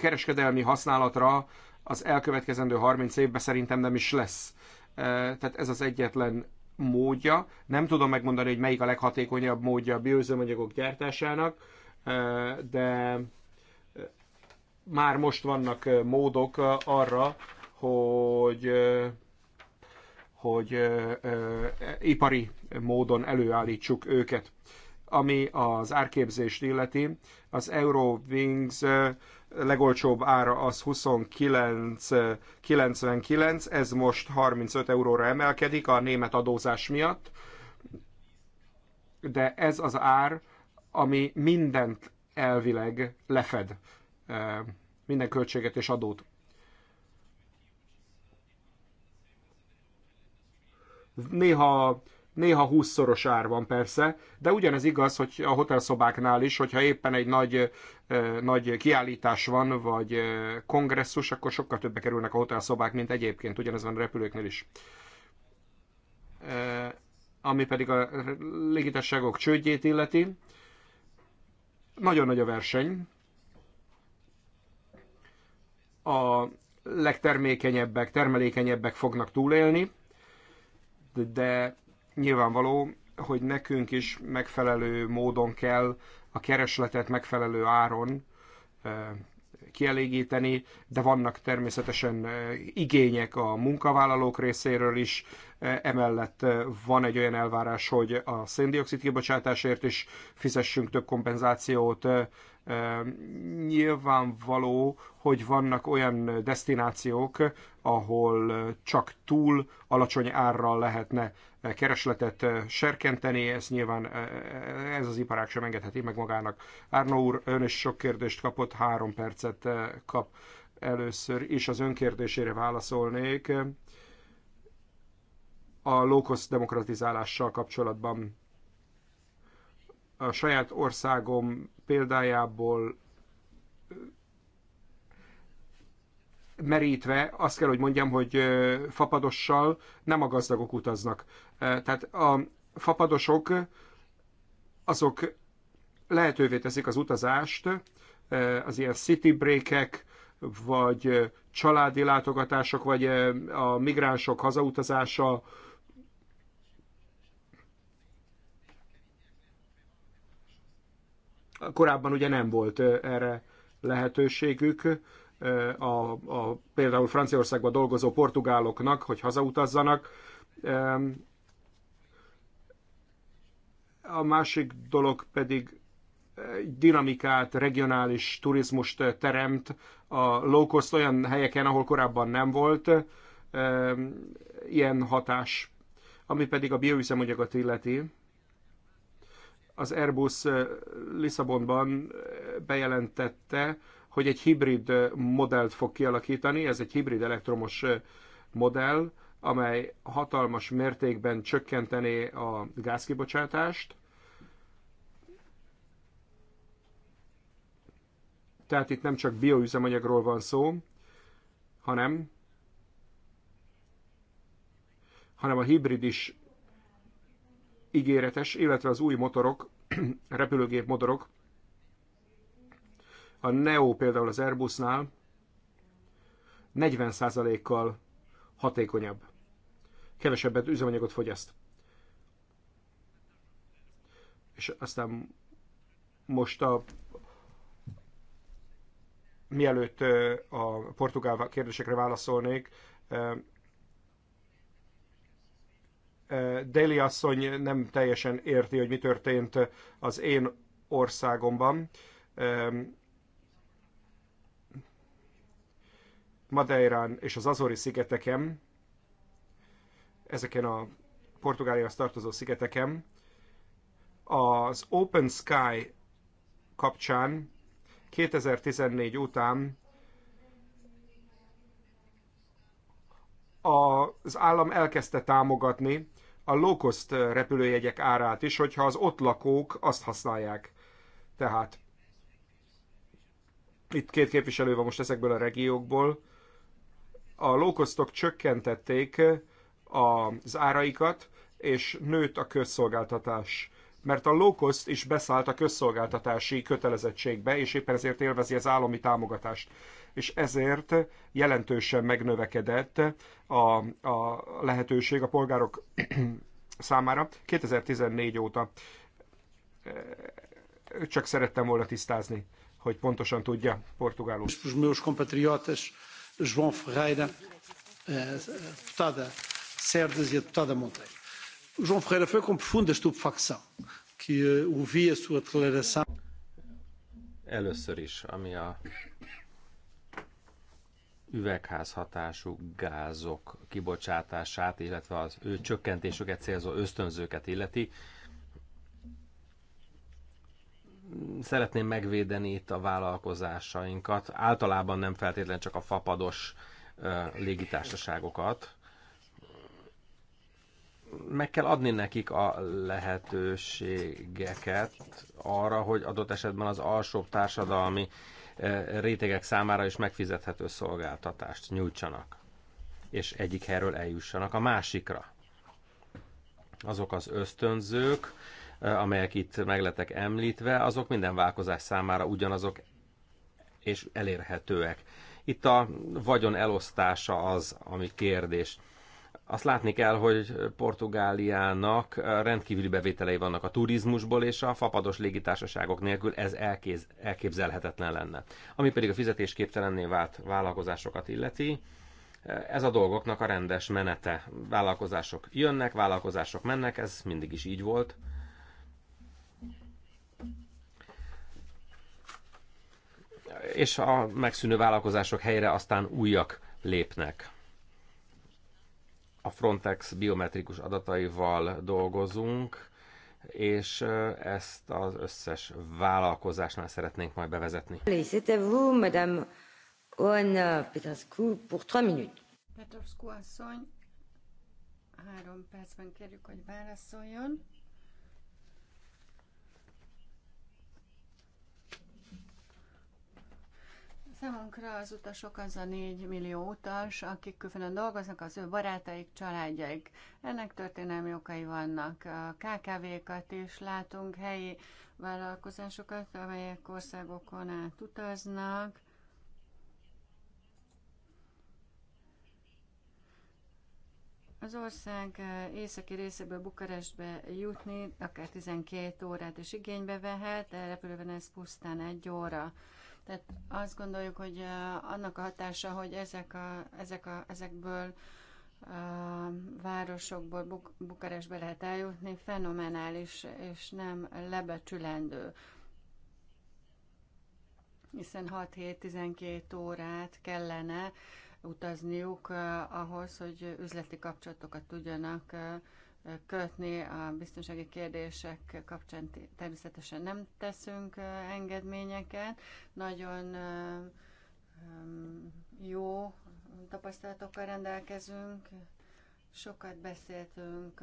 Kereskedelmi használatra az elkövetkezendő 30 évben szerintem nem is lesz. Tehát ez az egyetlen módja. Nem tudom megmondani, hogy melyik a leghatékonyabb módja a bioüzemanyagok gyártásának, de már most vannak módok arra, hogy hogy ipari módon előállítsuk őket. Ami az árképzést illeti, az Eurowings legolcsóbb ára az 29,99, ez most 35 euróra emelkedik a német adózás miatt, de ez az ár, ami mindent elvileg lefed minden költséget és adót. Néha néha 20-szoros ár van persze, de ugyanez igaz, hogy a hotelszobáknál is, hogyha éppen egy nagy, nagy kiállítás van, vagy kongresszus, akkor sokkal többe kerülnek a hotelszobák, mint egyébként, ugyanez van a repülőknél is. Ami pedig a légitárságok csődjét illeti, nagyon nagy a verseny, a legtermékenyebbek, termelékenyebbek fognak túlélni, de nyilvánvaló, hogy nekünk is megfelelő módon kell a keresletet megfelelő áron kielégíteni, de vannak természetesen igények a munkavállalók részéről is, emellett van egy olyan elvárás, hogy a széndiokszid kibocsátásért is fizessünk több kompenzációt, Nyilvánvaló, hogy vannak olyan destinációk, ahol csak túl alacsony árral lehetne keresletet serkenteni, ez nyilván ez az iparág sem engedheti meg magának. Árnó úr, ön is sok kérdést kapott, három percet kap először is az önkérdésére válaszolnék a low-cost demokratizálással kapcsolatban a saját országom példájából merítve azt kell, hogy mondjam, hogy fapadossal nem a gazdagok utaznak. Tehát a fapadosok azok lehetővé teszik az utazást, az ilyen city breakek, vagy családi látogatások, vagy a migránsok hazautazása, Korábban ugye nem volt erre lehetőségük. A, a, például Franciaországban dolgozó portugáloknak, hogy hazautazzanak. A másik dolog pedig dinamikát, regionális turizmust teremt a low cost olyan helyeken, ahol korábban nem volt ilyen hatás. Ami pedig a bioüzemanyagot illeti, az Airbus eh, Lisszabonban eh, bejelentette, hogy egy hibrid eh, modellt fog kialakítani, ez egy hibrid elektromos modell, amely hatalmas mértékben csökkentené a gázkibocsátást. Tehát itt nem csak bioüzemanyagról van szó, hanem hanem a hibrid is ígéretes, illetve az új motorok, repülőgép motorok, a Neo például az Airbusnál 40%-kal hatékonyabb. Kevesebbet üzemanyagot fogyaszt. És aztán most a mielőtt a portugál kérdésekre válaszolnék, Déli asszony nem teljesen érti, hogy mi történt az én országomban. Madeirán és az Azori szigeteken, ezeken a Portugáliához tartozó szigeteken, az Open Sky kapcsán 2014 után az állam elkezdte támogatni a low-cost repülőjegyek árát is, hogyha az ott lakók azt használják. Tehát itt két képviselő van most ezekből a regiókból. A low-costok csökkentették az áraikat, és nőtt a közszolgáltatás. Mert a low-cost is beszállt a közszolgáltatási kötelezettségbe, és éppen ezért élvezi az állami támogatást és ezért jelentősen megnövekedett a, a lehetőség a polgárok számára 2014 óta. E, csak szerettem volna tisztázni, hogy pontosan tudja portugálul. Os meus compatriotas João Ferreira, e, deputada Cerdas e a deputada Monteiro. João Ferreira foi com profunda estupefacção que eh, ouvi a sua declaração. Először is, ami a üvegházhatású gázok kibocsátását, illetve az ő csökkentésüket célzó ösztönzőket illeti. Szeretném megvédeni itt a vállalkozásainkat, általában nem feltétlenül csak a fapados légitársaságokat. Meg kell adni nekik a lehetőségeket arra, hogy adott esetben az alsóbb társadalmi rétegek számára is megfizethető szolgáltatást nyújtsanak, és egyik helyről eljussanak a másikra. Azok az ösztönzők, amelyek itt megletek említve, azok minden válkozás számára ugyanazok és elérhetőek. Itt a vagyon elosztása az, ami kérdés. Azt látni kell, hogy Portugáliának rendkívüli bevételei vannak a turizmusból, és a fapados légitársaságok nélkül ez elkéz, elképzelhetetlen lenne. Ami pedig a fizetésképtelenné vált vállalkozásokat illeti, ez a dolgoknak a rendes menete. Vállalkozások jönnek, vállalkozások mennek, ez mindig is így volt. És a megszűnő vállalkozások helyre aztán újak lépnek a Frontex biometrikus adataival dolgozunk, és ezt az összes vállalkozásnál szeretnénk majd bevezetni. Petrovszku asszony, három percben kérjük, hogy válaszoljon. Számunkra az utasok az a 4 millió utas, akik külföldön dolgoznak, az ő barátaik, családjaik. Ennek történelmi okai vannak. KKV-kat is látunk, helyi vállalkozásokat, amelyek országokon át utaznak. Az ország eh, északi részéből Bukarestbe jutni akár 12 órát is igénybe vehet, repülőben ez pusztán egy óra. Tehát azt gondoljuk, hogy annak a hatása, hogy ezek a, ezek a, ezekből a városokból Buk- Bukarestbe lehet eljutni, fenomenális és nem lebecsülendő hiszen 6-7-12 órát kellene utazniuk ahhoz, hogy üzleti kapcsolatokat tudjanak kötni a biztonsági kérdések kapcsán természetesen nem teszünk engedményeket. Nagyon jó tapasztalatokkal rendelkezünk. Sokat beszéltünk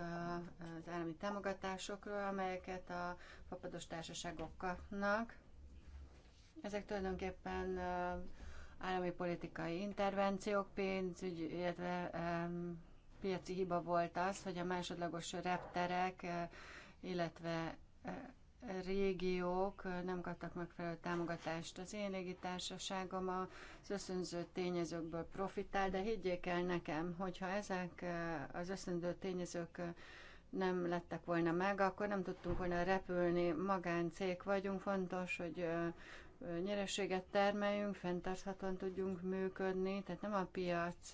az állami támogatásokról, amelyeket a papados társaságok kapnak. Ezek tulajdonképpen állami politikai intervenciók, pénzügy, illetve piaci hiba volt az, hogy a másodlagos repterek, eh, illetve eh, régiók eh, nem kaptak megfelelő támogatást. Az én légitársaságom az összönző tényezőkből profitál, de higgyék el nekem, hogyha ezek az összönző tényezők nem lettek volna meg, akkor nem tudtunk volna repülni, magáncég vagyunk, fontos, hogy nyereséget termeljünk, fenntarthatóan tudjunk működni, tehát nem a piac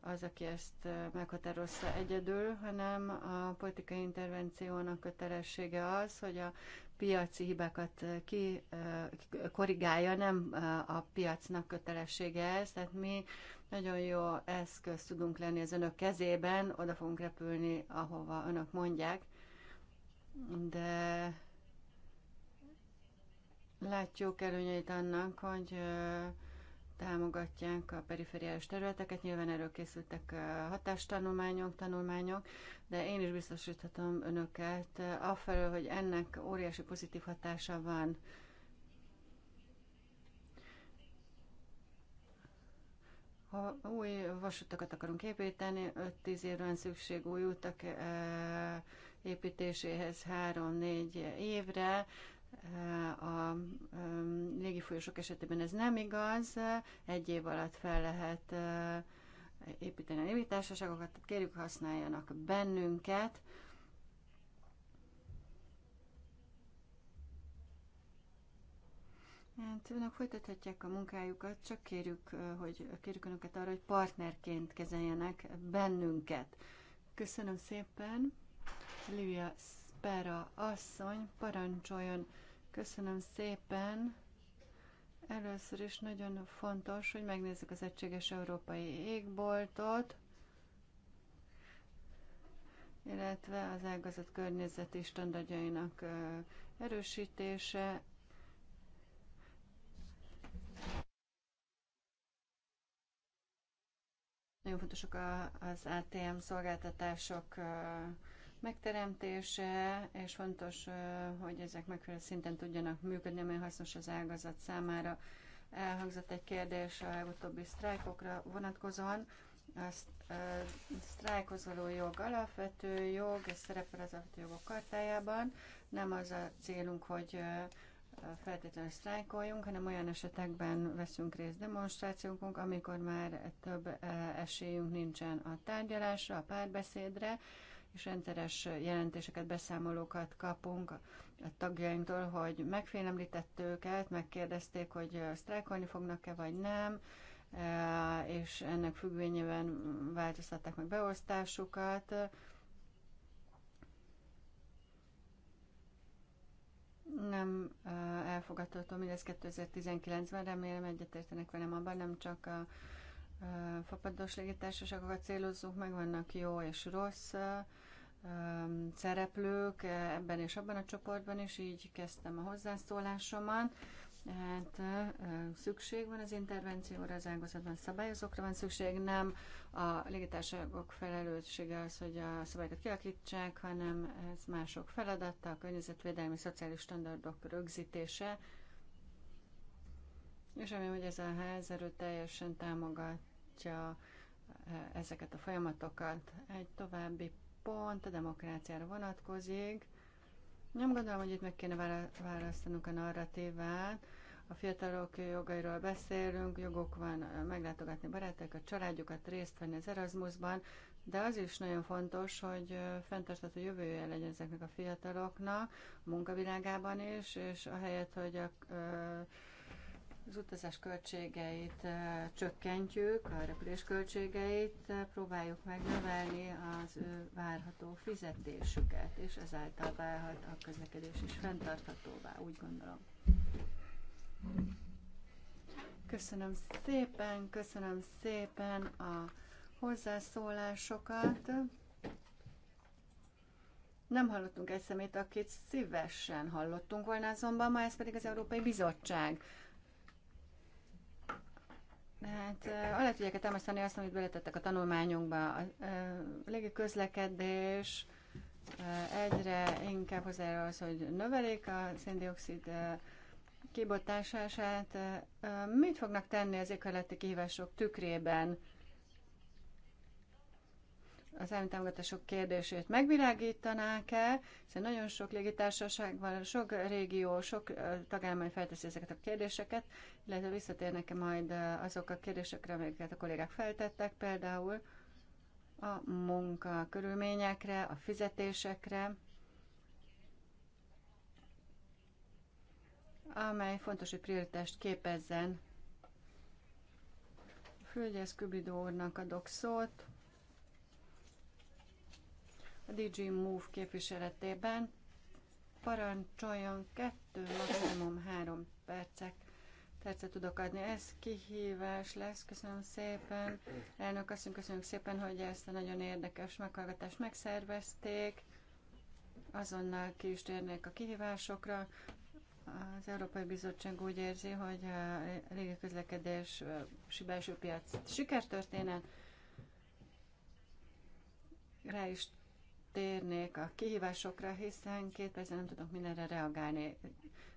az, aki ezt meghatározta egyedül, hanem a politikai intervenciónak kötelessége az, hogy a piaci hibákat ki korrigálja, nem a piacnak kötelessége ez, tehát mi nagyon jó eszköz tudunk lenni az önök kezében, oda fogunk repülni, ahova önök mondják, de látjuk előnyeit annak, hogy támogatják a perifériás területeket, nyilván erről készültek hatástanulmányok, tanulmányok, de én is biztosíthatom önöket afelől, hogy ennek óriási pozitív hatása van Ha új vasutakat akarunk építeni, 5-10 évre van szükség új utak építéséhez 3-4 évre, Eh, a légifolyósok esetében ez nem igaz, egy év alatt fel lehet eh, építeni a légitársaságokat, tehát kérjük használjanak bennünket. Hát önök folytathatják a munkájukat, csak kérjük, eh, hogy kérjük önöket arra, hogy partnerként kezeljenek bennünket. Köszönöm szépen. Lívia Pera asszony, parancsoljon. Köszönöm szépen. Először is nagyon fontos, hogy megnézzük az egységes európai égboltot, illetve az ágazat környezeti standardjainak erősítése, Nagyon fontosak az ATM szolgáltatások megteremtése, és fontos, hogy ezek megfelelő szinten tudjanak működni, amely hasznos az ágazat számára. Elhangzott egy kérdés a legutóbbi sztrájkokra vonatkozóan. A sztrájkhoz való jog alapvető jog, és szerepel az alapvető jogok kartájában. Nem az a célunk, hogy feltétlenül sztrájkoljunk, hanem olyan esetekben veszünk részt demonstrációkunk, amikor már több esélyünk nincsen a tárgyalásra, a párbeszédre, és rendszeres jelentéseket, beszámolókat kapunk a tagjainktól, hogy megfélemlítette őket, megkérdezték, hogy sztrájkolni fognak-e vagy nem, e, és ennek függvényében változtatták meg beosztásukat. Nem e, elfogadható mindez 2019-ben, remélem egyetértenek velem abban, nem csak a fapados légitársaságokat célozzunk meg, vannak jó és rossz szereplők ebben és abban a csoportban is, így kezdtem a hozzászólásomat. Hát szükség van az intervencióra, az ágazatban szabályozókra van szükség, nem a légitársaságok felelőssége az, hogy a szabályokat kialakítsák, hanem ez mások feladata, a környezetvédelmi, szociális standardok rögzítése, és remélem, hogy ez a ház erőteljesen támogat gyorsítja eh, ezeket a folyamatokat. Egy további pont a demokráciára vonatkozik. Nem gondolom, hogy itt meg kéne választanunk a narratívát. A fiatalok jogairól beszélünk, jogok van eh, meglátogatni barátokat, családjukat, részt venni az Erasmusban, de az is nagyon fontos, hogy eh, a jövője legyen ezeknek a fiataloknak, a munkavilágában is, és ahelyett, hogy a az utazás költségeit csökkentjük, a repülés költségeit, próbáljuk megnövelni az ő várható fizetésüket, és ezáltal válhat a közlekedés is fenntarthatóvá, úgy gondolom. Köszönöm szépen, köszönöm szépen a hozzászólásokat. Nem hallottunk egy szemét, akit szívesen hallottunk volna, azonban ma ez pedig az Európai Bizottság. Hát alá tudják támasztani azt, amit beletettek a tanulmányunkba. A légi közlekedés egyre inkább hozzájárul az, hogy növelik a széndiokszid kibottásását. Mit fognak tenni az éghajlati kihívások tükrében? az állami támogatások kérdését megvilágítanák-e, hiszen nagyon sok légitársaság van, sok régió, sok tagállam felteszi ezeket a kérdéseket, illetve visszatérnek-e majd azok a kérdésekre, amelyeket a kollégák feltettek, például a munka körülményekre, a fizetésekre, amely fontos, hogy prioritást képezzen. Fölgyes Kübidó úrnak adok szót a DG Move képviseletében. Parancsoljon kettő, maximum három percek. Percet tudok adni. Ez kihívás lesz. Köszönöm szépen. Elnök asszony, köszönjük szépen, hogy ezt a nagyon érdekes meghallgatást megszervezték. Azonnal ki is térnék a kihívásokra. Az Európai Bizottság úgy érzi, hogy a régi közlekedési belső piac sikertörténet, rá is térnék a kihívásokra, hiszen két percben nem tudok mindenre reagálni.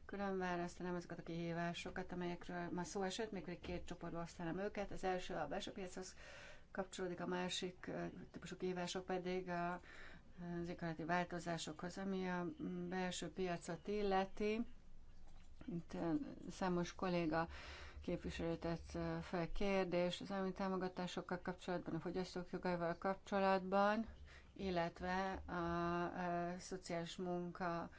Külön választanám azokat a kihívásokat, amelyekről ma szó esett, még két csoportba osztanám őket. Az első a belső piachoz kapcsolódik, a másik típusú kihívások pedig a, az éghajlati változásokhoz, ami a belső piacot illeti. Itt számos kolléga képviselőtett fel kérdést az állami támogatásokkal kapcsolatban, a fogyasztók jogaival kapcsolatban illetve a, a szociális munka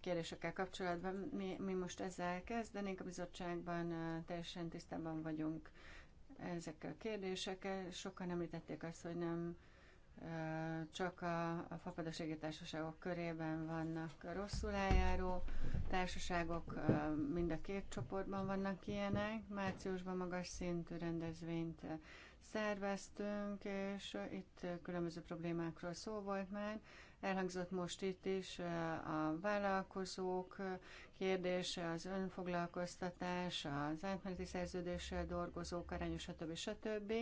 kérdésekkel kapcsolatban. Mi, mi most ezzel kezdenénk, a bizottságban teljesen tisztában vagyunk ezekkel a kérdésekkel. Sokan említették azt, hogy nem csak a, a fapadoségi társaságok körében vannak rosszul eljáró társaságok, mind a két csoportban vannak ilyenek. Márciusban magas szintű rendezvényt szerveztünk, és itt különböző problémákról szó volt már. Elhangzott most itt is eh, a vállalkozók kérdése, az önfoglalkoztatás, az átmeneti szerződéssel dolgozók aránya, stb. stb.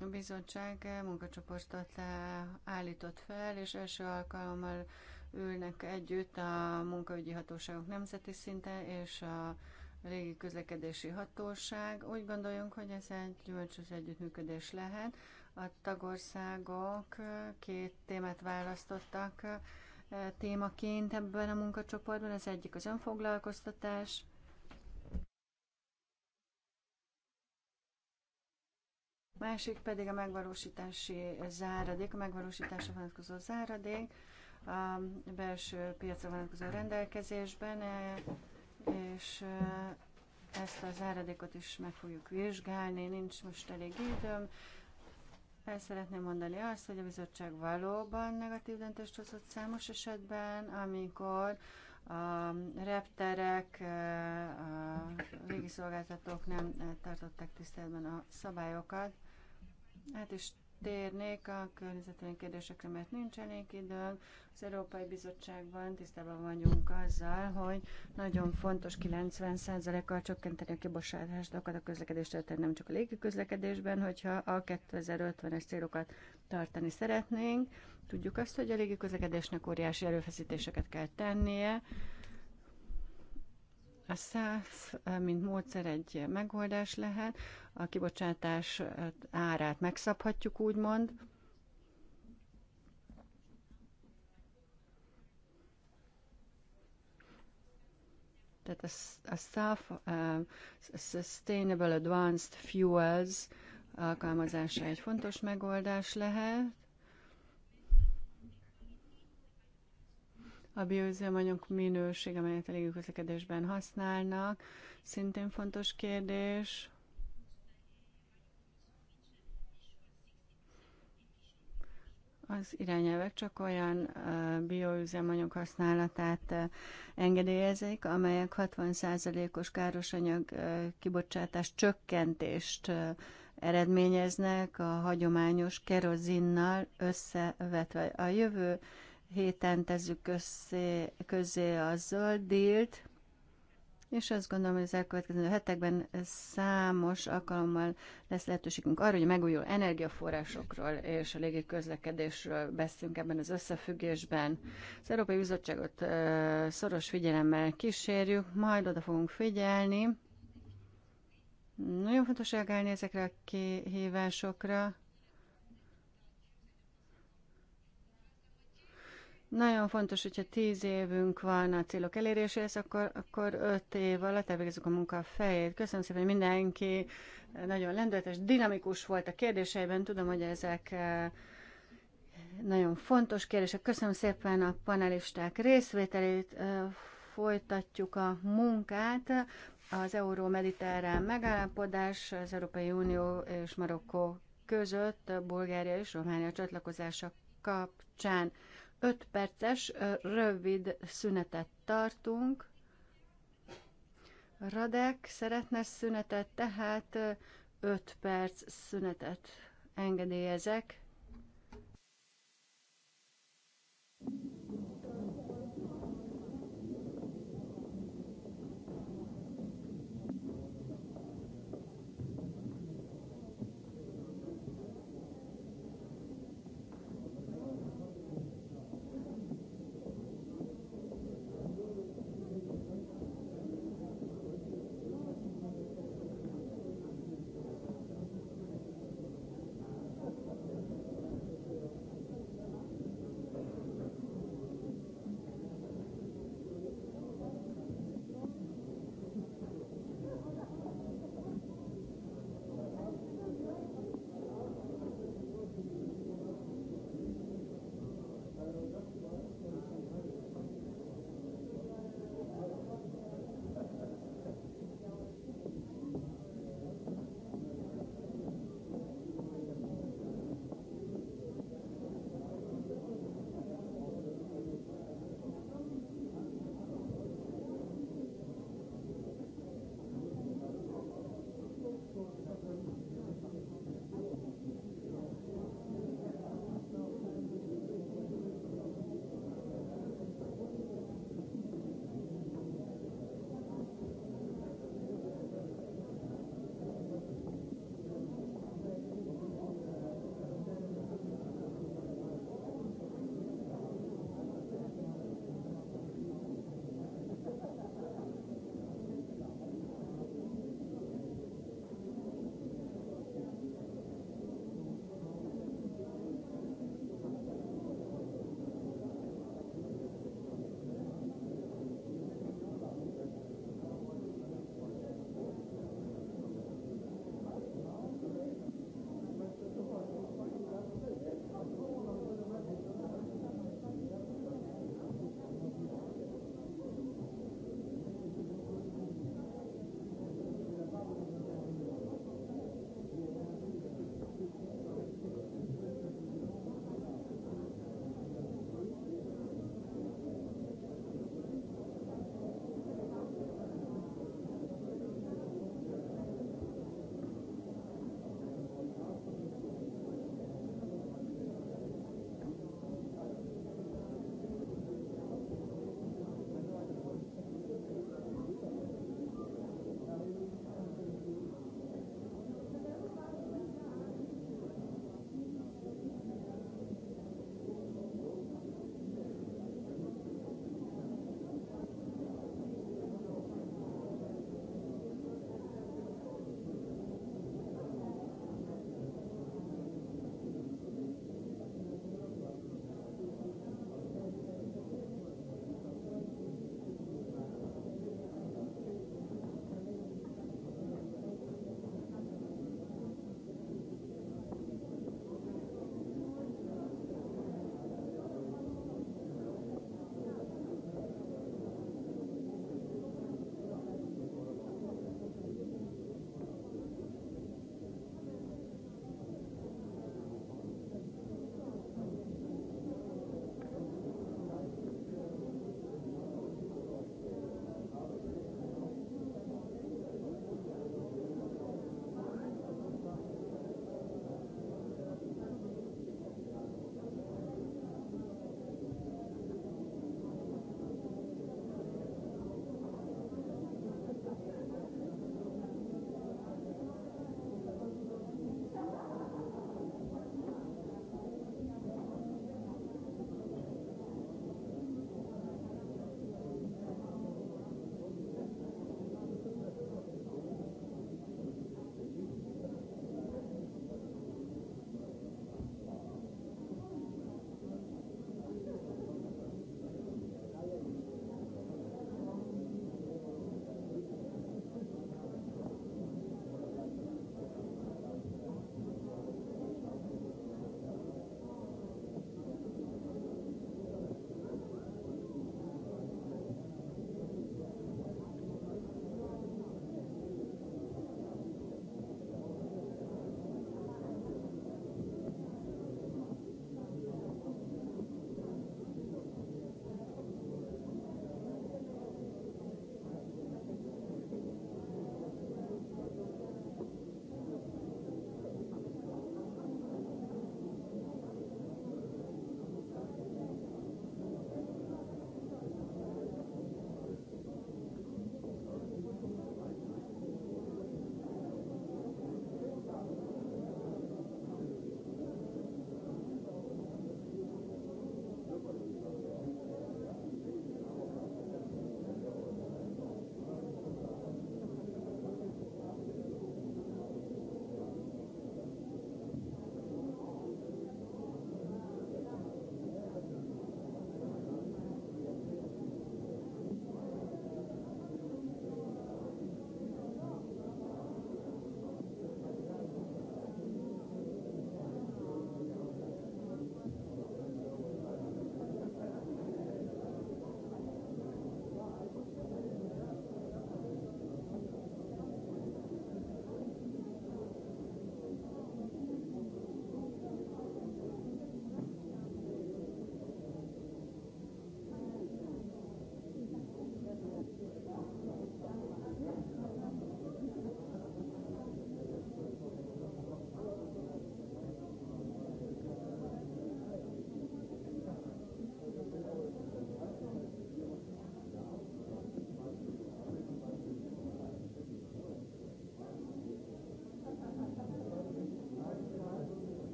A bizottság munkacsoportot eh, állított fel, és első alkalommal ülnek együtt a munkaügyi hatóságok nemzeti szinten és a a régi közlekedési hatóság. Úgy gondoljunk, hogy ez egy gyümölcsös együttműködés lehet. A tagországok két témát választottak témaként ebben a munkacsoportban. Az egyik az önfoglalkoztatás, másik pedig a megvalósítási záradék, a megvalósításra vonatkozó záradék, a belső piacra vonatkozó rendelkezésben és ezt az áradékot is meg fogjuk vizsgálni, nincs most elég időm. El szeretném mondani azt, hogy a bizottság valóban negatív döntést hozott számos esetben, amikor a repterek, a légiszolgáltatók nem tartották tiszteletben a szabályokat. Hát és térnék a környezetlen kérdésekre, mert nincs elég időnk. Az Európai Bizottságban tisztában vagyunk azzal, hogy nagyon fontos 90%-kal csökkenteni a kibocsátásokat a közlekedés területen, nem csak a légi közlekedésben, hogyha a 2050-es célokat tartani szeretnénk. Tudjuk azt, hogy a légi közlekedésnek óriási erőfeszítéseket kell tennie, a SZÁF, mint módszer egy megoldás lehet, a kibocsátás árát megszabhatjuk, úgymond. Tehát a, a SAF, a Sustainable Advanced Fuels alkalmazása egy fontos megoldás lehet. a bioüzemanyag minőség, amelyet a légiközlekedésben használnak, szintén fontos kérdés. Az irányelvek csak olyan bioüzemanyag használatát engedélyezik, amelyek 60%-os károsanyag kibocsátás csökkentést eredményeznek a hagyományos kerozinnal összevetve. A jövő héten tezzük közzé, közzé a zöld dílt, és azt gondolom, hogy az elkövetkező hetekben számos alkalommal lesz lehetőségünk arra, hogy megújuló energiaforrásokról és a légi közlekedésről beszélünk ebben az összefüggésben. Az Európai Bizottságot szoros figyelemmel kísérjük, majd oda fogunk figyelni. Nagyon fontos reagálni ezekre a kihívásokra, Nagyon fontos, hogyha tíz évünk van a célok eléréséhez, akkor, akkor öt év alatt elvégezzük a munka fejét. Köszönöm szépen, hogy mindenki nagyon lendületes, dinamikus volt a kérdéseiben. Tudom, hogy ezek eh, nagyon fontos kérdések. Köszönöm szépen a panelisták részvételét. Eh, folytatjuk a munkát. Az Euró-Mediterrán megállapodás az Európai Unió és Marokkó között, Bulgária és Románia csatlakozása kapcsán. 5 perces rövid szünetet tartunk. Radek szeretne szünetet, tehát 5 perc szünetet engedélyezek. Thank you.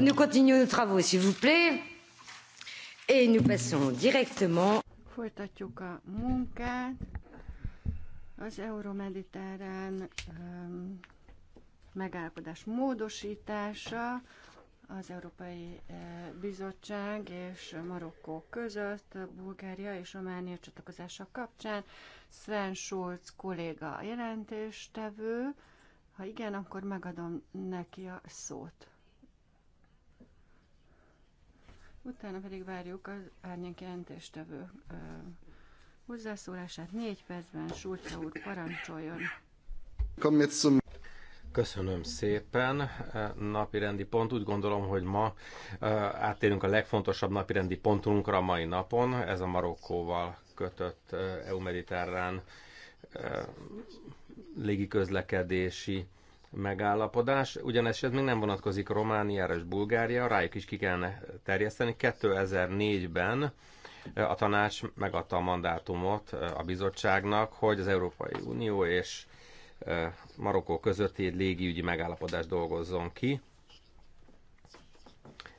Nous continuons nos travaux, s'il vous plaît. Et nous passons directement. Folytatjuk a munkát. Az euromediterrán um, megállapodás módosítása az Európai eh, bizottság és Marokkó között, Bulgária és Románia csatlakozása kapcsán. Sven Schulz kolléga jelentéstevő. Ha igen, akkor megadom neki a szót. Utána pedig várjuk az árnyék jelentéstevő ö, hozzászólását. Négy percben Schulz úr parancsoljon. Köszönöm szépen. E, napirendi pont. Úgy gondolom, hogy ma e, áttérünk a legfontosabb napirendi pontunkra a mai napon. Ez a Marokkóval kötött e, EU-mediterrán légiközlekedési megállapodás. Ugyanez ez még nem vonatkozik Romániára és Bulgáriára, rájuk is ki kellene terjeszteni. 2004-ben a tanács megadta a mandátumot a bizottságnak, hogy az Európai Unió és Marokkó közötti egy légiügyi megállapodást dolgozzon ki.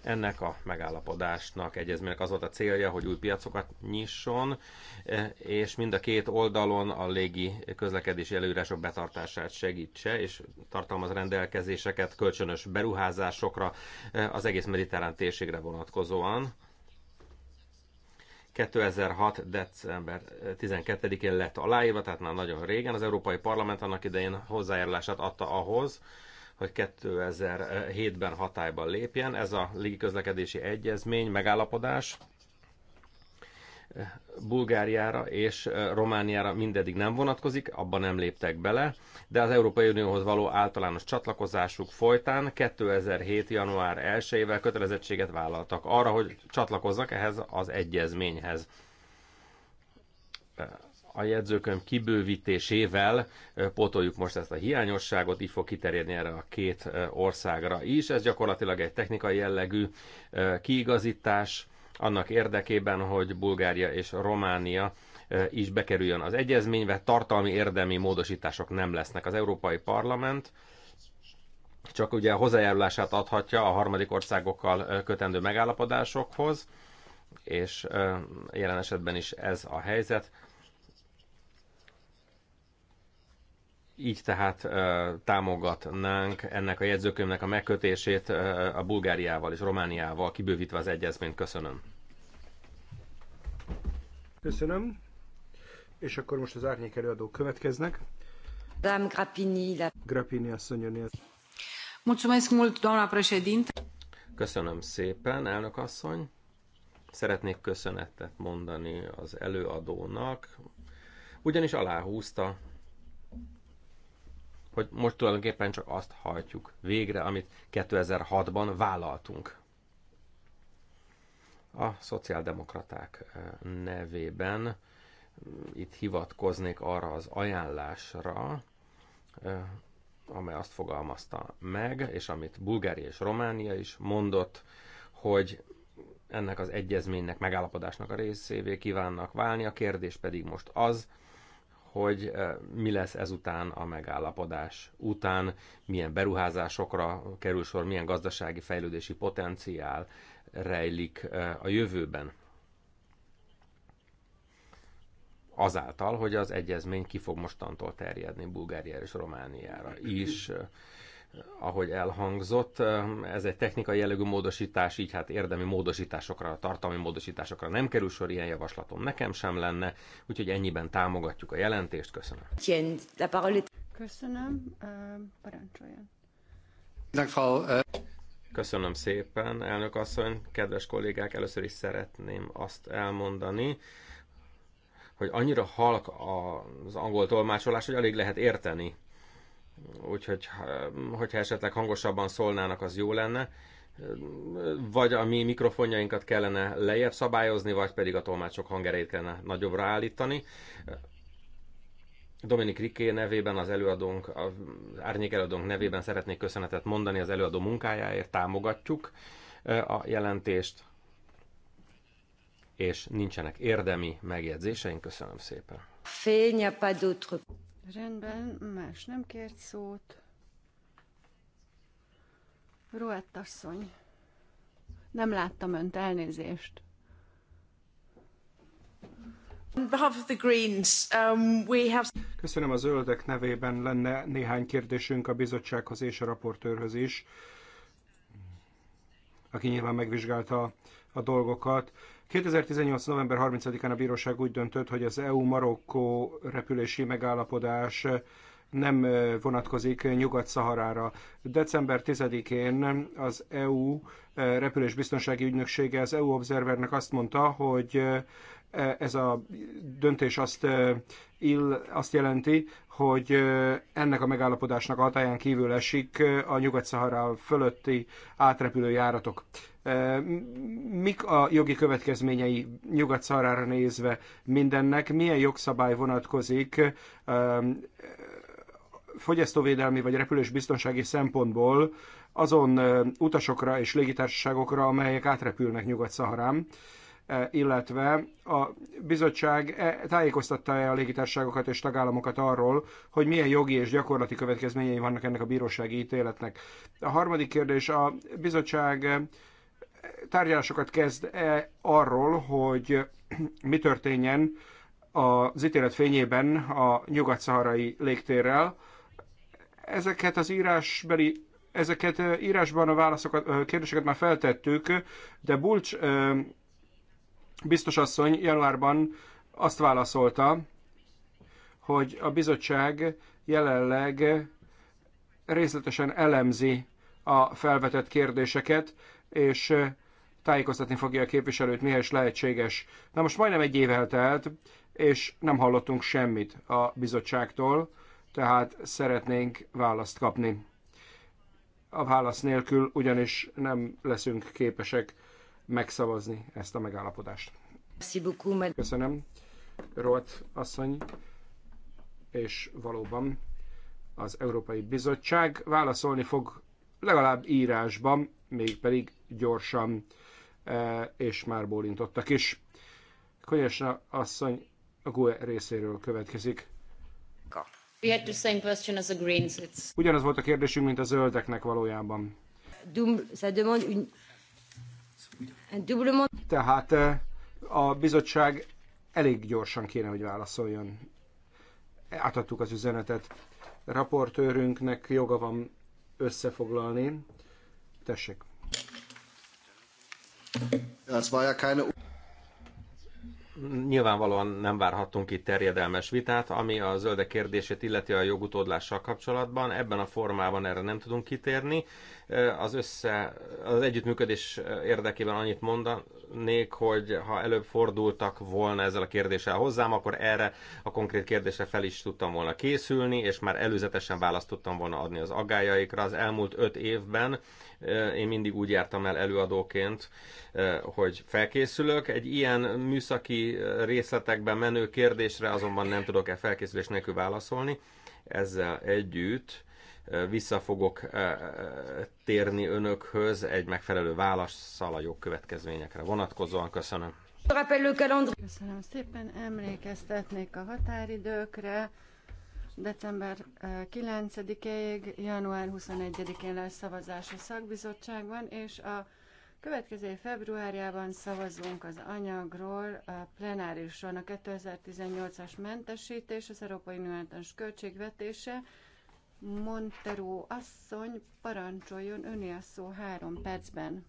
Ennek a megállapodásnak, egyezménynek az volt a célja, hogy új piacokat nyisson, és mind a két oldalon a légi közlekedési előírások betartását segítse, és tartalmaz rendelkezéseket kölcsönös beruházásokra az egész mediterrán térségre vonatkozóan 2006. december 12-én lett aláírva, tehát már nagyon régen. Az Európai Parlament annak idején hozzájárulását adta ahhoz, hogy 2007-ben hatályban lépjen. Ez a légiközlekedési egyezmény, megállapodás Bulgáriára és Romániára mindedig nem vonatkozik, abban nem léptek bele, de az Európai Unióhoz való általános csatlakozásuk folytán 2007. január 1-ével kötelezettséget vállaltak arra, hogy csatlakoznak ehhez az egyezményhez. A jegyzőkönyv kibővítésével pótoljuk most ezt a hiányosságot, így fog kiterjedni erre a két országra is. Ez gyakorlatilag egy technikai jellegű kiigazítás, annak érdekében, hogy Bulgária és Románia is bekerüljön az egyezménybe. Tartalmi érdemi módosítások nem lesznek. Az Európai Parlament csak ugye a hozzájárulását adhatja a harmadik országokkal kötendő megállapodásokhoz, és jelen esetben is ez a helyzet. Így tehát támogatnánk ennek a jegyzőkönyvnek a megkötését a Bulgáriával és Romániával, kibővítve az egyezményt. Köszönöm. Köszönöm. És akkor most az árnyék előadók következnek. Dám Grappini. La... Grappini asszonyon Mulțumesc mult, doamna președinte. Köszönöm szépen, elnök asszony. Szeretnék köszönetet mondani az előadónak, ugyanis aláhúzta hogy most tulajdonképpen csak azt hajtjuk végre, amit 2006-ban vállaltunk. A szociáldemokraták nevében mm, itt hivatkoznék arra az ajánlásra, amely azt fogalmazta meg, és amit Bulgária és Románia is mondott, hogy ennek az egyezménynek, megállapodásnak a részévé kívánnak válni. A kérdés pedig most az, hogy eh, mi lesz ezután a megállapodás után, milyen beruházásokra kerül sor, milyen gazdasági fejlődési potenciál rejlik eh, a jövőben. Azáltal, hogy az egyezmény ki fog mostantól terjedni Bulgáriára és Romániára is, eh, ahogy elhangzott, ez egy technikai jellegű módosítás, így hát érdemi módosításokra, tartalmi módosításokra nem kerül sor, ilyen javaslatom nekem sem lenne, úgyhogy ennyiben támogatjuk a jelentést, köszönöm. Köszönöm, parancsoljon. Köszönöm szépen, elnök asszony, kedves kollégák, először is szeretném azt elmondani, hogy annyira halk az angol tolmácsolás, hogy alig lehet érteni úgyhogy hogyha esetleg hangosabban szólnának, az jó lenne. Vagy a mi mikrofonjainkat kellene lejjebb szabályozni, vagy pedig a tolmácsok hangerét kellene nagyobbra állítani. Dominik Riké nevében, az előadónk, az árnyék előadónk nevében szeretnék köszönetet mondani az előadó munkájáért, támogatjuk eh, a jelentést, és nincsenek érdemi megjegyzéseink. Köszönöm szépen. Fény, Rendben, más nem kért szót. Ruett asszony, nem láttam önt, elnézést. Um, Köszönöm a zöldek nevében lenne néhány kérdésünk a bizottsághoz és a raportőrhöz is, aki nyilván megvizsgálta a dolgokat. 2018. november 30-án a bíróság úgy döntött, hogy az EU-Marokkó repülési megállapodás nem vonatkozik Nyugat-Szaharára. December 10-én az EU repülésbiztonsági ügynöksége az EU Observernek azt mondta, hogy ez a döntés azt, ill, azt jelenti, hogy ennek a megállapodásnak hatáján kívül esik a Nyugat-Szahara fölötti átrepülő járatok. Mik a jogi következményei nyugat nézve mindennek? Milyen jogszabály vonatkozik fogyasztóvédelmi vagy repülésbiztonsági szempontból azon utasokra és légitársaságokra, amelyek átrepülnek Nyugat-Szaharán? E, illetve a bizottság e, tájékoztatta-e a légitárságokat és tagállamokat arról, hogy milyen jogi és gyakorlati következményei vannak ennek a bírósági ítéletnek. A harmadik kérdés, a bizottság e, tárgyalásokat kezd -e arról, hogy mi történjen az ítélet fényében a nyugat-szaharai légtérrel. Ezeket az írásbeli Ezeket írásban a válaszokat, kérdéseket már feltettük, de Bulcs biztos asszony januárban azt válaszolta, hogy a bizottság jelenleg részletesen elemzi a felvetett kérdéseket, és tájékoztatni fogja a képviselőt, mihez is lehetséges. Na most majdnem egy év eltelt, és nem hallottunk semmit a bizottságtól, tehát szeretnénk választ kapni. A válasz nélkül ugyanis nem leszünk képesek megszavazni ezt a megállapodást. Köszönöm, Rolt asszony, és valóban az Európai Bizottság válaszolni fog legalább írásban, mégpedig gyorsan, e, és már bólintottak is. Konyesna asszony a GUE részéről következik. We had the same question as the Greens. It's... Ugyanaz volt a kérdésünk, mint a zöldeknek valójában. Dum, ça demande une tehát eh, a bizottság elég gyorsan kéne, hogy válaszoljon. Átadtuk az üzenetet. raportőrünknek joga van összefoglalni. Tessék. Das war ja keine nyilvánvalóan nem várhatunk itt terjedelmes vitát, ami a zöldek kérdését illeti a jogutódlással kapcsolatban. Ebben a formában erre nem tudunk kitérni. Az, össze, az együttműködés érdekében annyit mondanék, hogy ha előbb fordultak volna ezzel a kérdéssel hozzám, akkor erre a konkrét kérdésre fel is tudtam volna készülni, és már előzetesen választottam volna adni az aggájaikra. Az elmúlt öt évben én mindig úgy jártam el előadóként, hogy felkészülök. Egy ilyen műszaki részletekben menő kérdésre azonban nem tudok-e felkészülés nélkül válaszolni. Ezzel együtt vissza fogok térni önökhöz egy megfelelő válasz a jogkövetkezményekre vonatkozóan. Köszönöm. Köszönöm szépen, emlékeztetnék a határidőkre. December 9-ig, január 21-én lesz szavazás a szakbizottságban, és a következő februárjában szavazunk az anyagról, a plenárisról, a 2018-as mentesítés, az Európai Uniós költségvetése, Montero asszony, parancsoljon öné a szó három percben.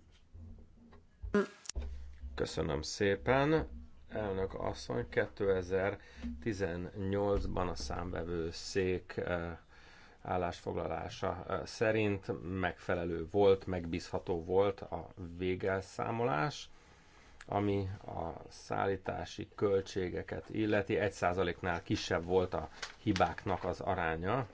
Köszönöm szépen elnök asszony 2018-ban a számvevő szék eh, állásfoglalása eh, szerint megfelelő volt, megbízható volt a végelszámolás, ami a szállítási költségeket illeti. 1%-nál kisebb volt a hibáknak az aránya.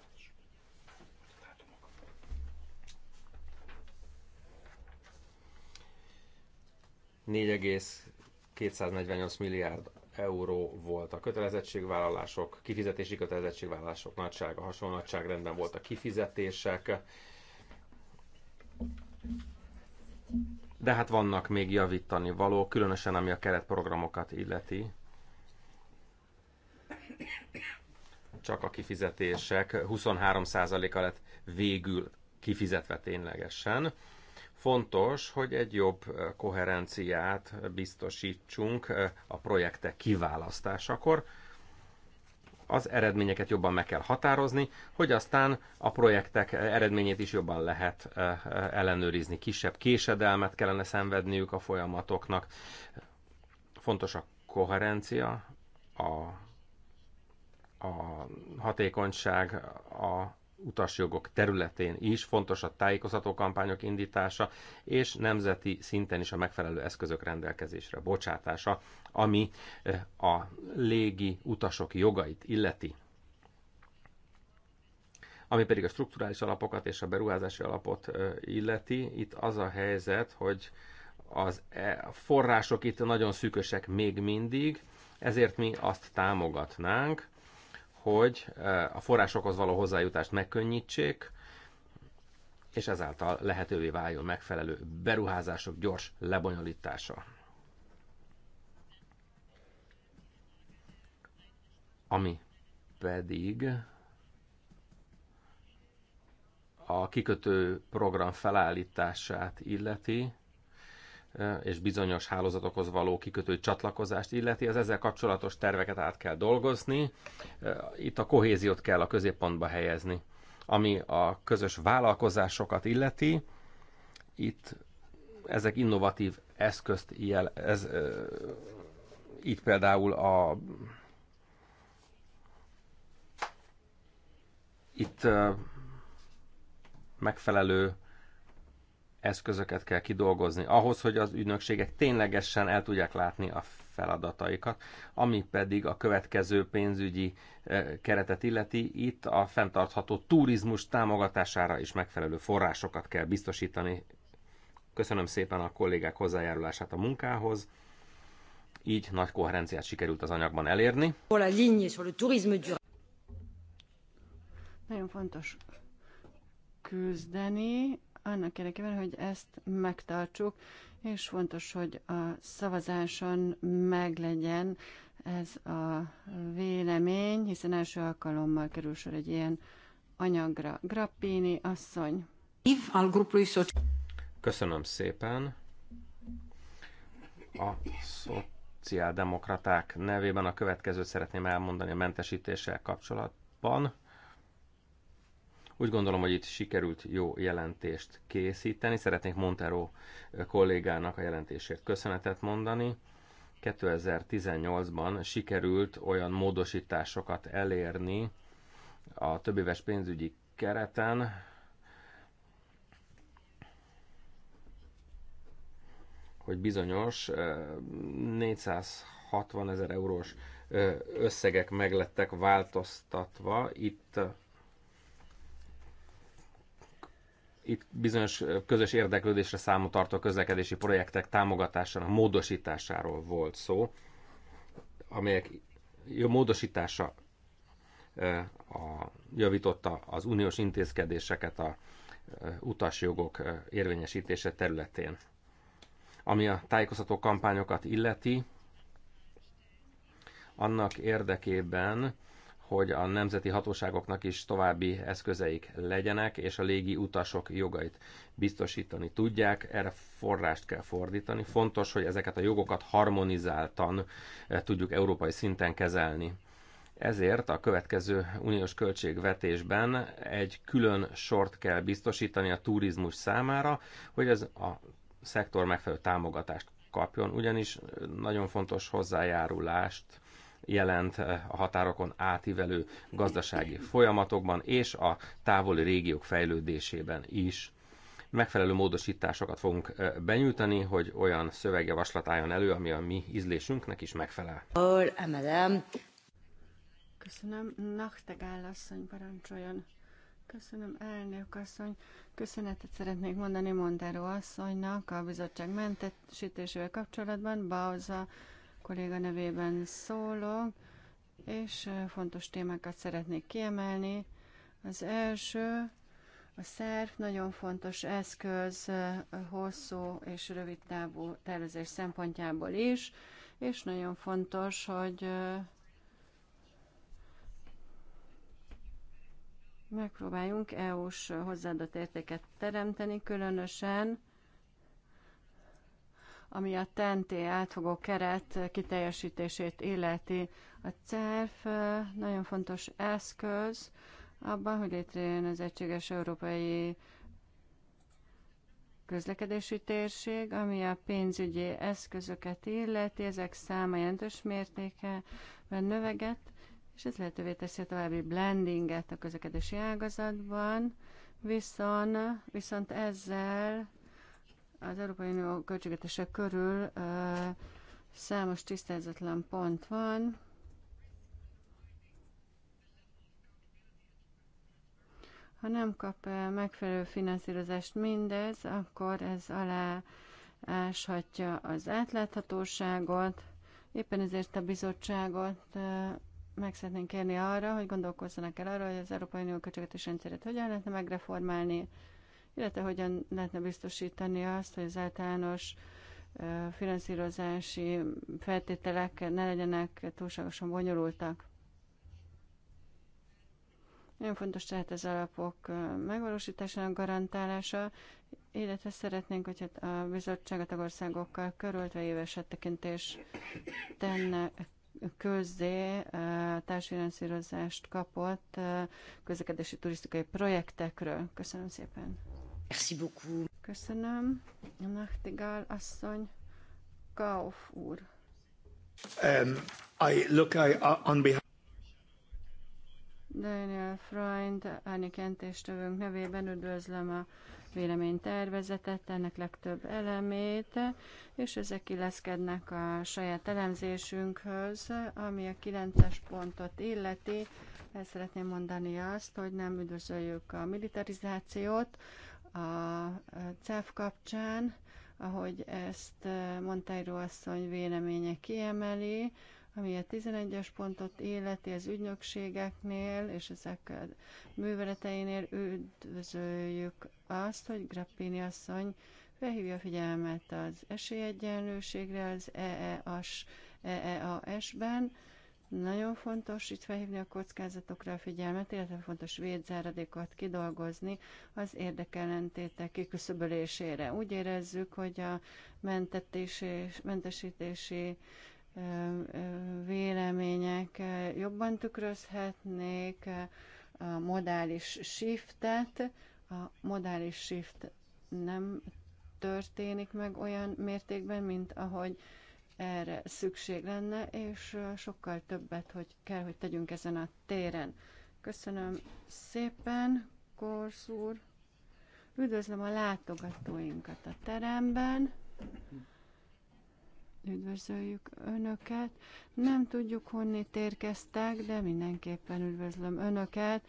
Négy egész 248 milliárd euró volt a kötelezettségvállalások, kifizetési kötelezettségvállalások nagysága, hasonló nagyságrendben volt a kifizetések. De hát vannak még javítani való, különösen ami a keretprogramokat illeti. Csak a kifizetések 23%-a lett végül kifizetve ténylegesen. Fontos, hogy egy jobb koherenciát biztosítsunk a projektek kiválasztásakor. Az eredményeket jobban meg kell határozni, hogy aztán a projektek eredményét is jobban lehet ellenőrizni. Kisebb késedelmet kellene szenvedniük a folyamatoknak. Fontos a koherencia, a, a hatékonyság, a utasjogok területén is fontos a tájékoztató kampányok indítása, és nemzeti szinten is a megfelelő eszközök rendelkezésre bocsátása, ami eh, a légi utasok jogait illeti ami pedig a strukturális alapokat és a beruházási alapot eh, illeti. Itt az a helyzet, hogy az eh, források itt nagyon szűkösek még mindig, ezért mi azt támogatnánk, hogy eh, a forrásokhoz való hozzájutást megkönnyítsék, és ezáltal lehetővé váljon megfelelő beruházások gyors lebonyolítása. Ami pedig a kikötő program felállítását illeti, és bizonyos hálózatokhoz való kikötő csatlakozást illeti, az ezzel kapcsolatos terveket át kell dolgozni. Itt a kohéziót kell a középpontba helyezni. Ami a közös vállalkozásokat illeti, itt ezek innovatív eszközt jel, ez, itt például a itt megfelelő eszközöket kell kidolgozni ahhoz, hogy az ügynökségek ténylegesen el tudják látni a feladataikat, ami pedig a következő pénzügyi eh, keretet illeti, itt a fenntartható turizmus támogatására is megfelelő forrásokat kell biztosítani. Köszönöm szépen a kollégák hozzájárulását a munkához. Így nagy koherenciát sikerült az anyagban elérni. Nagyon fontos küzdeni annak érdekében, hogy ezt megtartsuk, és fontos, hogy a szavazáson meglegyen ez a vélemény, hiszen első alkalommal kerül sor egy ilyen anyagra. Grappini asszony. Köszönöm szépen. A szociáldemokraták nevében a következőt szeretném elmondani a mentesítéssel kapcsolatban. Úgy gondolom, hogy itt sikerült jó jelentést készíteni. Szeretnék Montero kollégának a jelentésért köszönetet mondani. 2018-ban sikerült olyan módosításokat elérni a többéves pénzügyi kereten, hogy bizonyos 460 ezer eurós összegek meglettek változtatva. Itt itt bizonyos közös érdeklődésre számot tartó közlekedési projektek támogatásának módosításáról volt szó, amelyek módosítása a, javította az uniós intézkedéseket a utasjogok érvényesítése területén. Ami a tájékoztató kampányokat illeti, annak érdekében, hogy a nemzeti hatóságoknak is további eszközeik legyenek, és a légi utasok jogait biztosítani tudják, erre forrást kell fordítani. Fontos, hogy ezeket a jogokat harmonizáltan eh, tudjuk európai szinten kezelni. Ezért a következő uniós költségvetésben egy külön sort kell biztosítani a turizmus számára, hogy ez a szektor megfelelő támogatást kapjon, ugyanis nagyon fontos hozzájárulást jelent eh, a határokon átívelő gazdasági folyamatokban és a távoli régiók fejlődésében is. Megfelelő módosításokat fogunk eh, benyújtani, hogy olyan szövegjavaslat álljon elő, ami a mi ízlésünknek is megfelel. Köszönöm. Nachtegál asszony parancsoljon. Köszönöm, elnök asszony. Köszönetet szeretnék mondani Mondero asszonynak a bizottság mentesítésével kapcsolatban. Bauza kolléga nevében szólok, és fontos témákat szeretnék kiemelni. Az első, a szerv nagyon fontos eszköz hosszú és rövid távú tervezés szempontjából is, és nagyon fontos, hogy megpróbáljunk EU-s hozzáadott értéket teremteni, különösen ami a TNT átfogó keret kiteljesítését illeti. A CERF nagyon fontos eszköz abban, hogy létrejön az egységes európai közlekedési térség, ami a pénzügyi eszközöket illeti, ezek száma jelentős mértékben növeget, és ez lehetővé teszi a további blendinget a közlekedési ágazatban, viszont, viszont ezzel az Európai Unió költségvetése körül számos tisztázatlan pont van. Ha nem kap megfelelő finanszírozást mindez, akkor ez alá áshatja az átláthatóságot. Éppen ezért a bizottságot meg szeretnénk kérni arra, hogy gondolkozzanak el arra, hogy az Európai Unió költségvetés rendszerét hogyan lehetne megreformálni, illetve hogyan lehetne biztosítani azt, hogy az általános finanszírozási feltételek ne legyenek túlságosan bonyolultak. Nagyon fontos tehát az alapok megvalósításának garantálása, illetve szeretnénk, hogy a bizottság a tagországokkal körültve éves tekintés tenne közzé társfinanszírozást kapott közlekedési turisztikai projektekről. Köszönöm szépen! Merci beaucoup. Köszönöm, Nachtigál asszony. Kauf úr. Um, I look I, uh, on behalf Daniel Freund, Árnyék jelentéstövőnk nevében üdvözlöm a véleménytervezetet, ennek legtöbb elemét, és ezek illeszkednek a saját elemzésünkhöz, ami a 9-es pontot illeti. Ezt szeretném mondani azt, hogy nem üdvözöljük a militarizációt, a CEF kapcsán, ahogy ezt e, Montairo asszony véleménye kiemeli, ami a 11-es pontot életi az ügynökségeknél és ezek a műveleteinél üdvözöljük azt, hogy Grappini asszony felhívja a figyelmet az esélyegyenlőségre az EEAS-ben, e e eeas ben nagyon fontos itt felhívni a kockázatokra a figyelmet, illetve fontos védzáradékot kidolgozni az érdekellentétek kiküszöbölésére. Úgy érezzük, hogy a mentetési, mentesítési vélemények jobban tükrözhetnék a modális shiftet. A modális shift nem történik meg olyan mértékben, mint ahogy erre szükség lenne, és sokkal többet, hogy kell, hogy tegyünk ezen a téren. Köszönöm szépen, Korszúr. Üdvözlöm a látogatóinkat a teremben. Üdvözöljük Önöket. Nem tudjuk, honnét érkeztek, de mindenképpen üdvözlöm Önöket.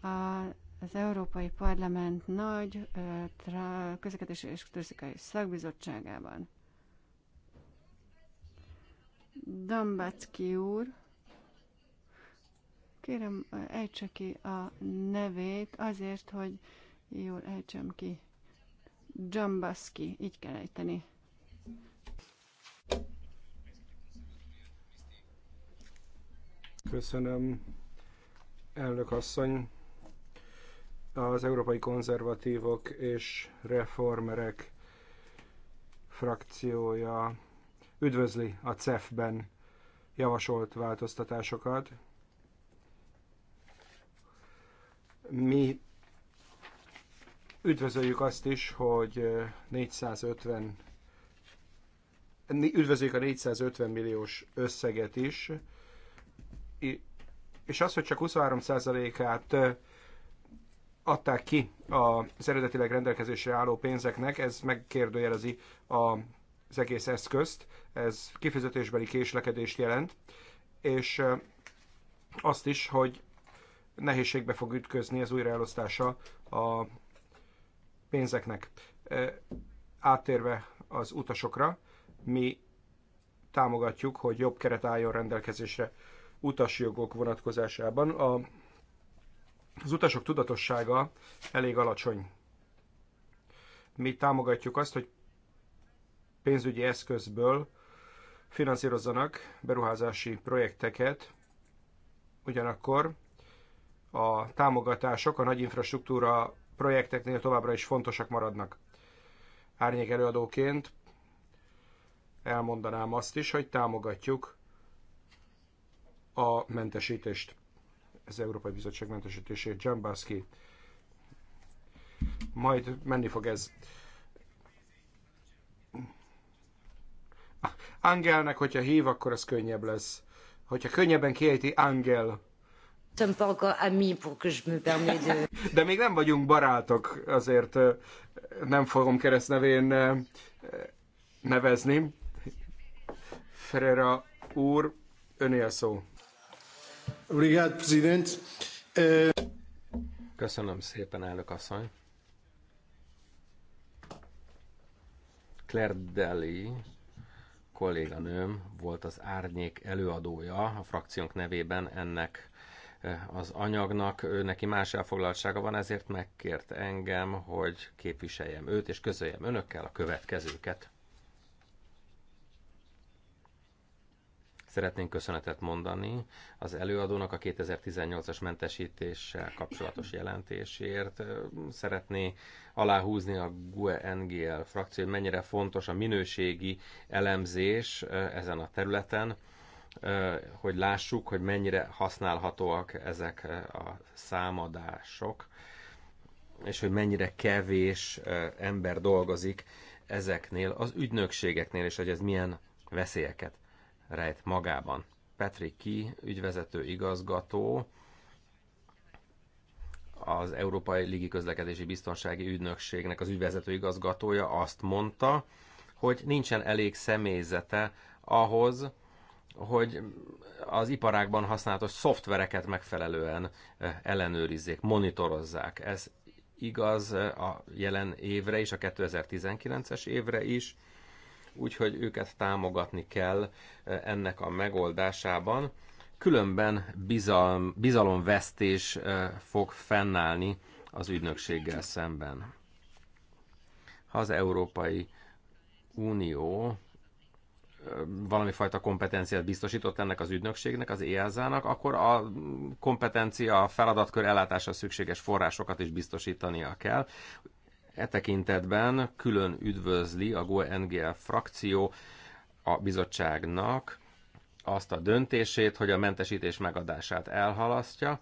A, az Európai Parlament nagy közlekedési és turisztikai szakbizottságában. Dambacki úr, kérem, ejtse ki a nevét azért, hogy jól ejtsem ki. Dzsambaszki, így kell ejteni. Köszönöm, elnök asszony. Az európai konzervatívok és reformerek frakciója üdvözli a CEF-ben javasolt változtatásokat. Mi üdvözöljük azt is, hogy 450 eh, üdvözöljük a 450 milliós összeget is, és az, hogy csak 23%-át eh, adták ki az eredetileg rendelkezésre álló pénzeknek, ez megkérdőjelezi a az egész eszközt, ez kifizetésbeli késlekedést jelent, és azt is, hogy nehézségbe fog ütközni az újraelosztása a pénzeknek. Áttérve az utasokra, mi támogatjuk, hogy jobb keret álljon rendelkezésre utasjogok vonatkozásában. A, az utasok tudatossága elég alacsony. Mi támogatjuk azt, hogy pénzügyi eszközből finanszírozzanak beruházási projekteket, ugyanakkor a támogatások a nagy infrastruktúra projekteknél továbbra is fontosak maradnak. Árnyék előadóként elmondanám azt is, hogy támogatjuk a mentesítést. Ez Európai Bizottság mentesítését, Jambaszki. Majd menni fog ez. Angelnek, hogyha hív, akkor az könnyebb lesz. Hogyha könnyebben kiejti Angel. De még nem vagyunk barátok, azért nem fogom keresztnevén nevezni. Ferreira úr, öné a szó. Köszönöm szépen, elnök asszony. Claire Daly kolléganőm volt az árnyék előadója a frakciónk nevében ennek eh, az anyagnak. Ő neki más elfoglaltsága van, ezért megkért engem, hogy képviseljem őt, és közöljem önökkel a következőket. Szeretnénk köszönetet mondani az előadónak a 2018-as mentesítéssel kapcsolatos jelentésért. Szeretné aláhúzni a GUE NGL frakció, hogy mennyire fontos a minőségi elemzés ezen a területen, hogy lássuk, hogy mennyire használhatóak ezek a számadások, és hogy mennyire kevés ember dolgozik ezeknél, az ügynökségeknél, és hogy ez milyen veszélyeket rejt magában. Patrick Ki, ügyvezető igazgató, az Európai Ligi Közlekedési Biztonsági Ügynökségnek az ügyvezető igazgatója azt mondta, hogy nincsen elég személyzete ahhoz, hogy az iparákban használatos szoftvereket megfelelően eh, ellenőrizzék, monitorozzák. Ez igaz eh, a jelen évre is, a 2019-es évre is úgyhogy őket támogatni kell e, ennek a megoldásában. Különben bizalom, bizalomvesztés e, fog fennállni az ügynökséggel szemben. Ha az Európai Unió e, valami fajta kompetenciát biztosított ennek az ügynökségnek, az EASA-nak, akkor a kompetencia, a feladatkör ellátása szükséges forrásokat is biztosítania kell. E tekintetben külön üdvözli a GOE-NGL frakció a bizottságnak azt a döntését, hogy a mentesítés megadását elhalasztja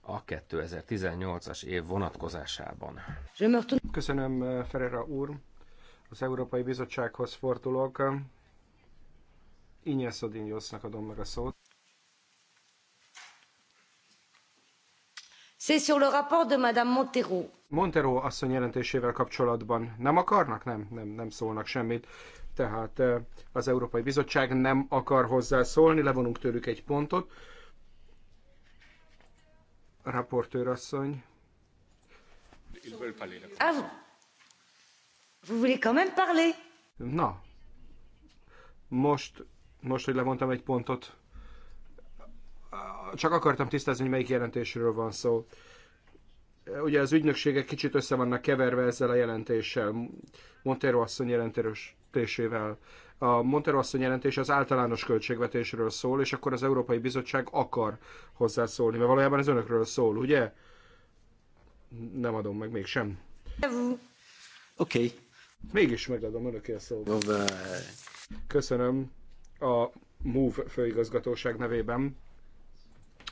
a 2018-as év vonatkozásában. Köszönöm, eh, Ferreira úr. Az Európai Bizottsághoz fordulok. Inyes Szodinyosznak adom meg a szót. C'est sur le rapport de Madame Montero. Montero asszony jelentésével kapcsolatban nem akarnak? Nem, nem, nem szólnak semmit. Tehát eh, az Európai Bizottság nem akar hozzászólni, levonunk tőlük egy pontot. Raportőr asszony. Ah, vous. voulez quand même parler? Na, most, most, hogy levontam egy pontot, csak akartam tisztázni, hogy melyik jelentésről van szó ugye az ügynökségek kicsit össze vannak keverve ezzel a jelentéssel, Montero asszony jelentésével. A Montero asszony jelentés az általános költségvetésről szól, és akkor az Európai Bizottság akar hozzászólni, mert valójában ez önökről szól, ugye? Nem adom meg mégsem. Oké. Okay. Mégis megadom önöké a szót. Köszönöm a MOVE főigazgatóság nevében.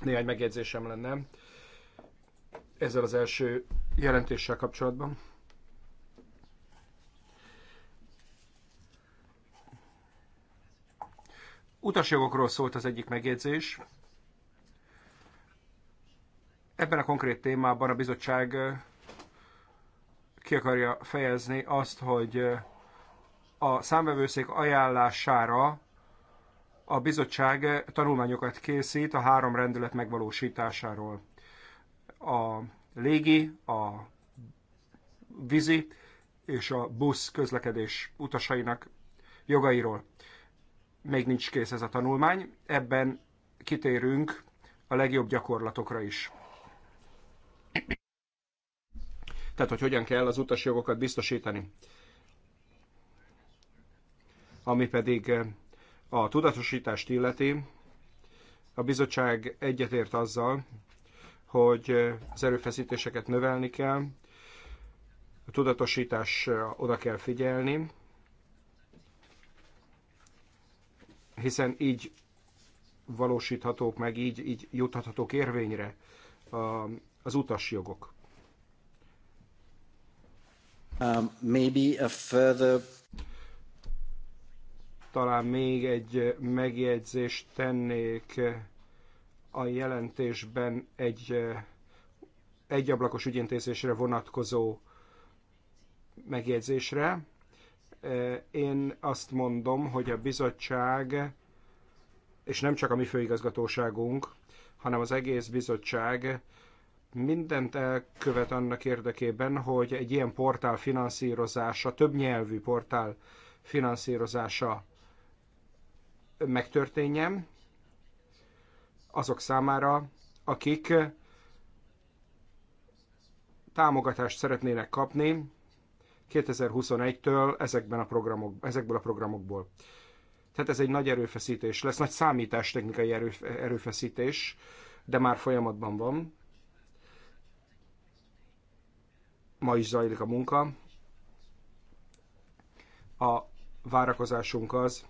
Néhány megjegyzésem lenne ezzel az első jelentéssel kapcsolatban. Utasjogokról szólt az egyik megjegyzés. Ebben a konkrét témában a bizottság ki akarja fejezni azt, hogy a számvevőszék ajánlására a bizottság tanulmányokat készít a három rendület megvalósításáról a légi, a vízi és a busz közlekedés utasainak jogairól. Még nincs kész ez a tanulmány, ebben kitérünk a legjobb gyakorlatokra is. Tehát, hogy hogyan kell az utasjogokat biztosítani. Ami pedig eh, a tudatosítást illeti, a bizottság egyetért azzal, hogy az erőfeszítéseket növelni kell, a tudatosítás oda kell figyelni, hiszen így valósíthatók meg, így, így juthatók érvényre az utasjogok. Um, maybe a further... Talán még egy megjegyzést tennék a jelentésben egy egyablakos ügyintézésre vonatkozó megjegyzésre. Én azt mondom, hogy a bizottság, és nem csak a mi főigazgatóságunk, hanem az egész bizottság mindent elkövet annak érdekében, hogy egy ilyen portál finanszírozása, több nyelvű portál finanszírozása megtörténjen, azok számára, akik támogatást szeretnének kapni 2021-től ezekben a programok, ezekből a programokból. Tehát ez egy nagy erőfeszítés lesz, nagy számítástechnikai erő, erőfeszítés, de már folyamatban van. Ma is zajlik a munka. A várakozásunk az,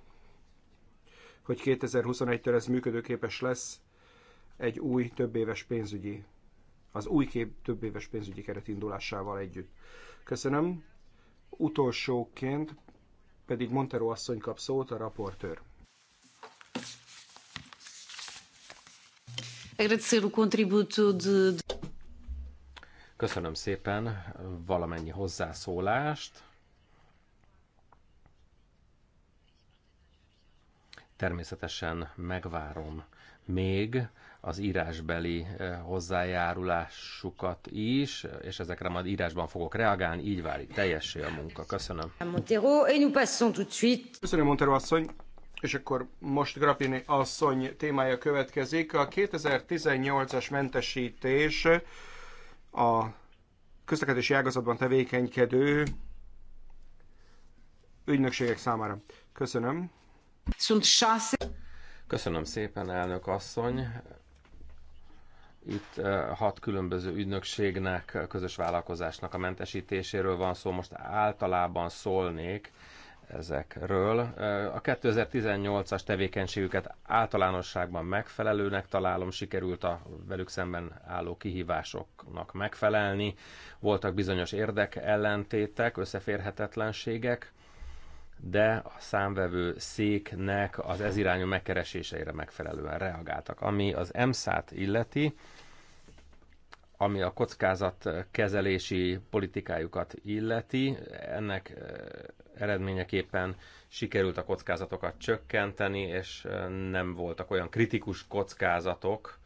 hogy 2021-től ez működőképes lesz, egy új többéves pénzügyi, az új kép többéves pénzügyi keret indulásával együtt. Köszönöm. Utolsóként pedig Montero asszony kap szót, a raportőr. Köszönöm szépen valamennyi hozzászólást. Természetesen megvárom még az írásbeli hozzájárulásukat is, és ezekre majd írásban fogok reagálni, így válik teljessé a munka. Köszönöm. Montero, passons tout de suite. Köszönöm, Montero asszony. És akkor most Grappini asszony témája következik. A 2018-as mentesítés a közlekedési ágazatban tevékenykedő ügynökségek számára. Köszönöm. Köszönöm szépen, elnök asszony. Itt hat különböző ügynökségnek, közös vállalkozásnak a mentesítéséről van szó, most általában szólnék ezekről. A 2018-as tevékenységüket általánosságban megfelelőnek találom, sikerült a velük szemben álló kihívásoknak megfelelni. Voltak bizonyos érdekellentétek, összeférhetetlenségek, de a számvevő széknek az ez irányú megkereséseire megfelelően reagáltak. Ami az EMSZ-t illeti, ami a kezelési politikájukat illeti, ennek eh, eredményeképpen sikerült a kockázatokat csökkenteni, és eh, nem voltak olyan kritikus kockázatok,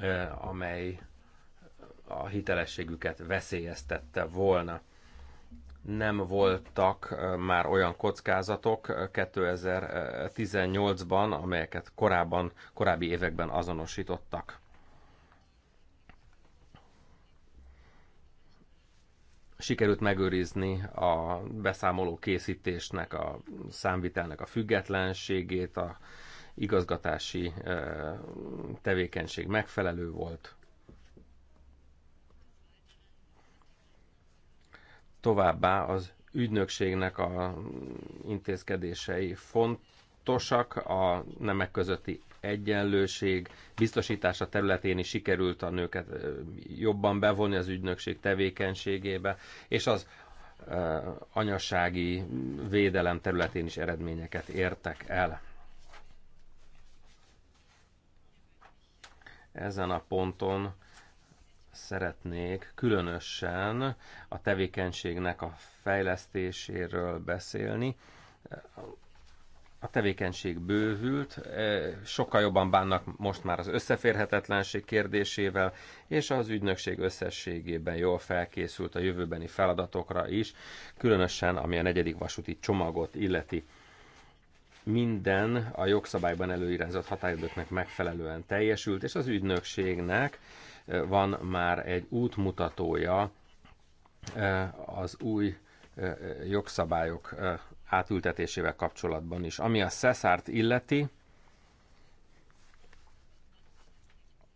eh, amely a hitelességüket veszélyeztette volna nem voltak már olyan kockázatok 2018-ban, amelyeket korábban, korábbi években azonosítottak. Sikerült megőrizni a beszámoló készítésnek, a számvitelnek a függetlenségét, a igazgatási tevékenység megfelelő volt, Továbbá az ügynökségnek a intézkedései fontosak, a nemek közötti egyenlőség biztosítása területén is sikerült a nőket jobban bevonni az ügynökség tevékenységébe, és az anyassági védelem területén is eredményeket értek el. Ezen a ponton szeretnék különösen a tevékenységnek a fejlesztéséről beszélni. A tevékenység bővült, e, sokkal jobban bánnak most már az összeférhetetlenség kérdésével, és az ügynökség összességében jól felkészült a jövőbeni feladatokra is, különösen ami a negyedik vasúti csomagot illeti minden a jogszabályban előirányzott határidőknek megfelelően teljesült, és az ügynökségnek van már egy útmutatója az új jogszabályok átültetésével kapcsolatban is. Ami a Ceszárt illeti,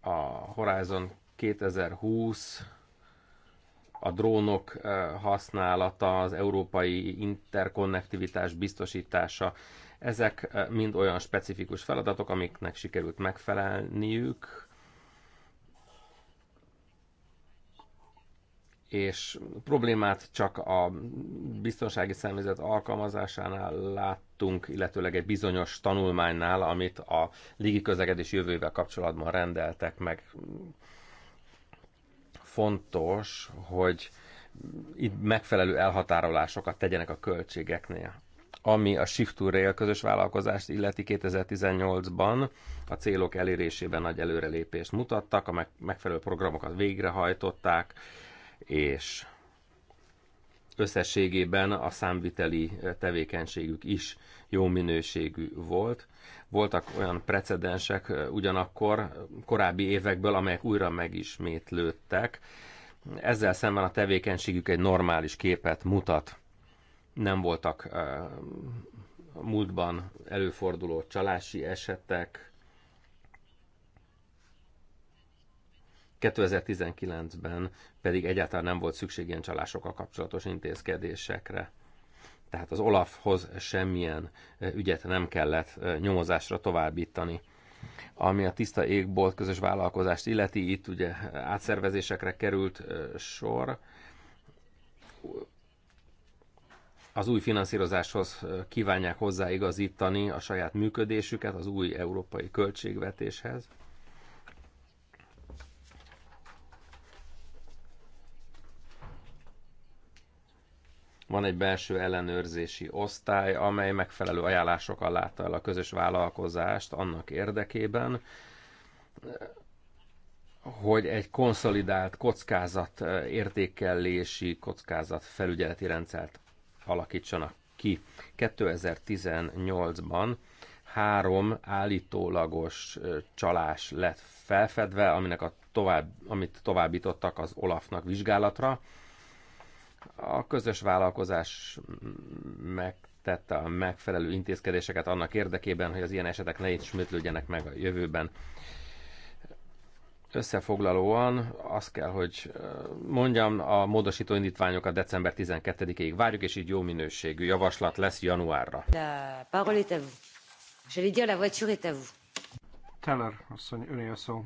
a Horizon 2020 a drónok használata, az európai interkonnektivitás biztosítása, ezek mind olyan specifikus feladatok, amiknek sikerült megfelelniük és problémát csak a biztonsági személyzet alkalmazásánál láttunk, illetőleg egy bizonyos tanulmánynál, amit a légi közlekedés jövővel kapcsolatban rendeltek meg. Fontos, hogy itt megfelelő elhatárolásokat tegyenek a költségeknél. Ami a Shift to Rail közös vállalkozást illeti 2018-ban a célok elérésében nagy előrelépést mutattak, a megfelelő programokat végrehajtották, és összességében a számviteli eh, tevékenységük is jó minőségű volt. Voltak olyan precedensek eh, ugyanakkor eh, korábbi évekből, amelyek újra megismétlődtek. Ezzel szemben a tevékenységük egy normális képet mutat. Nem voltak múltban előforduló csalási esetek, 2019-ben pedig egyáltalán nem volt szükség ilyen csalásokkal kapcsolatos intézkedésekre. Tehát az Olafhoz semmilyen ügyet nem kellett nyomozásra továbbítani. Ami a tiszta égbolt közös vállalkozást illeti, itt ugye átszervezésekre került sor. Az új finanszírozáshoz kívánják hozzáigazítani a saját működésüket az új európai költségvetéshez Van egy belső ellenőrzési osztály, amely megfelelő ajánlásokkal látta el a közös vállalkozást annak érdekében, hogy egy konszolidált kockázat eh, értékelési, kockázat felügyeleti rendszert alakítsanak ki. 2018-ban három állítólagos eh, csalás lett felfedve, aminek a tovább, amit továbbítottak az Olafnak vizsgálatra. A közös vállalkozás megtette a megfelelő intézkedéseket annak érdekében, hogy az ilyen esetek ne ismétlődjenek meg a jövőben. Összefoglalóan azt kell, hogy mondjam, a módosító indítványokat december 12-ig várjuk, és így jó minőségű javaslat lesz januárra. La parole est à la voiture est à vous. Teller asszony, öné a szó.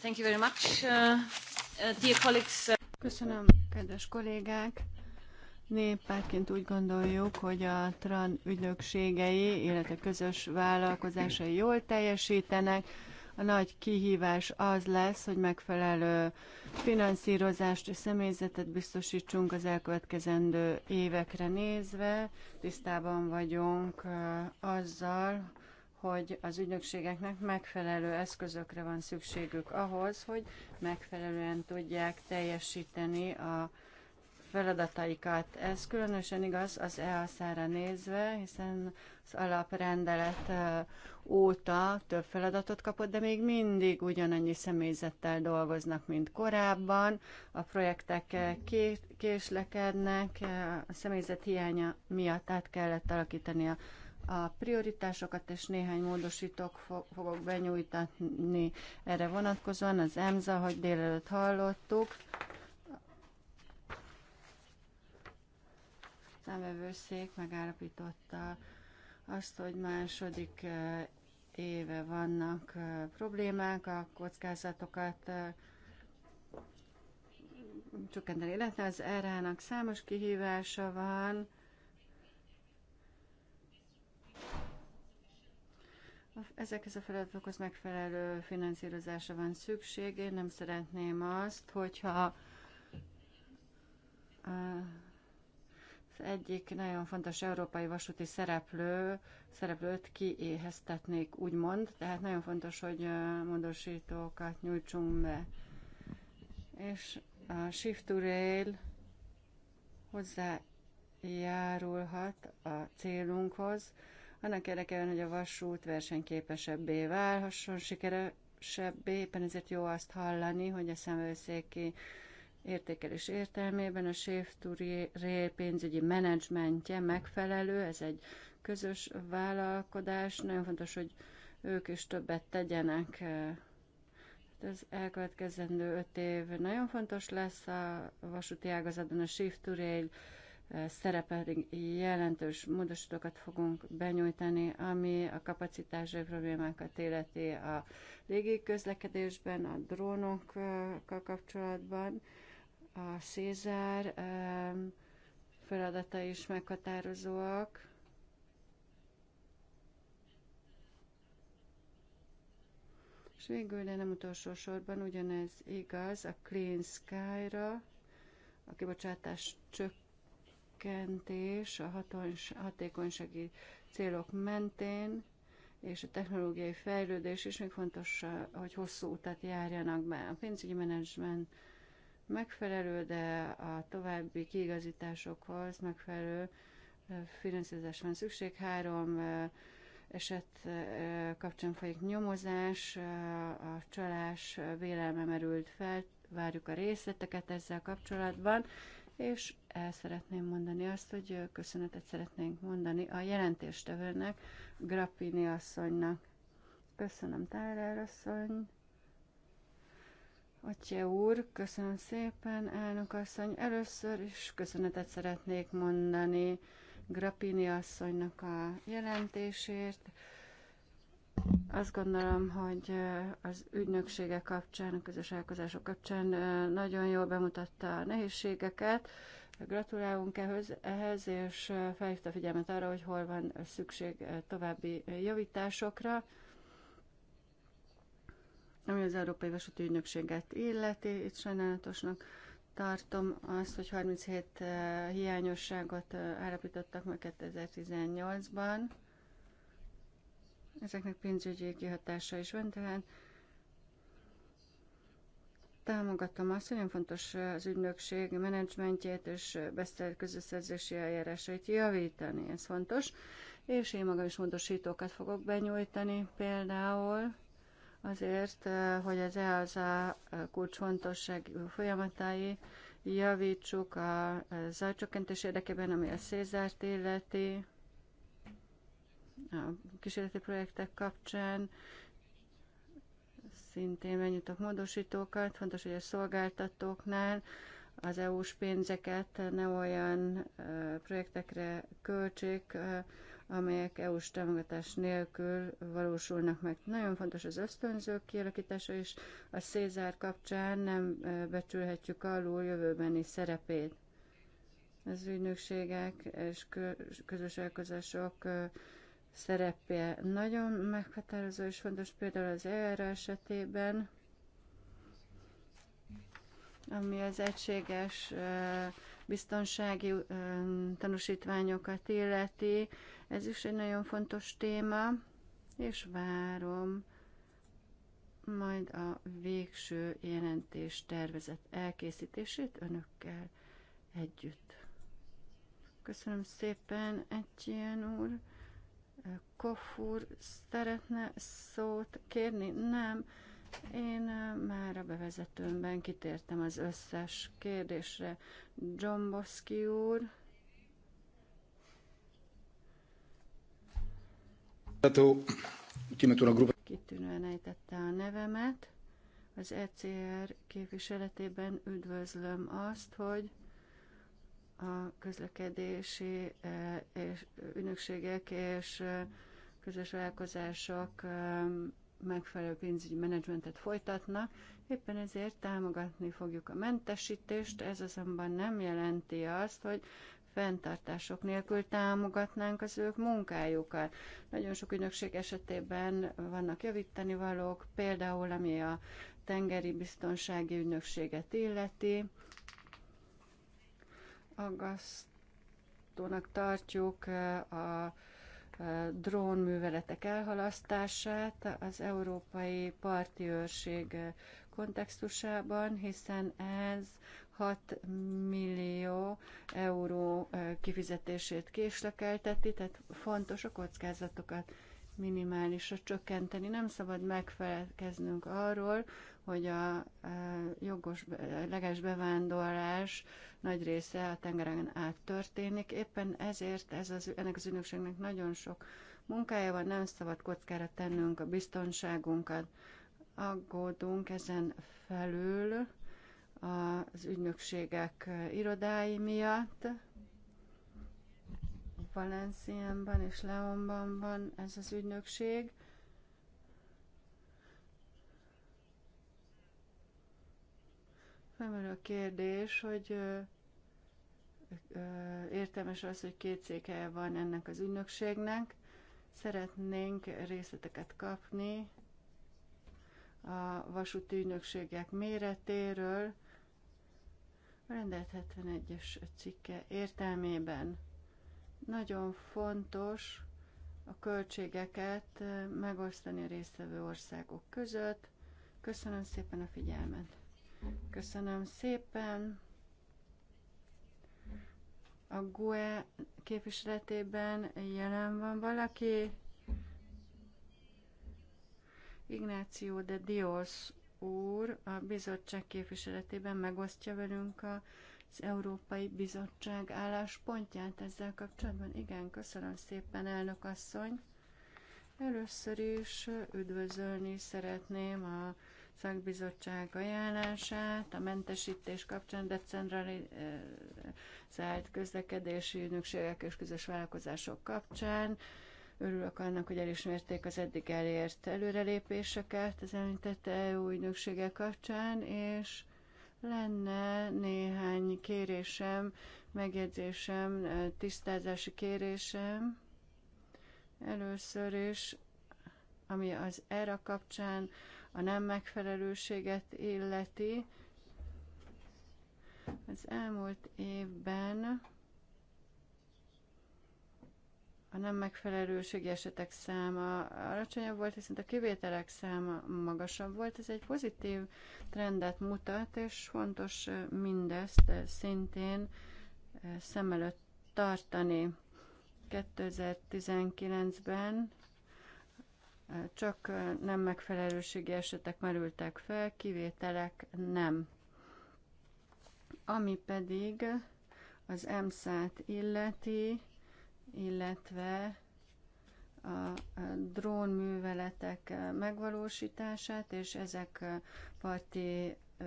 Thank you very much. Uh, uh, dear colleagues, uh... Köszönöm, kedves kollégák! Néppártként úgy gondoljuk, hogy a TRAN ügynökségei, illetve közös vállalkozásai jól teljesítenek. A nagy kihívás az lesz, hogy megfelelő finanszírozást és személyzetet biztosítsunk az elkövetkezendő évekre nézve. Tisztában vagyunk azzal, hogy az ügynökségeknek megfelelő eszközökre van szükségük ahhoz, hogy megfelelően tudják teljesíteni a feladataikat. Ez különösen igaz az EASZ-ra nézve, hiszen az alaprendelet óta több feladatot kapott, de még mindig ugyanannyi személyzettel dolgoznak, mint korábban. A projektek késlekednek, a személyzet hiánya miatt át kellett alakítani a a prioritásokat, és néhány módosítók fogok benyújtani erre vonatkozóan. Az EMSA, hogy délelőtt hallottuk, számvevőszék megállapította azt, hogy második eh, éve vannak eh, problémák, a kockázatokat eh, csökkenteni illetve az RH-nak számos kihívása van, Ezekhez a feladatokhoz megfelelő finanszírozásra van szükség. Én nem szeretném azt, hogyha az egyik nagyon fontos európai vasúti szereplő, szereplőt kiéheztetnék, úgymond. Tehát nagyon fontos, hogy módosítókat nyújtsunk be. És a Shift to Rail hozzájárulhat a célunkhoz, annak érdekében, hogy a vasút versenyképesebbé válhasson, sikeresebbé, éppen ezért jó azt hallani, hogy a szemőszéki értékelés értelmében a Séftúri Rail pénzügyi menedzsmentje megfelelő, ez egy közös vállalkodás, nagyon fontos, hogy ők is többet tegyenek. Az hát elkövetkezendő öt év nagyon fontos lesz a vasúti ágazatban a Shift to Rail szerepe jelentős módosítókat fogunk benyújtani, ami a kapacitási problémákat életi a légi közlekedésben, a drónokkal kapcsolatban, a Cézár feladata is meghatározóak. És végül, de nem utolsó sorban, ugyanez igaz a Clean Sky-ra, a kibocsátás csökkentés csökkentés a hatékonysági célok mentén, és a technológiai fejlődés is még fontos, hogy hosszú utat járjanak be. A pénzügyi menedzsment megfelelő, de a további kiigazításokhoz megfelelő finanszírozás van szükség. Három eset kapcsán folyik nyomozás, a csalás vélelme merült fel, várjuk a részleteket ezzel kapcsolatban, és el szeretném mondani azt, hogy köszönetet szeretnénk mondani a jelentéstevőnek, Grappini asszonynak. Köszönöm, Táler asszony. Atya úr, köszönöm szépen, elnök asszony. Először is köszönetet szeretnék mondani Grappini asszonynak a jelentésért. Azt gondolom, hogy az ügynöksége kapcsán, a közös elkozások kapcsán nagyon jól bemutatta a nehézségeket. Gratulálunk ehhez, és felhívta a figyelmet arra, hogy hol van szükség további javításokra. Ami az Európai Vasúti Ügynökséget illeti, itt sajnálatosnak tartom azt, hogy 37 hiányosságot állapítottak meg 2018-ban. Ezeknek pénzügyi kihatása is van, tehát támogatom azt, hogy nagyon fontos az ügynökség menedzsmentjét és közösszerzési eljárásait javítani, ez fontos. És én magam is módosítókat fogok benyújtani, például azért, hogy az EASA kulcsfontosság folyamatái javítsuk a zajcsökkentés érdekében, ami a Szézárt illeti, a kísérleti projektek kapcsán. Szintén megnyitok módosítókat, fontos, hogy a szolgáltatóknál az EU-s pénzeket ne olyan projektekre költsék, amelyek EU-s támogatás nélkül valósulnak meg. Nagyon fontos az ösztönzők kialakítása, is. a Szézár kapcsán nem becsülhetjük alul jövőbeni szerepét. Az ügynökségek és közös elkozások szerepje nagyon meghatározó és fontos, például az ER esetében, ami az egységes biztonsági tanúsítványokat illeti. Ez is egy nagyon fontos téma, és várom majd a végső jelentés tervezet elkészítését önökkel együtt. Köszönöm szépen, Etienne úr! Kofur szeretne szót kérni? Nem. Én már a bevezetőmben kitértem az összes kérdésre. Dzsomboszki úr. Kitűnően ejtette a nevemet. Az ECR képviseletében üdvözlöm azt, hogy a közlekedési e, és ügynökségek és e, közös vállalkozások e, megfelelő pénzügyi menedzsmentet folytatnak, éppen ezért támogatni fogjuk a mentesítést, ez azonban nem jelenti azt, hogy fenntartások nélkül támogatnánk az ők munkájukat. Nagyon sok ügynökség esetében vannak javítani valók, például ami a tengeri biztonsági ügynökséget illeti, aggasztónak tartjuk a drónműveletek elhalasztását az európai parti őrség kontextusában, hiszen ez 6 millió euró kifizetését késlekelteti, tehát fontos a kockázatokat minimálisra csökkenteni. Nem szabad megfelelkeznünk arról, hogy a jogos, leges bevándorlás nagy része a tengeren át történik. Éppen ezért ez az, ennek az ügynökségnek nagyon sok munkája van, nem szabad kockára tennünk a biztonságunkat. Aggódunk ezen felül az ügynökségek irodái miatt, Valenciánban és Leonban van ez az ügynökség. Felmerül a kérdés, hogy értelmes az, hogy két székhelye van ennek az ügynökségnek. Szeretnénk részleteket kapni a vasúti ügynökségek méretéről, a egyes 71-es cikke értelmében. Nagyon fontos a költségeket megosztani a résztvevő országok között. Köszönöm szépen a figyelmet. Köszönöm szépen. A GUE képviseletében jelen van valaki. Ignáció de Dios úr a bizottság képviseletében megosztja velünk a az Európai Bizottság álláspontját ezzel kapcsolatban? Igen, köszönöm szépen, elnök asszony. Először is üdvözölni szeretném a szakbizottság ajánlását a mentesítés kapcsán decentralizált közlekedési ügynökségek és közös vállalkozások kapcsán. Örülök annak, hogy elismerték az eddig elért előrelépéseket az említett EU ügynöksége kapcsán, és lenne néhány kérésem, megjegyzésem, tisztázási kérésem. Először is, ami az erre kapcsán a nem megfelelőséget illeti, az elmúlt évben a nem megfelelőségi esetek száma alacsonyabb volt, viszont a kivételek száma magasabb volt. Ez egy pozitív trendet mutat, és fontos mindezt szintén szem előtt tartani. 2019-ben csak nem megfelelőségi esetek merültek fel, kivételek nem. Ami pedig az EMSZ-t illeti, illetve a drónműveletek e, megvalósítását, és ezek e, parti e,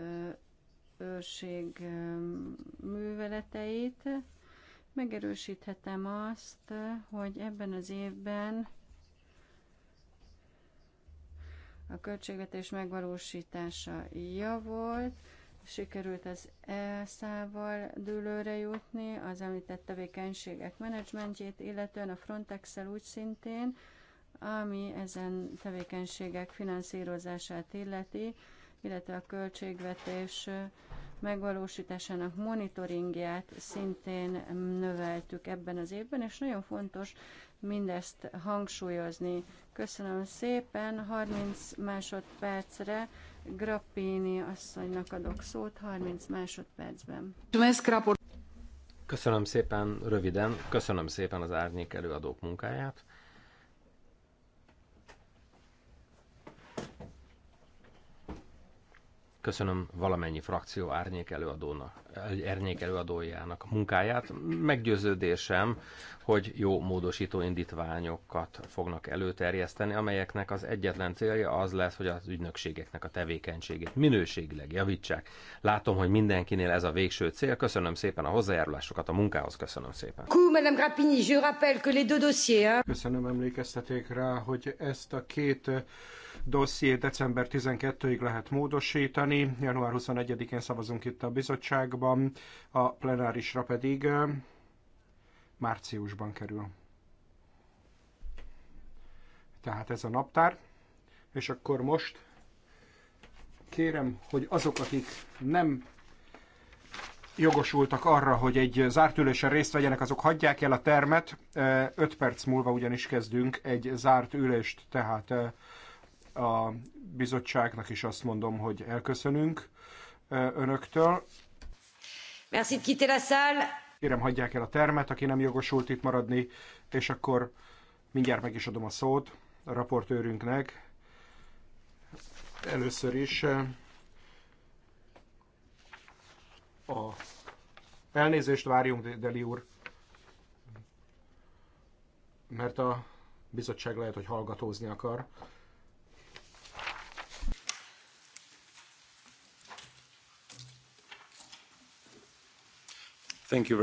őrség műveleteit. Megerősíthetem azt, hogy ebben az évben a költségvetés megvalósítása javult, sikerült az ESZ-val dőlőre jutni, az említett tevékenységek menedzsmentjét, illetően a Frontex-el úgy szintén, ami ezen tevékenységek finanszírozását illeti, illetve a költségvetés megvalósításának monitoringját szintén növeltük ebben az évben, és nagyon fontos mindezt hangsúlyozni. Köszönöm szépen, 30 másodpercre Grappini asszonynak adok szót 30 másodpercben. Köszönöm szépen, röviden, köszönöm szépen az árnyék előadók munkáját. Köszönöm valamennyi frakció árnyék, előadónak, árnyék előadójának munkáját. Meggyőződésem, hogy jó módosító indítványokat fognak előterjeszteni, amelyeknek az egyetlen célja az lesz, hogy az ügynökségeknek a tevékenységét minőségileg javítsák. Látom, hogy mindenkinél ez a végső cél. Köszönöm szépen a hozzájárulásokat a munkához. Köszönöm szépen. Köszönöm emlékeztetékre hogy ezt a két dosszié december 12-ig lehet módosítani, január 21-én szavazunk itt a bizottságban, a plenárisra pedig márciusban kerül. Tehát ez a naptár. És akkor most kérem, hogy azok, akik nem jogosultak arra, hogy egy zárt ülésen részt vegyenek, azok hagyják el a termet. 5 perc múlva ugyanis kezdünk egy zárt ülést, tehát a bizottságnak is azt mondom, hogy elköszönünk önöktől. Merci de quitter la salle. Kérem, hagyják el a termet, aki nem jogosult itt maradni, és akkor mindjárt meg is adom a szót a raportőrünknek. Először is a elnézést várjunk, Deli úr, mert a bizottság lehet, hogy hallgatózni akar. Thank you very